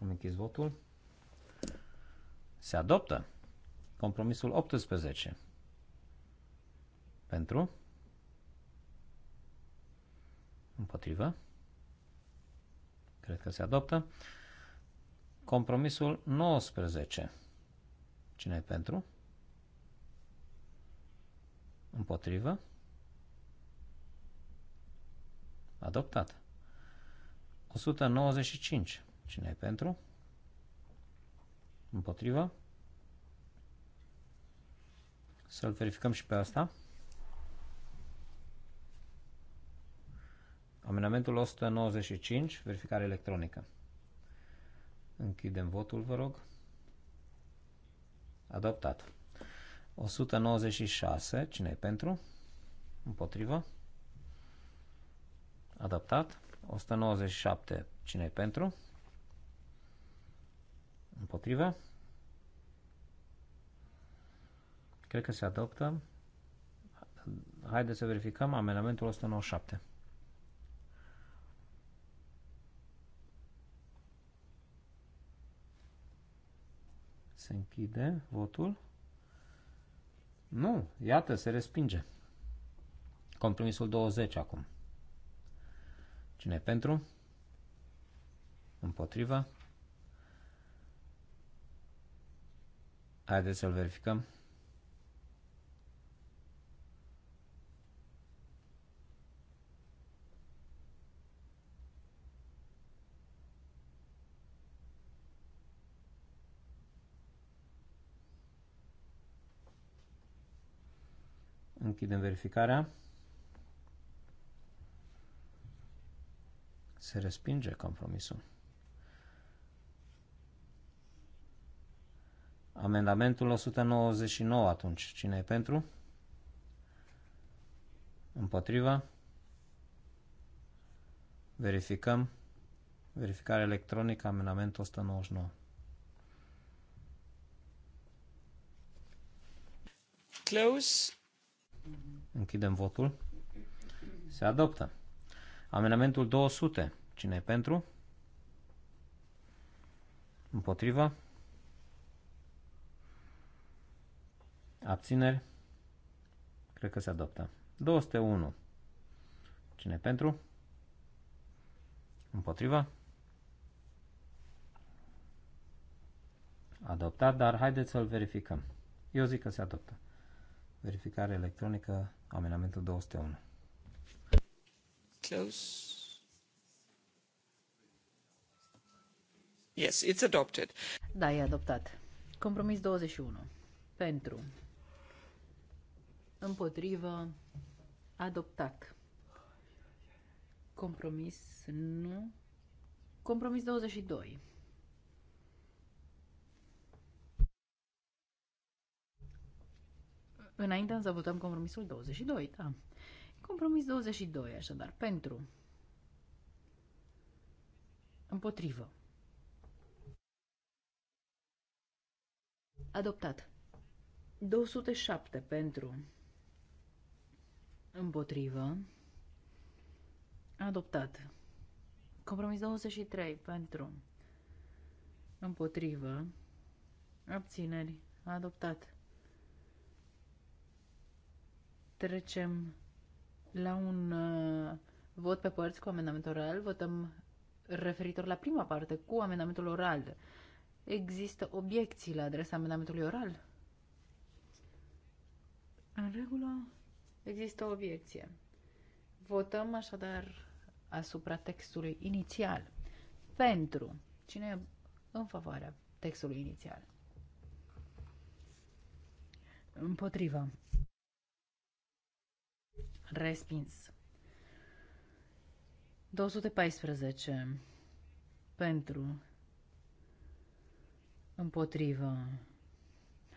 Am închis votul. Se adoptă. Compromisul 18. Pentru? Împotrivă? Cred că se adoptă. Compromisul 19. Cine e pentru? Împotrivă? Adoptat. 195. Cine e pentru? Împotrivă? Să-l verificăm și pe asta. Amendamentul 195, verificare electronică. Închidem votul, vă rog. Adoptat. 196, cine e pentru? Împotrivă. Adoptat. 197, cine e pentru? Împotrivă. Cred că se adoptă. Haideți să verificăm amendamentul 197. Se închide votul. Nu, iată, se respinge. Compromisul 20 acum. Cine pentru? Împotriva? Haideți să-l verificăm. Închidem verificarea. Se respinge compromisul. Amendamentul 199 atunci. Cine e pentru? Împotriva? Verificăm. Verificare electronică, amendamentul 199. Close. Închidem votul. Se adoptă. Amendamentul 200. Cine e pentru? Împotriva? Abțineri? Cred că se adoptă. 201. Cine e pentru? Împotriva? Adoptat, dar haideți să-l verificăm. Eu zic că se adoptă. Verificare electronică Amenamentul 201. Close. Yes, it's adopted. Da, e adoptat. Compromis 21. Pentru. Împotrivă. Adoptat. Compromis nu. Compromis 22 Înainte să votăm compromisul 22, da. Compromis 22, așadar, pentru. Împotrivă. Adoptat. 207 pentru. Împotrivă. Adoptat. Compromis 23 pentru. Împotrivă. Abțineri. Adoptat. Trecem la un uh, vot pe părți cu amendament oral. Votăm referitor la prima parte cu amendamentul oral. Există obiecții la adresa amendamentului oral? În regulă, există obiecție. Votăm așadar asupra textului inițial. Pentru. Cine e în favoarea textului inițial? Împotriva. Respins. 214. Pentru. Împotrivă.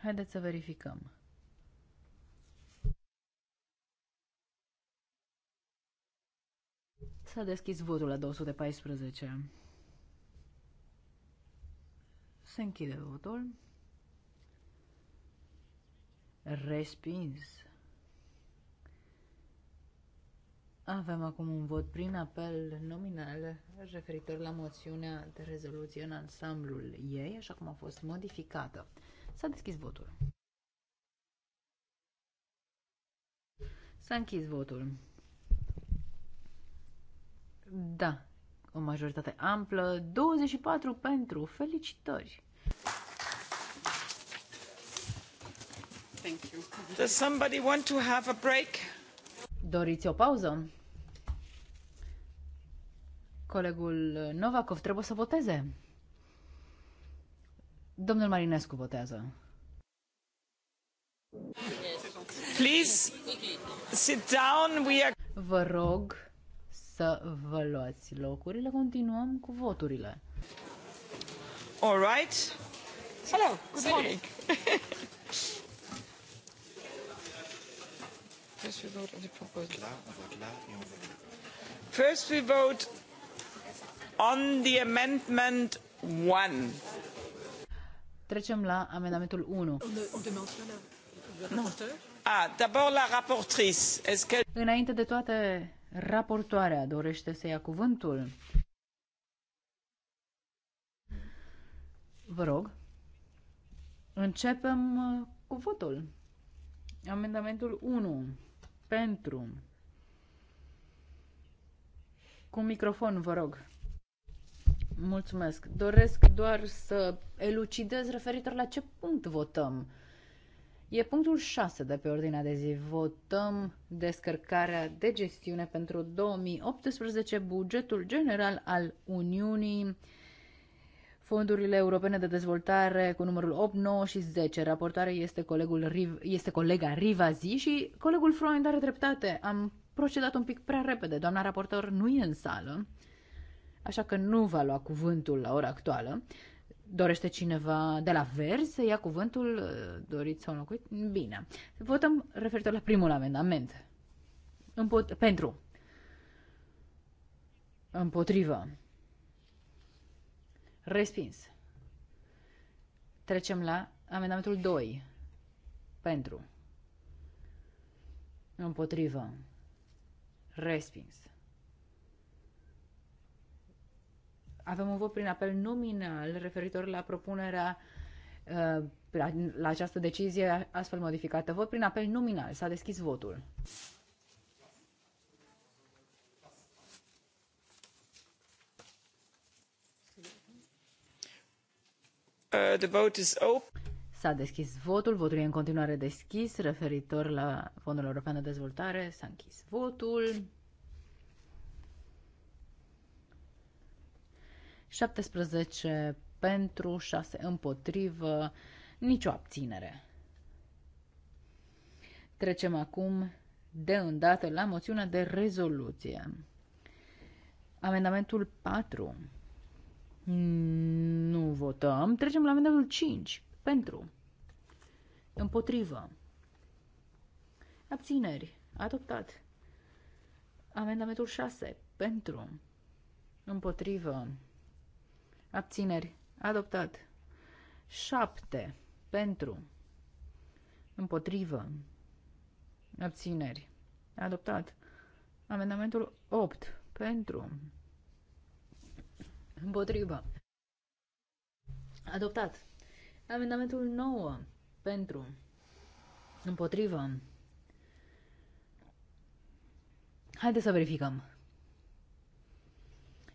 Haideți să verificăm. S-a deschis votul la 214. Se închide votul. Respins. Avem acum un vot prin apel nominal referitor la moțiunea de rezoluție în ansamblul ei, așa cum a fost modificată. S-a deschis votul. S-a închis votul. Da, o majoritate amplă, 24 pentru, felicitări! Thank you. Does somebody want to have a break? Doriți o pauză? Colegul Novakov trebuie să voteze. Domnul Marinescu votează. Please sit down. We are... Vă rog să vă luați locurile. Continuăm cu voturile. All right. Hello. Good morning. *laughs* First we vote on the First we vote on the amendment 1. Trecem la amendamentul 1. No. Ah, d'abord la rapportrice. Est-ce que... Înainte de toate, raportoarea dorește să ia cuvântul. Vă rog. Începem uh, cu votul. Amendamentul 1. Pentru. Cu microfon, vă rog. Mulțumesc. Doresc doar să elucidez referitor la ce punct votăm. E punctul 6 de pe ordinea de zi. Votăm descărcarea de gestiune pentru 2018, bugetul general al Uniunii fondurile europene de dezvoltare cu numărul 8, 9 și 10. Raportarea este, colegul Riv, este colega Zi și colegul Freund are dreptate. Am procedat un pic prea repede. Doamna raportor nu e în sală, așa că nu va lua cuvântul la ora actuală. Dorește cineva de la Verzi să ia cuvântul? Doriți să o înlocuiți? Bine. Votăm referitor la primul amendament. Împot- pentru. Împotrivă. Respins. Trecem la amendamentul 2. Pentru. Împotrivă. Respins. Avem un vot prin apel nominal referitor la propunerea uh, la, această decizie astfel modificată. Vot prin apel nominal. S-a deschis votul. Uh, s-a deschis votul, votul e în continuare deschis referitor la Fondul European de Dezvoltare. S-a închis votul. 17 pentru, 6 împotrivă, nicio abținere. Trecem acum de îndată la moțiunea de rezoluție. Amendamentul 4. Nu votăm. Trecem la amendamentul 5. Pentru. Împotrivă. Abțineri. Adoptat. Amendamentul 6. Pentru. Împotrivă. Abțineri. Adoptat. 7. Pentru. Împotrivă. Abțineri. Adoptat. Amendamentul 8. Pentru. Împotrivă. Adoptat. Amendamentul 9. Pentru. Împotrivă. Haideți să verificăm.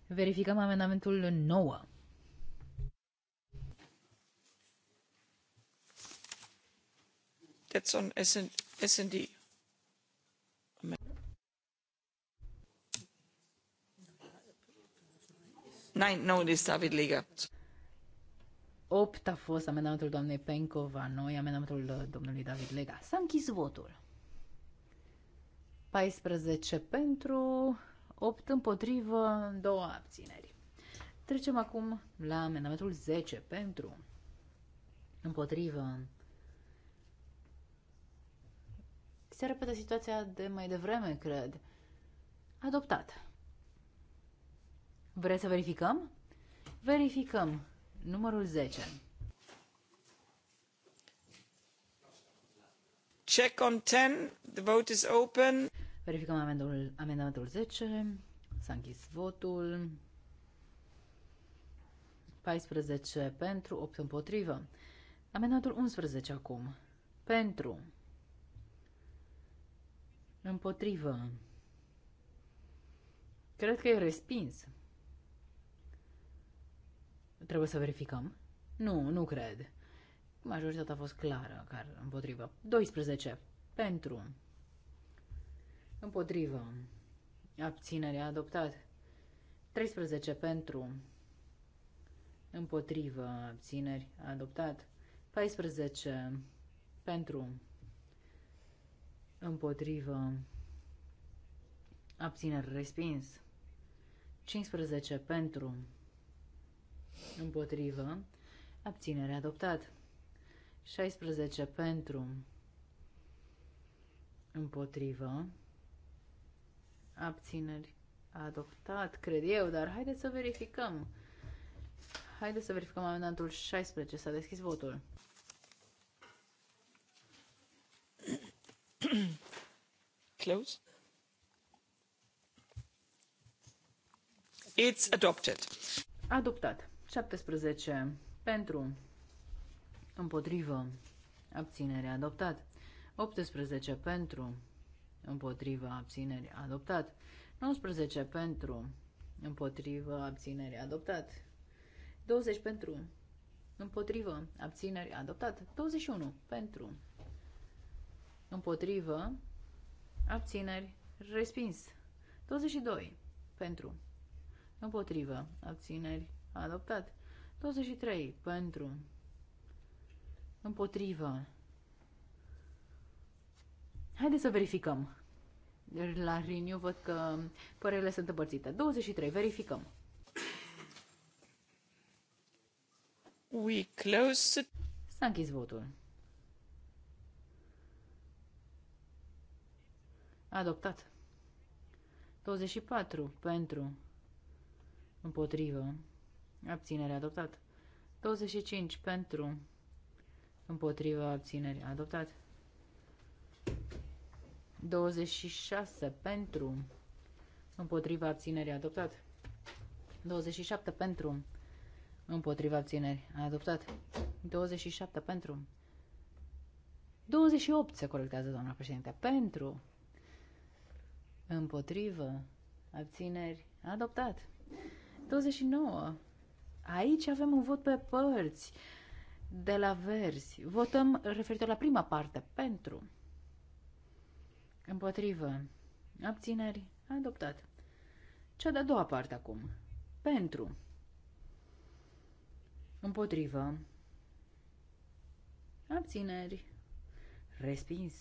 Verificăm amendamentul 9. That's on SND. Nine, no, this David Liga. 8 a fost amendamentul doamnei Pencova, noi amendamentul uh, domnului David Lega. S-a închis votul. 14 pentru, 8 împotrivă, 2 abțineri. Trecem acum la amendamentul 10 pentru, împotrivă. Se repetă situația de mai devreme, cred. Adoptat. Vreți să verificăm? Verificăm. Numărul 10. Check on 10. The vote is open. Verificăm amendul, amendamentul 10. S-a închis votul. 14 pentru, 8 împotrivă. Amendamentul 11 acum. Pentru. Împotrivă. Cred că e respins. Trebuie să verificăm. Nu, nu cred. Majoritatea a fost clară, car împotrivă. 12. Pentru. Împotrivă. Abținerea adoptat. 13 pentru. Împotrivă. Abțineri adoptat. 14 pentru. Împotrivă. Abțineri respins. 15 pentru împotrivă, abținere adoptat. 16 pentru, împotrivă, abțineri adoptat, cred eu, dar haideți să verificăm. Haideți să verificăm amendamentul 16, s-a deschis votul. Close. It's adopted. Adoptat. 17 pentru, împotrivă, abținere adoptat. 18 pentru, împotrivă, abținere adoptat. 19 pentru, împotrivă, abținere adoptat. 20 pentru, împotrivă, abținere adoptat. 21 pentru, împotrivă, abțineri, respins. 22 pentru, împotrivă, abțineri, adoptat. 23 pentru, împotrivă. Haideți să verificăm. Deci, la Riniu văd că părerile sunt împărțite. 23, verificăm. We close. S-a închis votul. Adoptat. 24 pentru împotrivă abținere adoptat. 25 pentru, împotriva abținere adoptat. 26 pentru, împotriva abținerii adoptat. 27 pentru, împotriva abținerii adoptat. 27 pentru, 28 se corectează, doamna președinte, pentru, împotrivă, abțineri, adoptat. 29 Aici avem un vot pe părți de la verzi. Votăm referitor la prima parte. Pentru. Împotrivă. Abțineri. Adoptat. Cea de-a doua parte acum. Pentru. Împotrivă. Abțineri. Respins.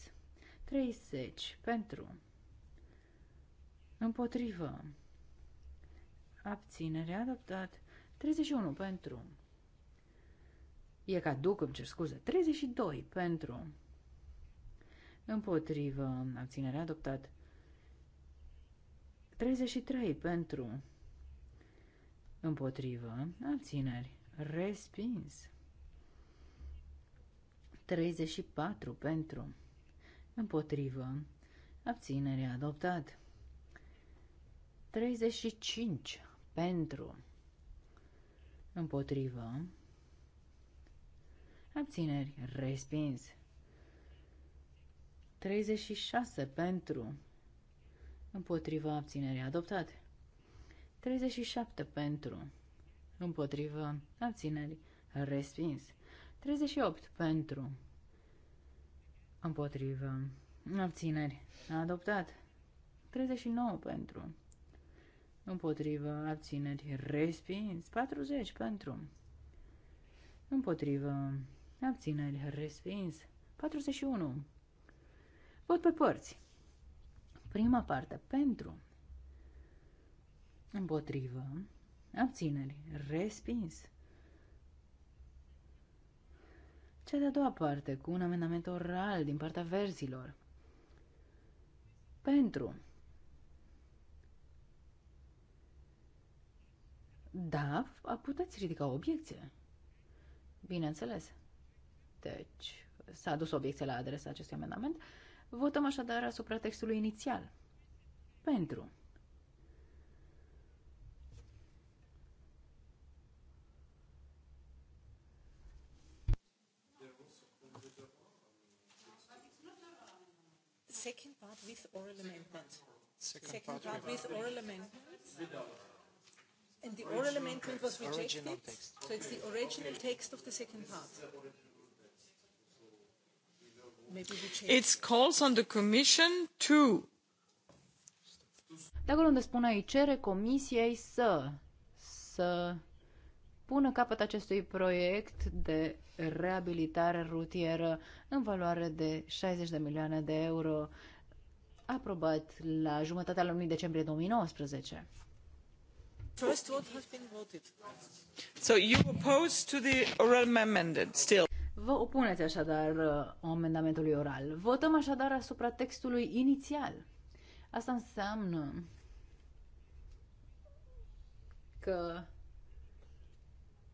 30. Pentru. Împotrivă. Abținere adoptat. 31 pentru. E ca duc, îmi cer scuze. 32 pentru. Împotrivă. abținerea adoptat. 33 pentru. Împotrivă. Abțineri. Respins. 34 pentru. Împotrivă. abținerea adoptat. 35 pentru împotrivă, abțineri, respins. 36 pentru, Împotrivă abținerii adoptate. 37 pentru, Împotrivă abținerii respins. 38 pentru, Împotrivă abținerii adoptat. 39 pentru, Împotrivă, abțineri, respins. 40 pentru. Împotrivă, abțineri, respins. 41. Vot pe părți. Prima parte, pentru. Împotrivă, abțineri, respins. Cea de-a doua parte, cu un amendament oral din partea verzilor. Pentru. Da, puteți ridica o obiecție. Bineînțeles. Deci, s-a dus obiecție la adresa acestui amendament. Votăm așadar asupra textului inițial. Pentru. Second part with oral amendment. Second, part, with oral amendment. And the oral amendment was rejected, so it's the original text of the second part. It's calls on the Commission to. De acolo unde spune aici, cere Comisiei să, să pună capăt acestui proiect de reabilitare rutieră în valoare de 60 de milioane de euro, aprobat la jumătatea lunii decembrie 2019. First, what has been voted? So you oppose to the oral amendment still. Vă opuneți așadar uh, amendamentului oral. Votăm așadar asupra textului inițial. Asta înseamnă că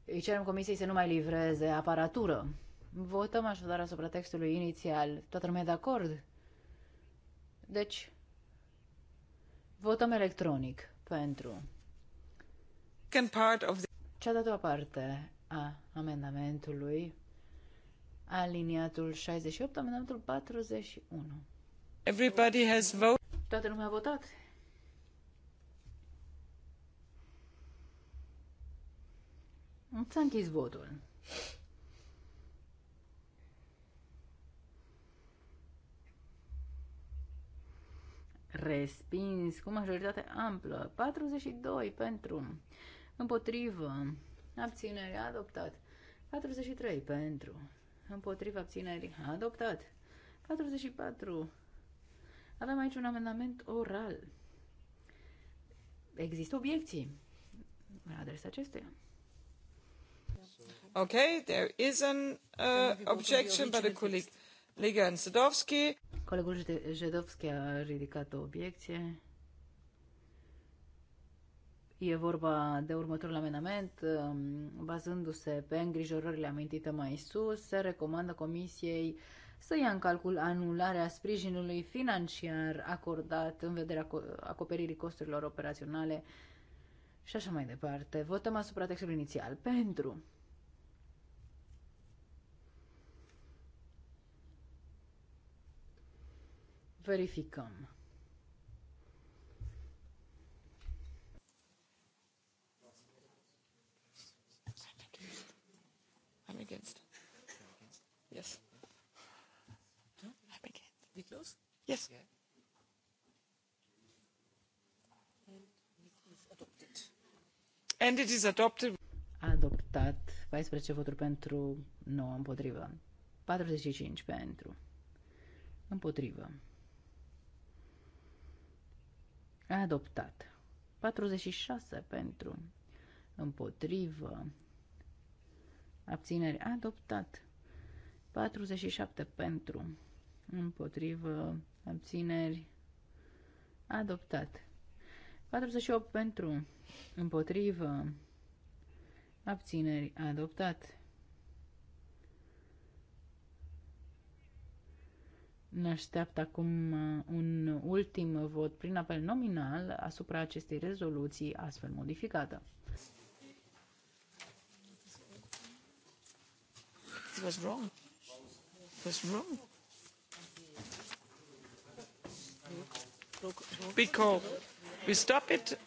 îi cerem comisiei să nu mai livreze aparatură. Votăm așadar asupra textului inițial. Toată lumea de acord? Deci, votăm electronic pentru cea de-a doua parte a amendamentului, aliniatul 68, amendamentul 41. Everybody has voted. Toată lumea a votat. S-a închis votul. Respins cu majoritate amplă. 42 pentru împotrivă, abținere, adoptat. 43 pentru, împotrivă, abținerii. adoptat. 44. Avem aici un amendament oral. Există obiecții la adresa acesteia. Okay, there is an uh, objection by the colleague. Ligan Sedovski. Colegul Jedovski a ridicat o obiecție. E vorba de următorul amendament, um, bazându-se pe îngrijorările amintite mai sus, se recomandă Comisiei să ia în calcul anularea sprijinului financiar acordat în vederea acoperirii costurilor operaționale și așa mai departe. Votăm asupra textului inițial. Pentru. Verificăm. Yes. And it is adopted. Adoptat 14 voturi pentru, 9 împotrivă, 45 pentru, împotrivă. Adoptat 46 pentru, împotrivă, abținere. Adoptat 47 pentru, împotrivă, abțineri, adoptat. 48 pentru, împotrivă, abțineri, adoptat. 9. așteaptă acum uh, un ultim vot prin apel nominal asupra acestei rezoluții astfel modificată. It was wrong. It was wrong. Because we stop it.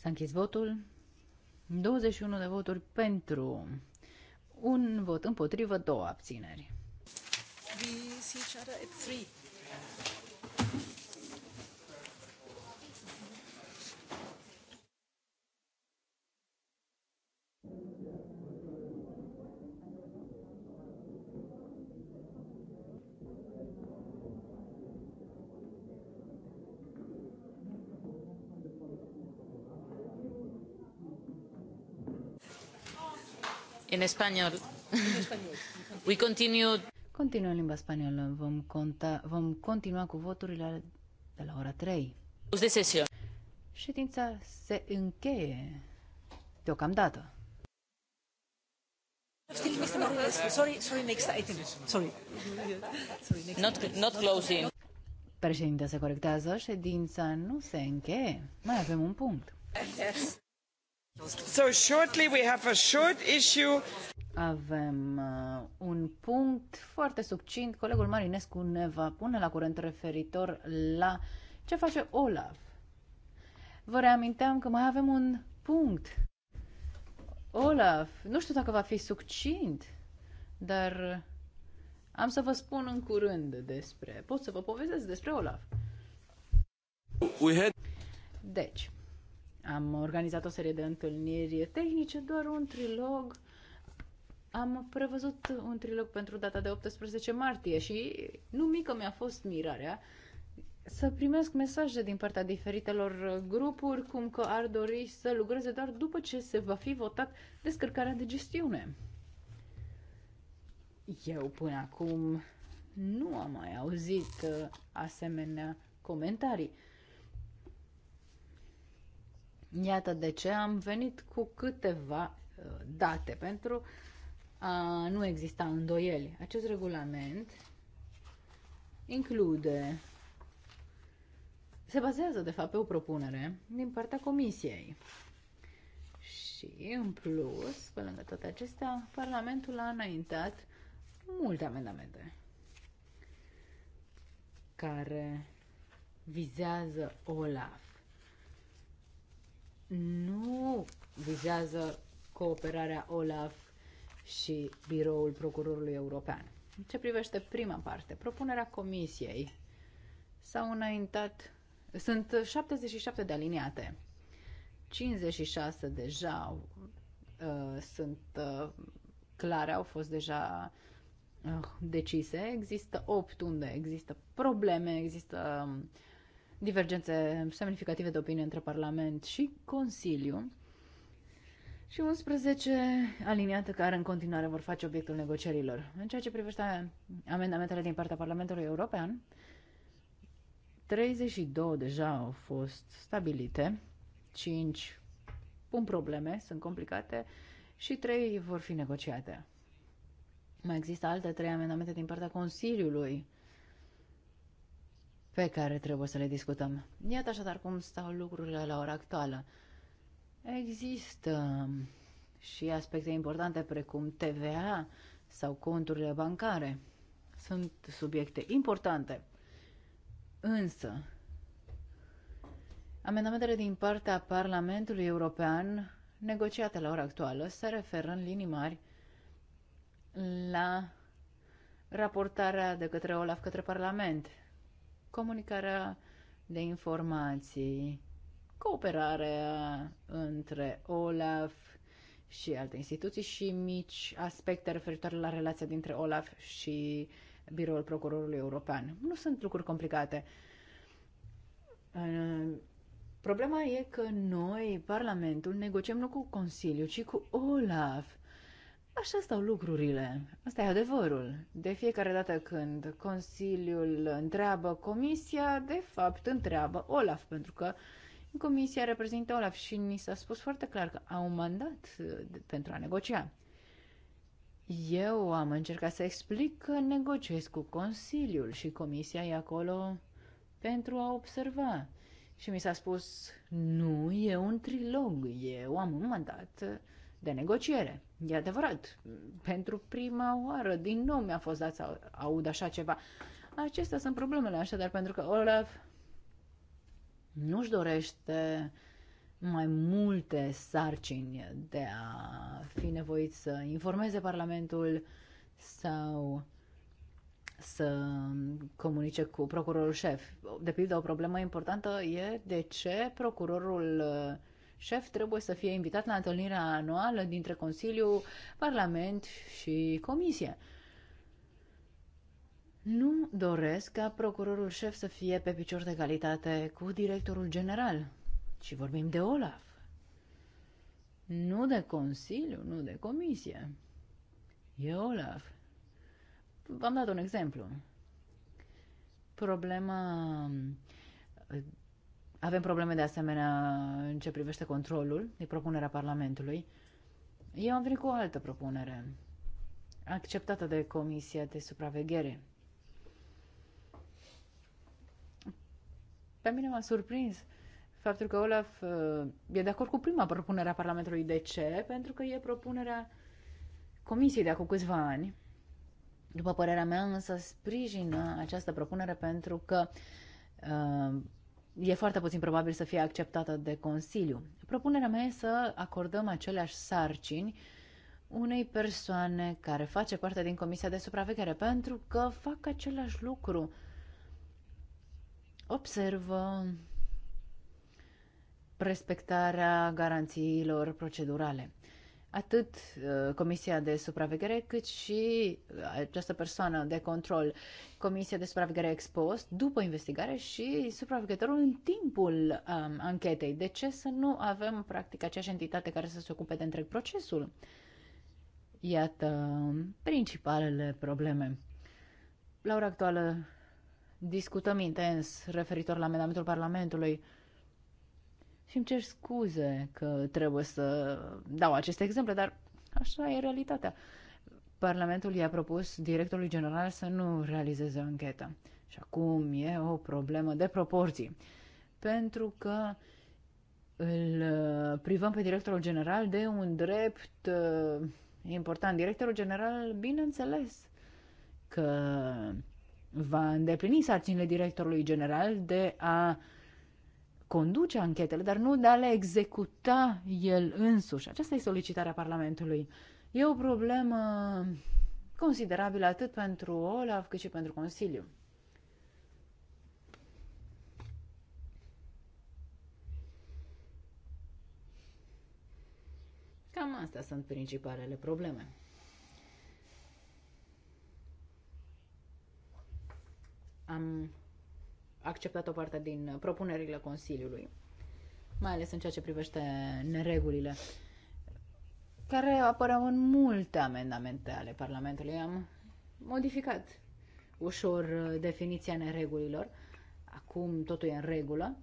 S-a închis votul. 21 de voturi pentru, un vot împotrivă, două abțineri. We see each other at three. În spaniol. We continue. Continuă în limba spaniolă. Vom, conta, vom continua cu voturile de la ora 3. De sesiune. Ședința se încheie deocamdată. Președinte se corectează, ședința nu se încheie. Mai avem un punct. Yes. So shortly we have a short issue. Avem uh, un punct foarte subțint. Colegul Marinescu ne va pune la curent referitor la ce face Olaf. Vă reaminteam că mai avem un punct. Olaf, nu știu dacă va fi succint, dar am să vă spun în curând despre, pot să vă povestesc despre Olaf. We had... Deci, am organizat o serie de întâlniri tehnice, doar un trilog. Am prevăzut un trilog pentru data de 18 martie și nu mică mi-a fost mirarea să primesc mesaje din partea diferitelor grupuri cum că ar dori să lucreze doar după ce se va fi votat descărcarea de gestiune. Eu până acum nu am mai auzit uh, asemenea comentarii. Iată de ce am venit cu câteva uh, date pentru a nu exista îndoieli. Acest regulament include se bazează, de fapt, pe o propunere din partea Comisiei. Și, în plus, pe lângă toate acestea, Parlamentul a înaintat multe amendamente care vizează OLAF nu vizează cooperarea OLAF și biroul procurorului european. În ce privește prima parte, propunerea comisiei, s-au înaintat, sunt 77 de aliniate, 56 deja uh, sunt uh, clare, au fost deja uh, decise, există 8 unde există probleme, există uh, divergențe semnificative de opinie între Parlament și Consiliu și 11 aliniate care în continuare vor face obiectul negocierilor. În ceea ce privește amendamentele din partea Parlamentului European, 32 deja au fost stabilite, 5 pun probleme, sunt complicate și 3 vor fi negociate. Mai există alte 3 amendamente din partea Consiliului pe care trebuie să le discutăm. Iată așadar cum stau lucrurile la ora actuală. Există și aspecte importante precum TVA sau conturile bancare. Sunt subiecte importante. Însă, amendamentele din partea Parlamentului European negociate la ora actuală se referă în linii mari la raportarea de către Olaf către Parlament, comunicarea de informații, cooperarea între OLAF și alte instituții și mici aspecte referitoare la relația dintre OLAF și Biroul Procurorului European. Nu sunt lucruri complicate. Problema e că noi, Parlamentul, negociem nu cu Consiliu, ci cu OLAF. Așa stau lucrurile. Asta e adevărul. De fiecare dată când Consiliul întreabă Comisia, de fapt întreabă Olaf, pentru că Comisia reprezintă Olaf și ni s-a spus foarte clar că au un mandat pentru a negocia. Eu am încercat să explic că negociez cu Consiliul și Comisia e acolo pentru a observa. Și mi s-a spus, nu, e un trilog, eu am un mandat de negociere. E adevărat, pentru prima oară, din nou mi-a fost dat să aud așa ceva. Acestea sunt problemele, așadar, pentru că Olaf nu-și dorește mai multe sarcini de a fi nevoit să informeze Parlamentul sau să comunice cu procurorul șef. De pildă, o problemă importantă e de ce procurorul șef trebuie să fie invitat la întâlnirea anuală dintre Consiliu, Parlament și Comisie. Nu doresc ca procurorul șef să fie pe picior de calitate cu directorul general. Și vorbim de Olaf. Nu de Consiliu, nu de Comisie. E Olaf. V-am dat un exemplu. Problema avem probleme de asemenea în ce privește controlul, din propunerea Parlamentului. Eu am venit cu o altă propunere, acceptată de Comisia de Supraveghere. Pe mine m-a surprins faptul că Olaf uh, e de acord cu prima propunere a Parlamentului. De ce? Pentru că e propunerea Comisiei de acum câțiva ani. După părerea mea, însă, sprijină această propunere pentru că uh, e foarte puțin probabil să fie acceptată de Consiliu. Propunerea mea e să acordăm aceleași sarcini unei persoane care face parte din Comisia de Supraveghere, pentru că fac același lucru. Observă respectarea garanțiilor procedurale atât uh, Comisia de Supraveghere cât și uh, această persoană de control, Comisia de Supraveghere ex după investigare și supraveghetorul în timpul um, anchetei. De ce să nu avem practic aceeași entitate care să se ocupe de întreg procesul? Iată um, principalele probleme. La ora actuală discutăm intens referitor la amendamentul Parlamentului și îmi cer scuze că trebuie să dau aceste exemple, dar așa e realitatea. Parlamentul i-a propus directorului general să nu realizeze o anchetă. Și acum e o problemă de proporții. Pentru că îl uh, privăm pe directorul general de un drept uh, important. Directorul general, bineînțeles, că va îndeplini sarcinile directorului general de a uh, conduce anchetele, dar nu de a le executa el însuși. Aceasta e solicitarea Parlamentului. E o problemă considerabilă atât pentru Olaf cât și pentru Consiliu. Cam astea sunt principalele probleme. Am acceptat o parte din propunerile Consiliului, mai ales în ceea ce privește neregulile, care apăreau în multe amendamente ale Parlamentului. Am modificat ușor uh, definiția neregulilor. Acum totul e în regulă.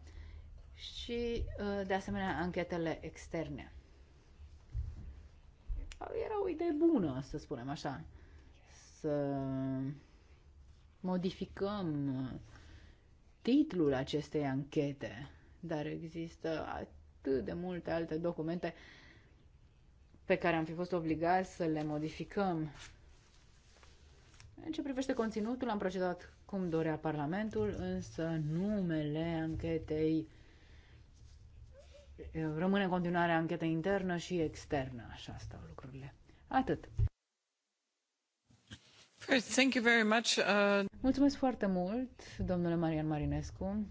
Și, uh, de asemenea, anchetele externe. Era o idee bună, să spunem așa, să modificăm uh, titlul acestei anchete, dar există atât de multe alte documente pe care am fi fost obligați să le modificăm. În ce privește conținutul, am procedat cum dorea Parlamentul, însă numele anchetei rămâne în continuare anchetă internă și externă. Așa stau lucrurile. Atât. Uh, Mulțumesc foarte mult, domnule Marian Marinescu,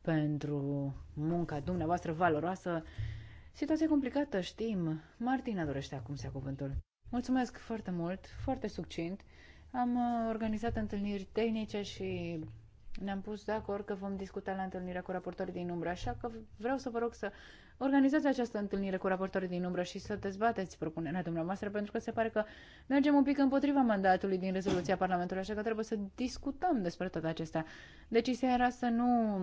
pentru munca dumneavoastră valoroasă. Situație complicată, știm. Martina dorește acum să ia cuvântul. Mulțumesc foarte mult, foarte succint. Am uh, organizat întâlniri tehnice și ne-am pus de acord că vom discuta la întâlnirea cu raportorii din umbră, așa că vreau să vă rog să organizați această întâlnire cu raportorii din umbră și să dezbateți propunerea dumneavoastră, pentru că se pare că mergem un pic împotriva mandatului din rezoluția Parlamentului, așa că trebuie să discutăm despre toate acestea. Decizia era să nu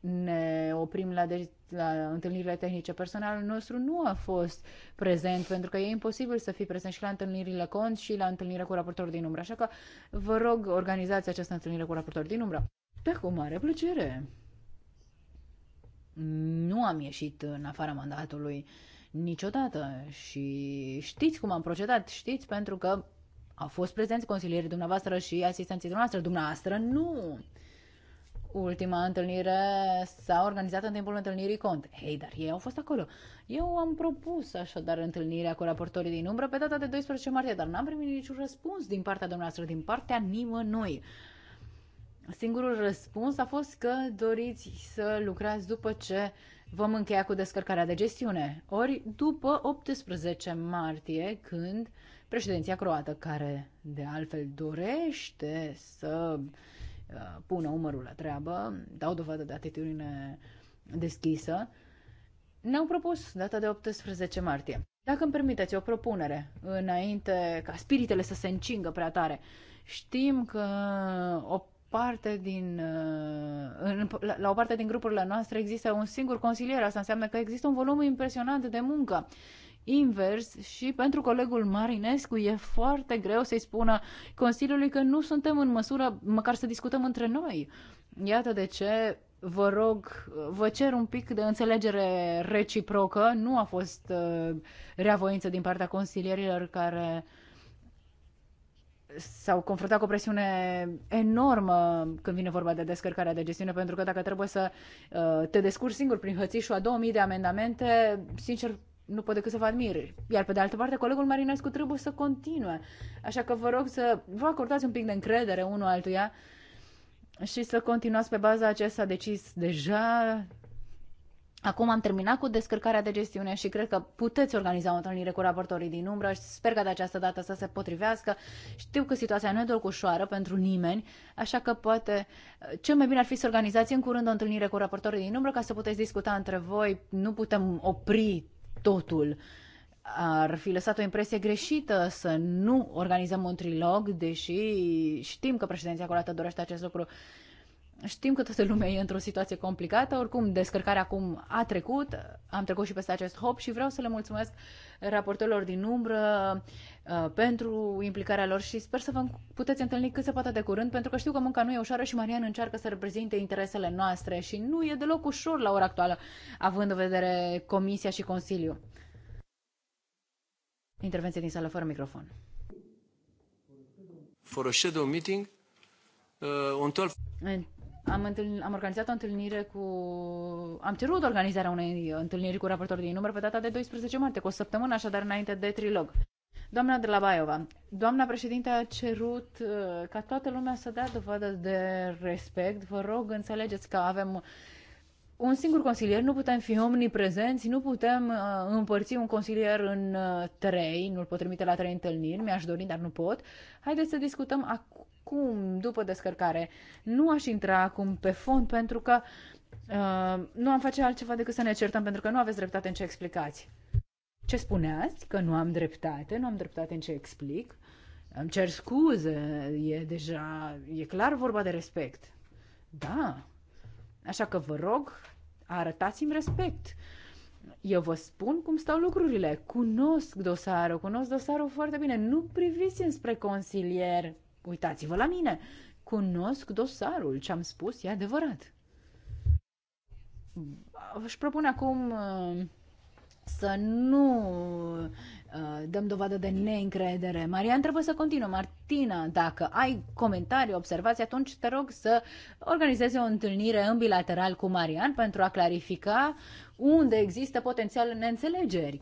ne oprim la, de- la întâlnirile tehnice. Personalul nostru nu a fost prezent, pentru că e imposibil să fii prezent și la întâlnirile cont și la întâlnire cu raportorul din umbră. Așa că vă rog, organizați această întâlnire cu raportorul din umbră. Da, cu mare plăcere! nu am ieșit în afara mandatului niciodată și știți cum am procedat, știți, pentru că au fost prezenți consilierii dumneavoastră și asistenții dumneavoastră. Dumneavoastră nu! Ultima întâlnire s-a organizat în timpul întâlnirii cont. Hei, dar ei au fost acolo. Eu am propus așadar întâlnirea cu raportorii din umbră pe data de 12 martie, dar n-am primit niciun răspuns din partea dumneavoastră, din partea nimănui. Singurul răspuns a fost că doriți să lucrați după ce vom încheia cu descărcarea de gestiune, ori după 18 martie, când președinția croată, care de altfel dorește să uh, pună umărul la treabă, dau dovadă de atitudine deschisă, ne-au propus data de 18 martie. Dacă îmi permiteți o propunere, înainte ca spiritele să se încingă prea tare, știm că parte din, uh, în, la, la o parte din grupurile noastre există un singur consilier. Asta înseamnă că există un volum impresionant de muncă. Invers, și pentru colegul Marinescu e foarte greu să-i spună Consiliului că nu suntem în măsură măcar să discutăm între noi. Iată de ce vă rog, vă cer un pic de înțelegere reciprocă. Nu a fost uh, reavoință din partea consilierilor care uh, s-au confruntat cu o presiune enormă când vine vorba de descărcarea de gestiune, pentru că dacă trebuie să uh, te descurci singur prin hățișul a 2000 de amendamente, sincer, nu pot decât să vă admir. Iar pe de altă parte, colegul Marinescu trebuie să continue. Așa că vă rog să vă acordați un pic de încredere unul altuia și să continuați pe baza acesta decis deja Acum am terminat cu descărcarea de gestiune și cred că puteți organiza o întâlnire cu raportorii din umbră și sper că de această dată să se potrivească. Știu că situația nu e deloc ușoară pentru nimeni, așa că poate uh, cel mai bine ar fi să organizați în curând o întâlnire cu raportorii din umbră ca să puteți discuta între voi. Nu putem opri totul. Ar fi lăsat o impresie greșită să nu organizăm un trilog, deși știm că președinția colată dorește acest lucru. Uh, Știm că toată lumea e într-o situație complicată, oricum descărcarea acum a trecut, am trecut și peste acest hop și vreau să le mulțumesc raportorilor din umbră uh, pentru implicarea lor și sper să vă puteți întâlni cât se poate de curând, pentru că știu că munca nu e ușoară și Marian încearcă să reprezinte interesele noastre și nu e deloc ușor la ora actuală, având în vedere Comisia și Consiliu. Intervenție din sală fără microfon. For a shadow meeting, uh, on 12... Am, întâln, am organizat o întâlnire cu... Am cerut organizarea unei întâlniri cu raportori din număr pe data de 12 martie, cu o săptămână așadar înainte de trilog. Doamna de la Baiova, doamna președinte a cerut uh, ca toată lumea să dea dovadă de respect. Vă rog, înțelegeți că avem un singur consilier, nu putem fi omniprezenți, nu putem uh, împărți un consilier în uh, trei, nu-l pot trimite la trei întâlniri, mi-aș dori, dar nu pot. Haideți să discutăm acum, după descărcare. Nu aș intra acum pe fond pentru că uh, nu am face altceva decât să ne certăm, pentru că nu aveți dreptate în ce explicați. Ce spuneați? Că nu am dreptate, nu am dreptate în ce explic. Îmi cer scuze, e deja, e clar vorba de respect. Da, Așa că vă rog, arătați-mi respect. Eu vă spun cum stau lucrurile. Cunosc dosarul, cunosc dosarul foarte bine. Nu priviți înspre consilier. Uitați-vă la mine. Cunosc dosarul. Ce am spus e adevărat. Își propun acum uh, să nu Uh, dăm dovadă de neîncredere. Marian, trebuie să continuăm. Martina, dacă ai comentarii, observații, atunci te rog să organizezi o întâlnire în bilateral cu Marian pentru a clarifica unde există potențial neînțelegeri.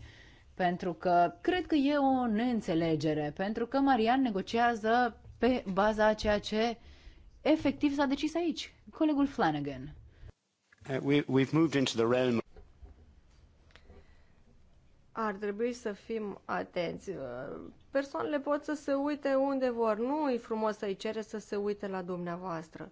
Pentru că cred că e o neînțelegere, pentru că Marian negociază pe baza a ceea ce efectiv s-a decis aici. Colegul Flanagan. Uh, we, we've moved into the realm ar trebui să fim atenți. Persoanele pot să se uite unde vor. Nu e frumos să-i cere să se uite la dumneavoastră.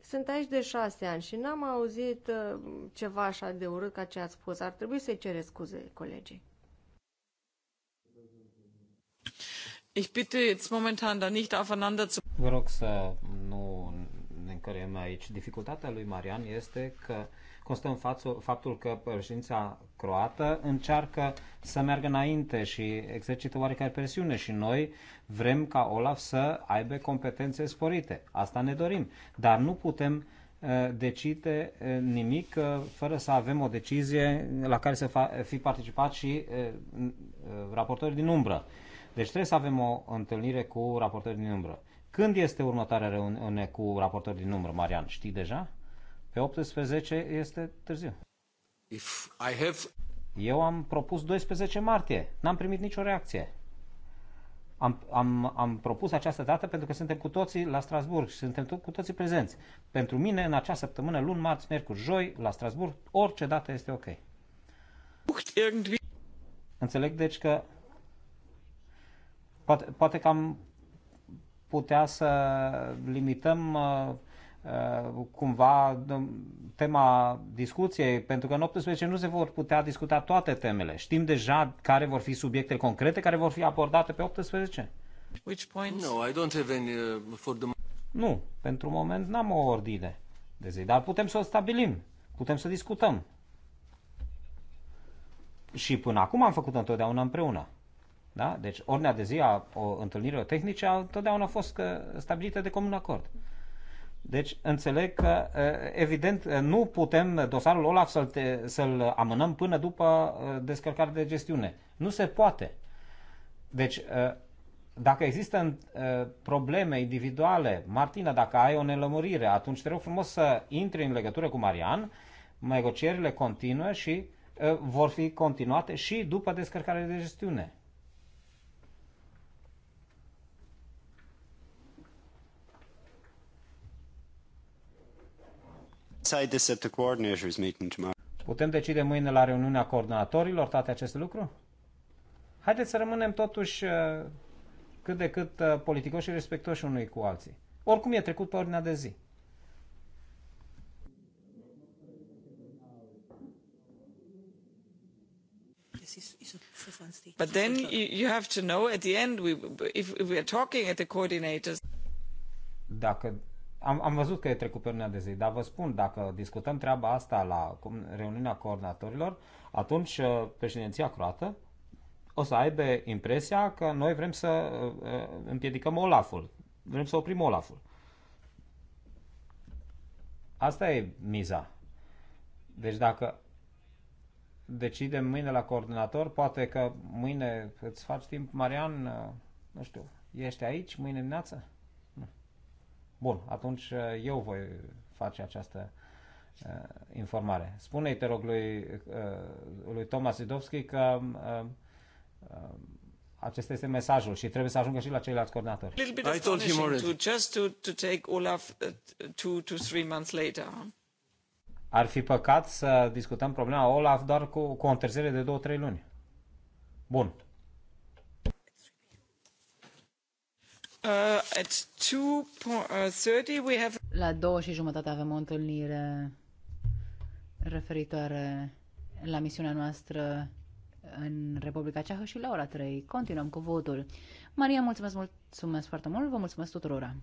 Sunt aici de șase ani și n-am auzit uh, ceva așa de urât ca ce ați spus. Ar trebui să-i cere scuze colegii. Ich bitte jetzt momentan da nicht aufeinander zu... Vă rog să nu ne încărem aici. Dificultatea lui Marian este că constă în fațul, faptul că președința croată încearcă să meargă înainte și exercită oarecare presiune și noi vrem ca Olaf să aibă competențe sporite. Asta ne dorim, dar nu putem uh, decide uh, nimic uh, fără să avem o decizie la care să fi participat și raportori din umbră. Deci trebuie să avem o întâlnire cu raportori din umbră. Când este următoarea reuniune cu raportori din umbră, Marian? Știi deja? Pe 18 este târziu. If I have... Eu am propus 12 martie. N-am primit nicio reacție. Am, am, am propus această dată pentru că suntem cu toții la Strasburg și suntem cu toții prezenți. Pentru mine, în această săptămână, luni, marți, miercuri, joi, la Strasburg, orice dată este ok. Înțeleg, deci, că poate, poate că am putea să limităm uh, Uh, cumva tema discuției, pentru că în 18 nu se vor putea discuta toate temele. Știm deja care vor fi subiectele concrete care vor fi abordate pe 18. Which point? No, I don't have any uh, for the... Nu, pentru moment n-am o ordine de zi, dar putem să o stabilim, putem să discutăm. Și până acum am făcut întotdeauna împreună. Da? Deci ordinea de zi a întâlnirilor tehnice a întotdeauna fost uh, stabilită de comun acord. Deci înțeleg că, evident, nu putem dosarul Olaf să-l, să amânăm până după descărcarea de gestiune. Nu se poate. Deci, dacă există probleme individuale, Martina, dacă ai o nelămurire, atunci te rog frumos să intri în legătură cu Marian, negocierile continuă și vor fi continuate și după descărcarea de gestiune. Putem decide mâine la reuniunea coordonatorilor toate aceste lucruri? Haideți să rămânem totuși uh, cât de cât uh, politicoși și respectoși unui cu alții. Oricum e trecut pe ordinea de zi. But then you have to know at the end, we, if we are talking at the coordinators. Dacă am, am văzut că e trecut pe lunea de zi, dar vă spun, dacă discutăm treaba asta la reuniunea coordonatorilor, atunci uh, președinția croată o să aibă impresia că noi vrem să uh, uh, împiedicăm Olaful, vrem să oprim Olaful. Asta e miza. Deci dacă decidem mâine la coordonator, poate că mâine îți faci timp, Marian, nu știu, ești aici mâine dimineață? Bun, atunci uh, eu voi face această uh, informare. Spune-i, te rog, lui, uh, lui Thomas Zidovski că uh, uh, acesta este mesajul și trebuie să ajungă și la ceilalți coordonatori. A little bit astonishing to just to, to take Olaf uh, two to three months later. Ar fi păcat să discutăm problema Olaf doar cu, cu o întârziere de două trei luni. Bun. Uh, uh, la două și jumătate avem o întâlnire referitoare la misiunea noastră în Republica Ceahă și la ora 3 continuăm cu votul. Maria, mulțumesc, mulțumesc foarte mult, vă mulțumesc tuturora!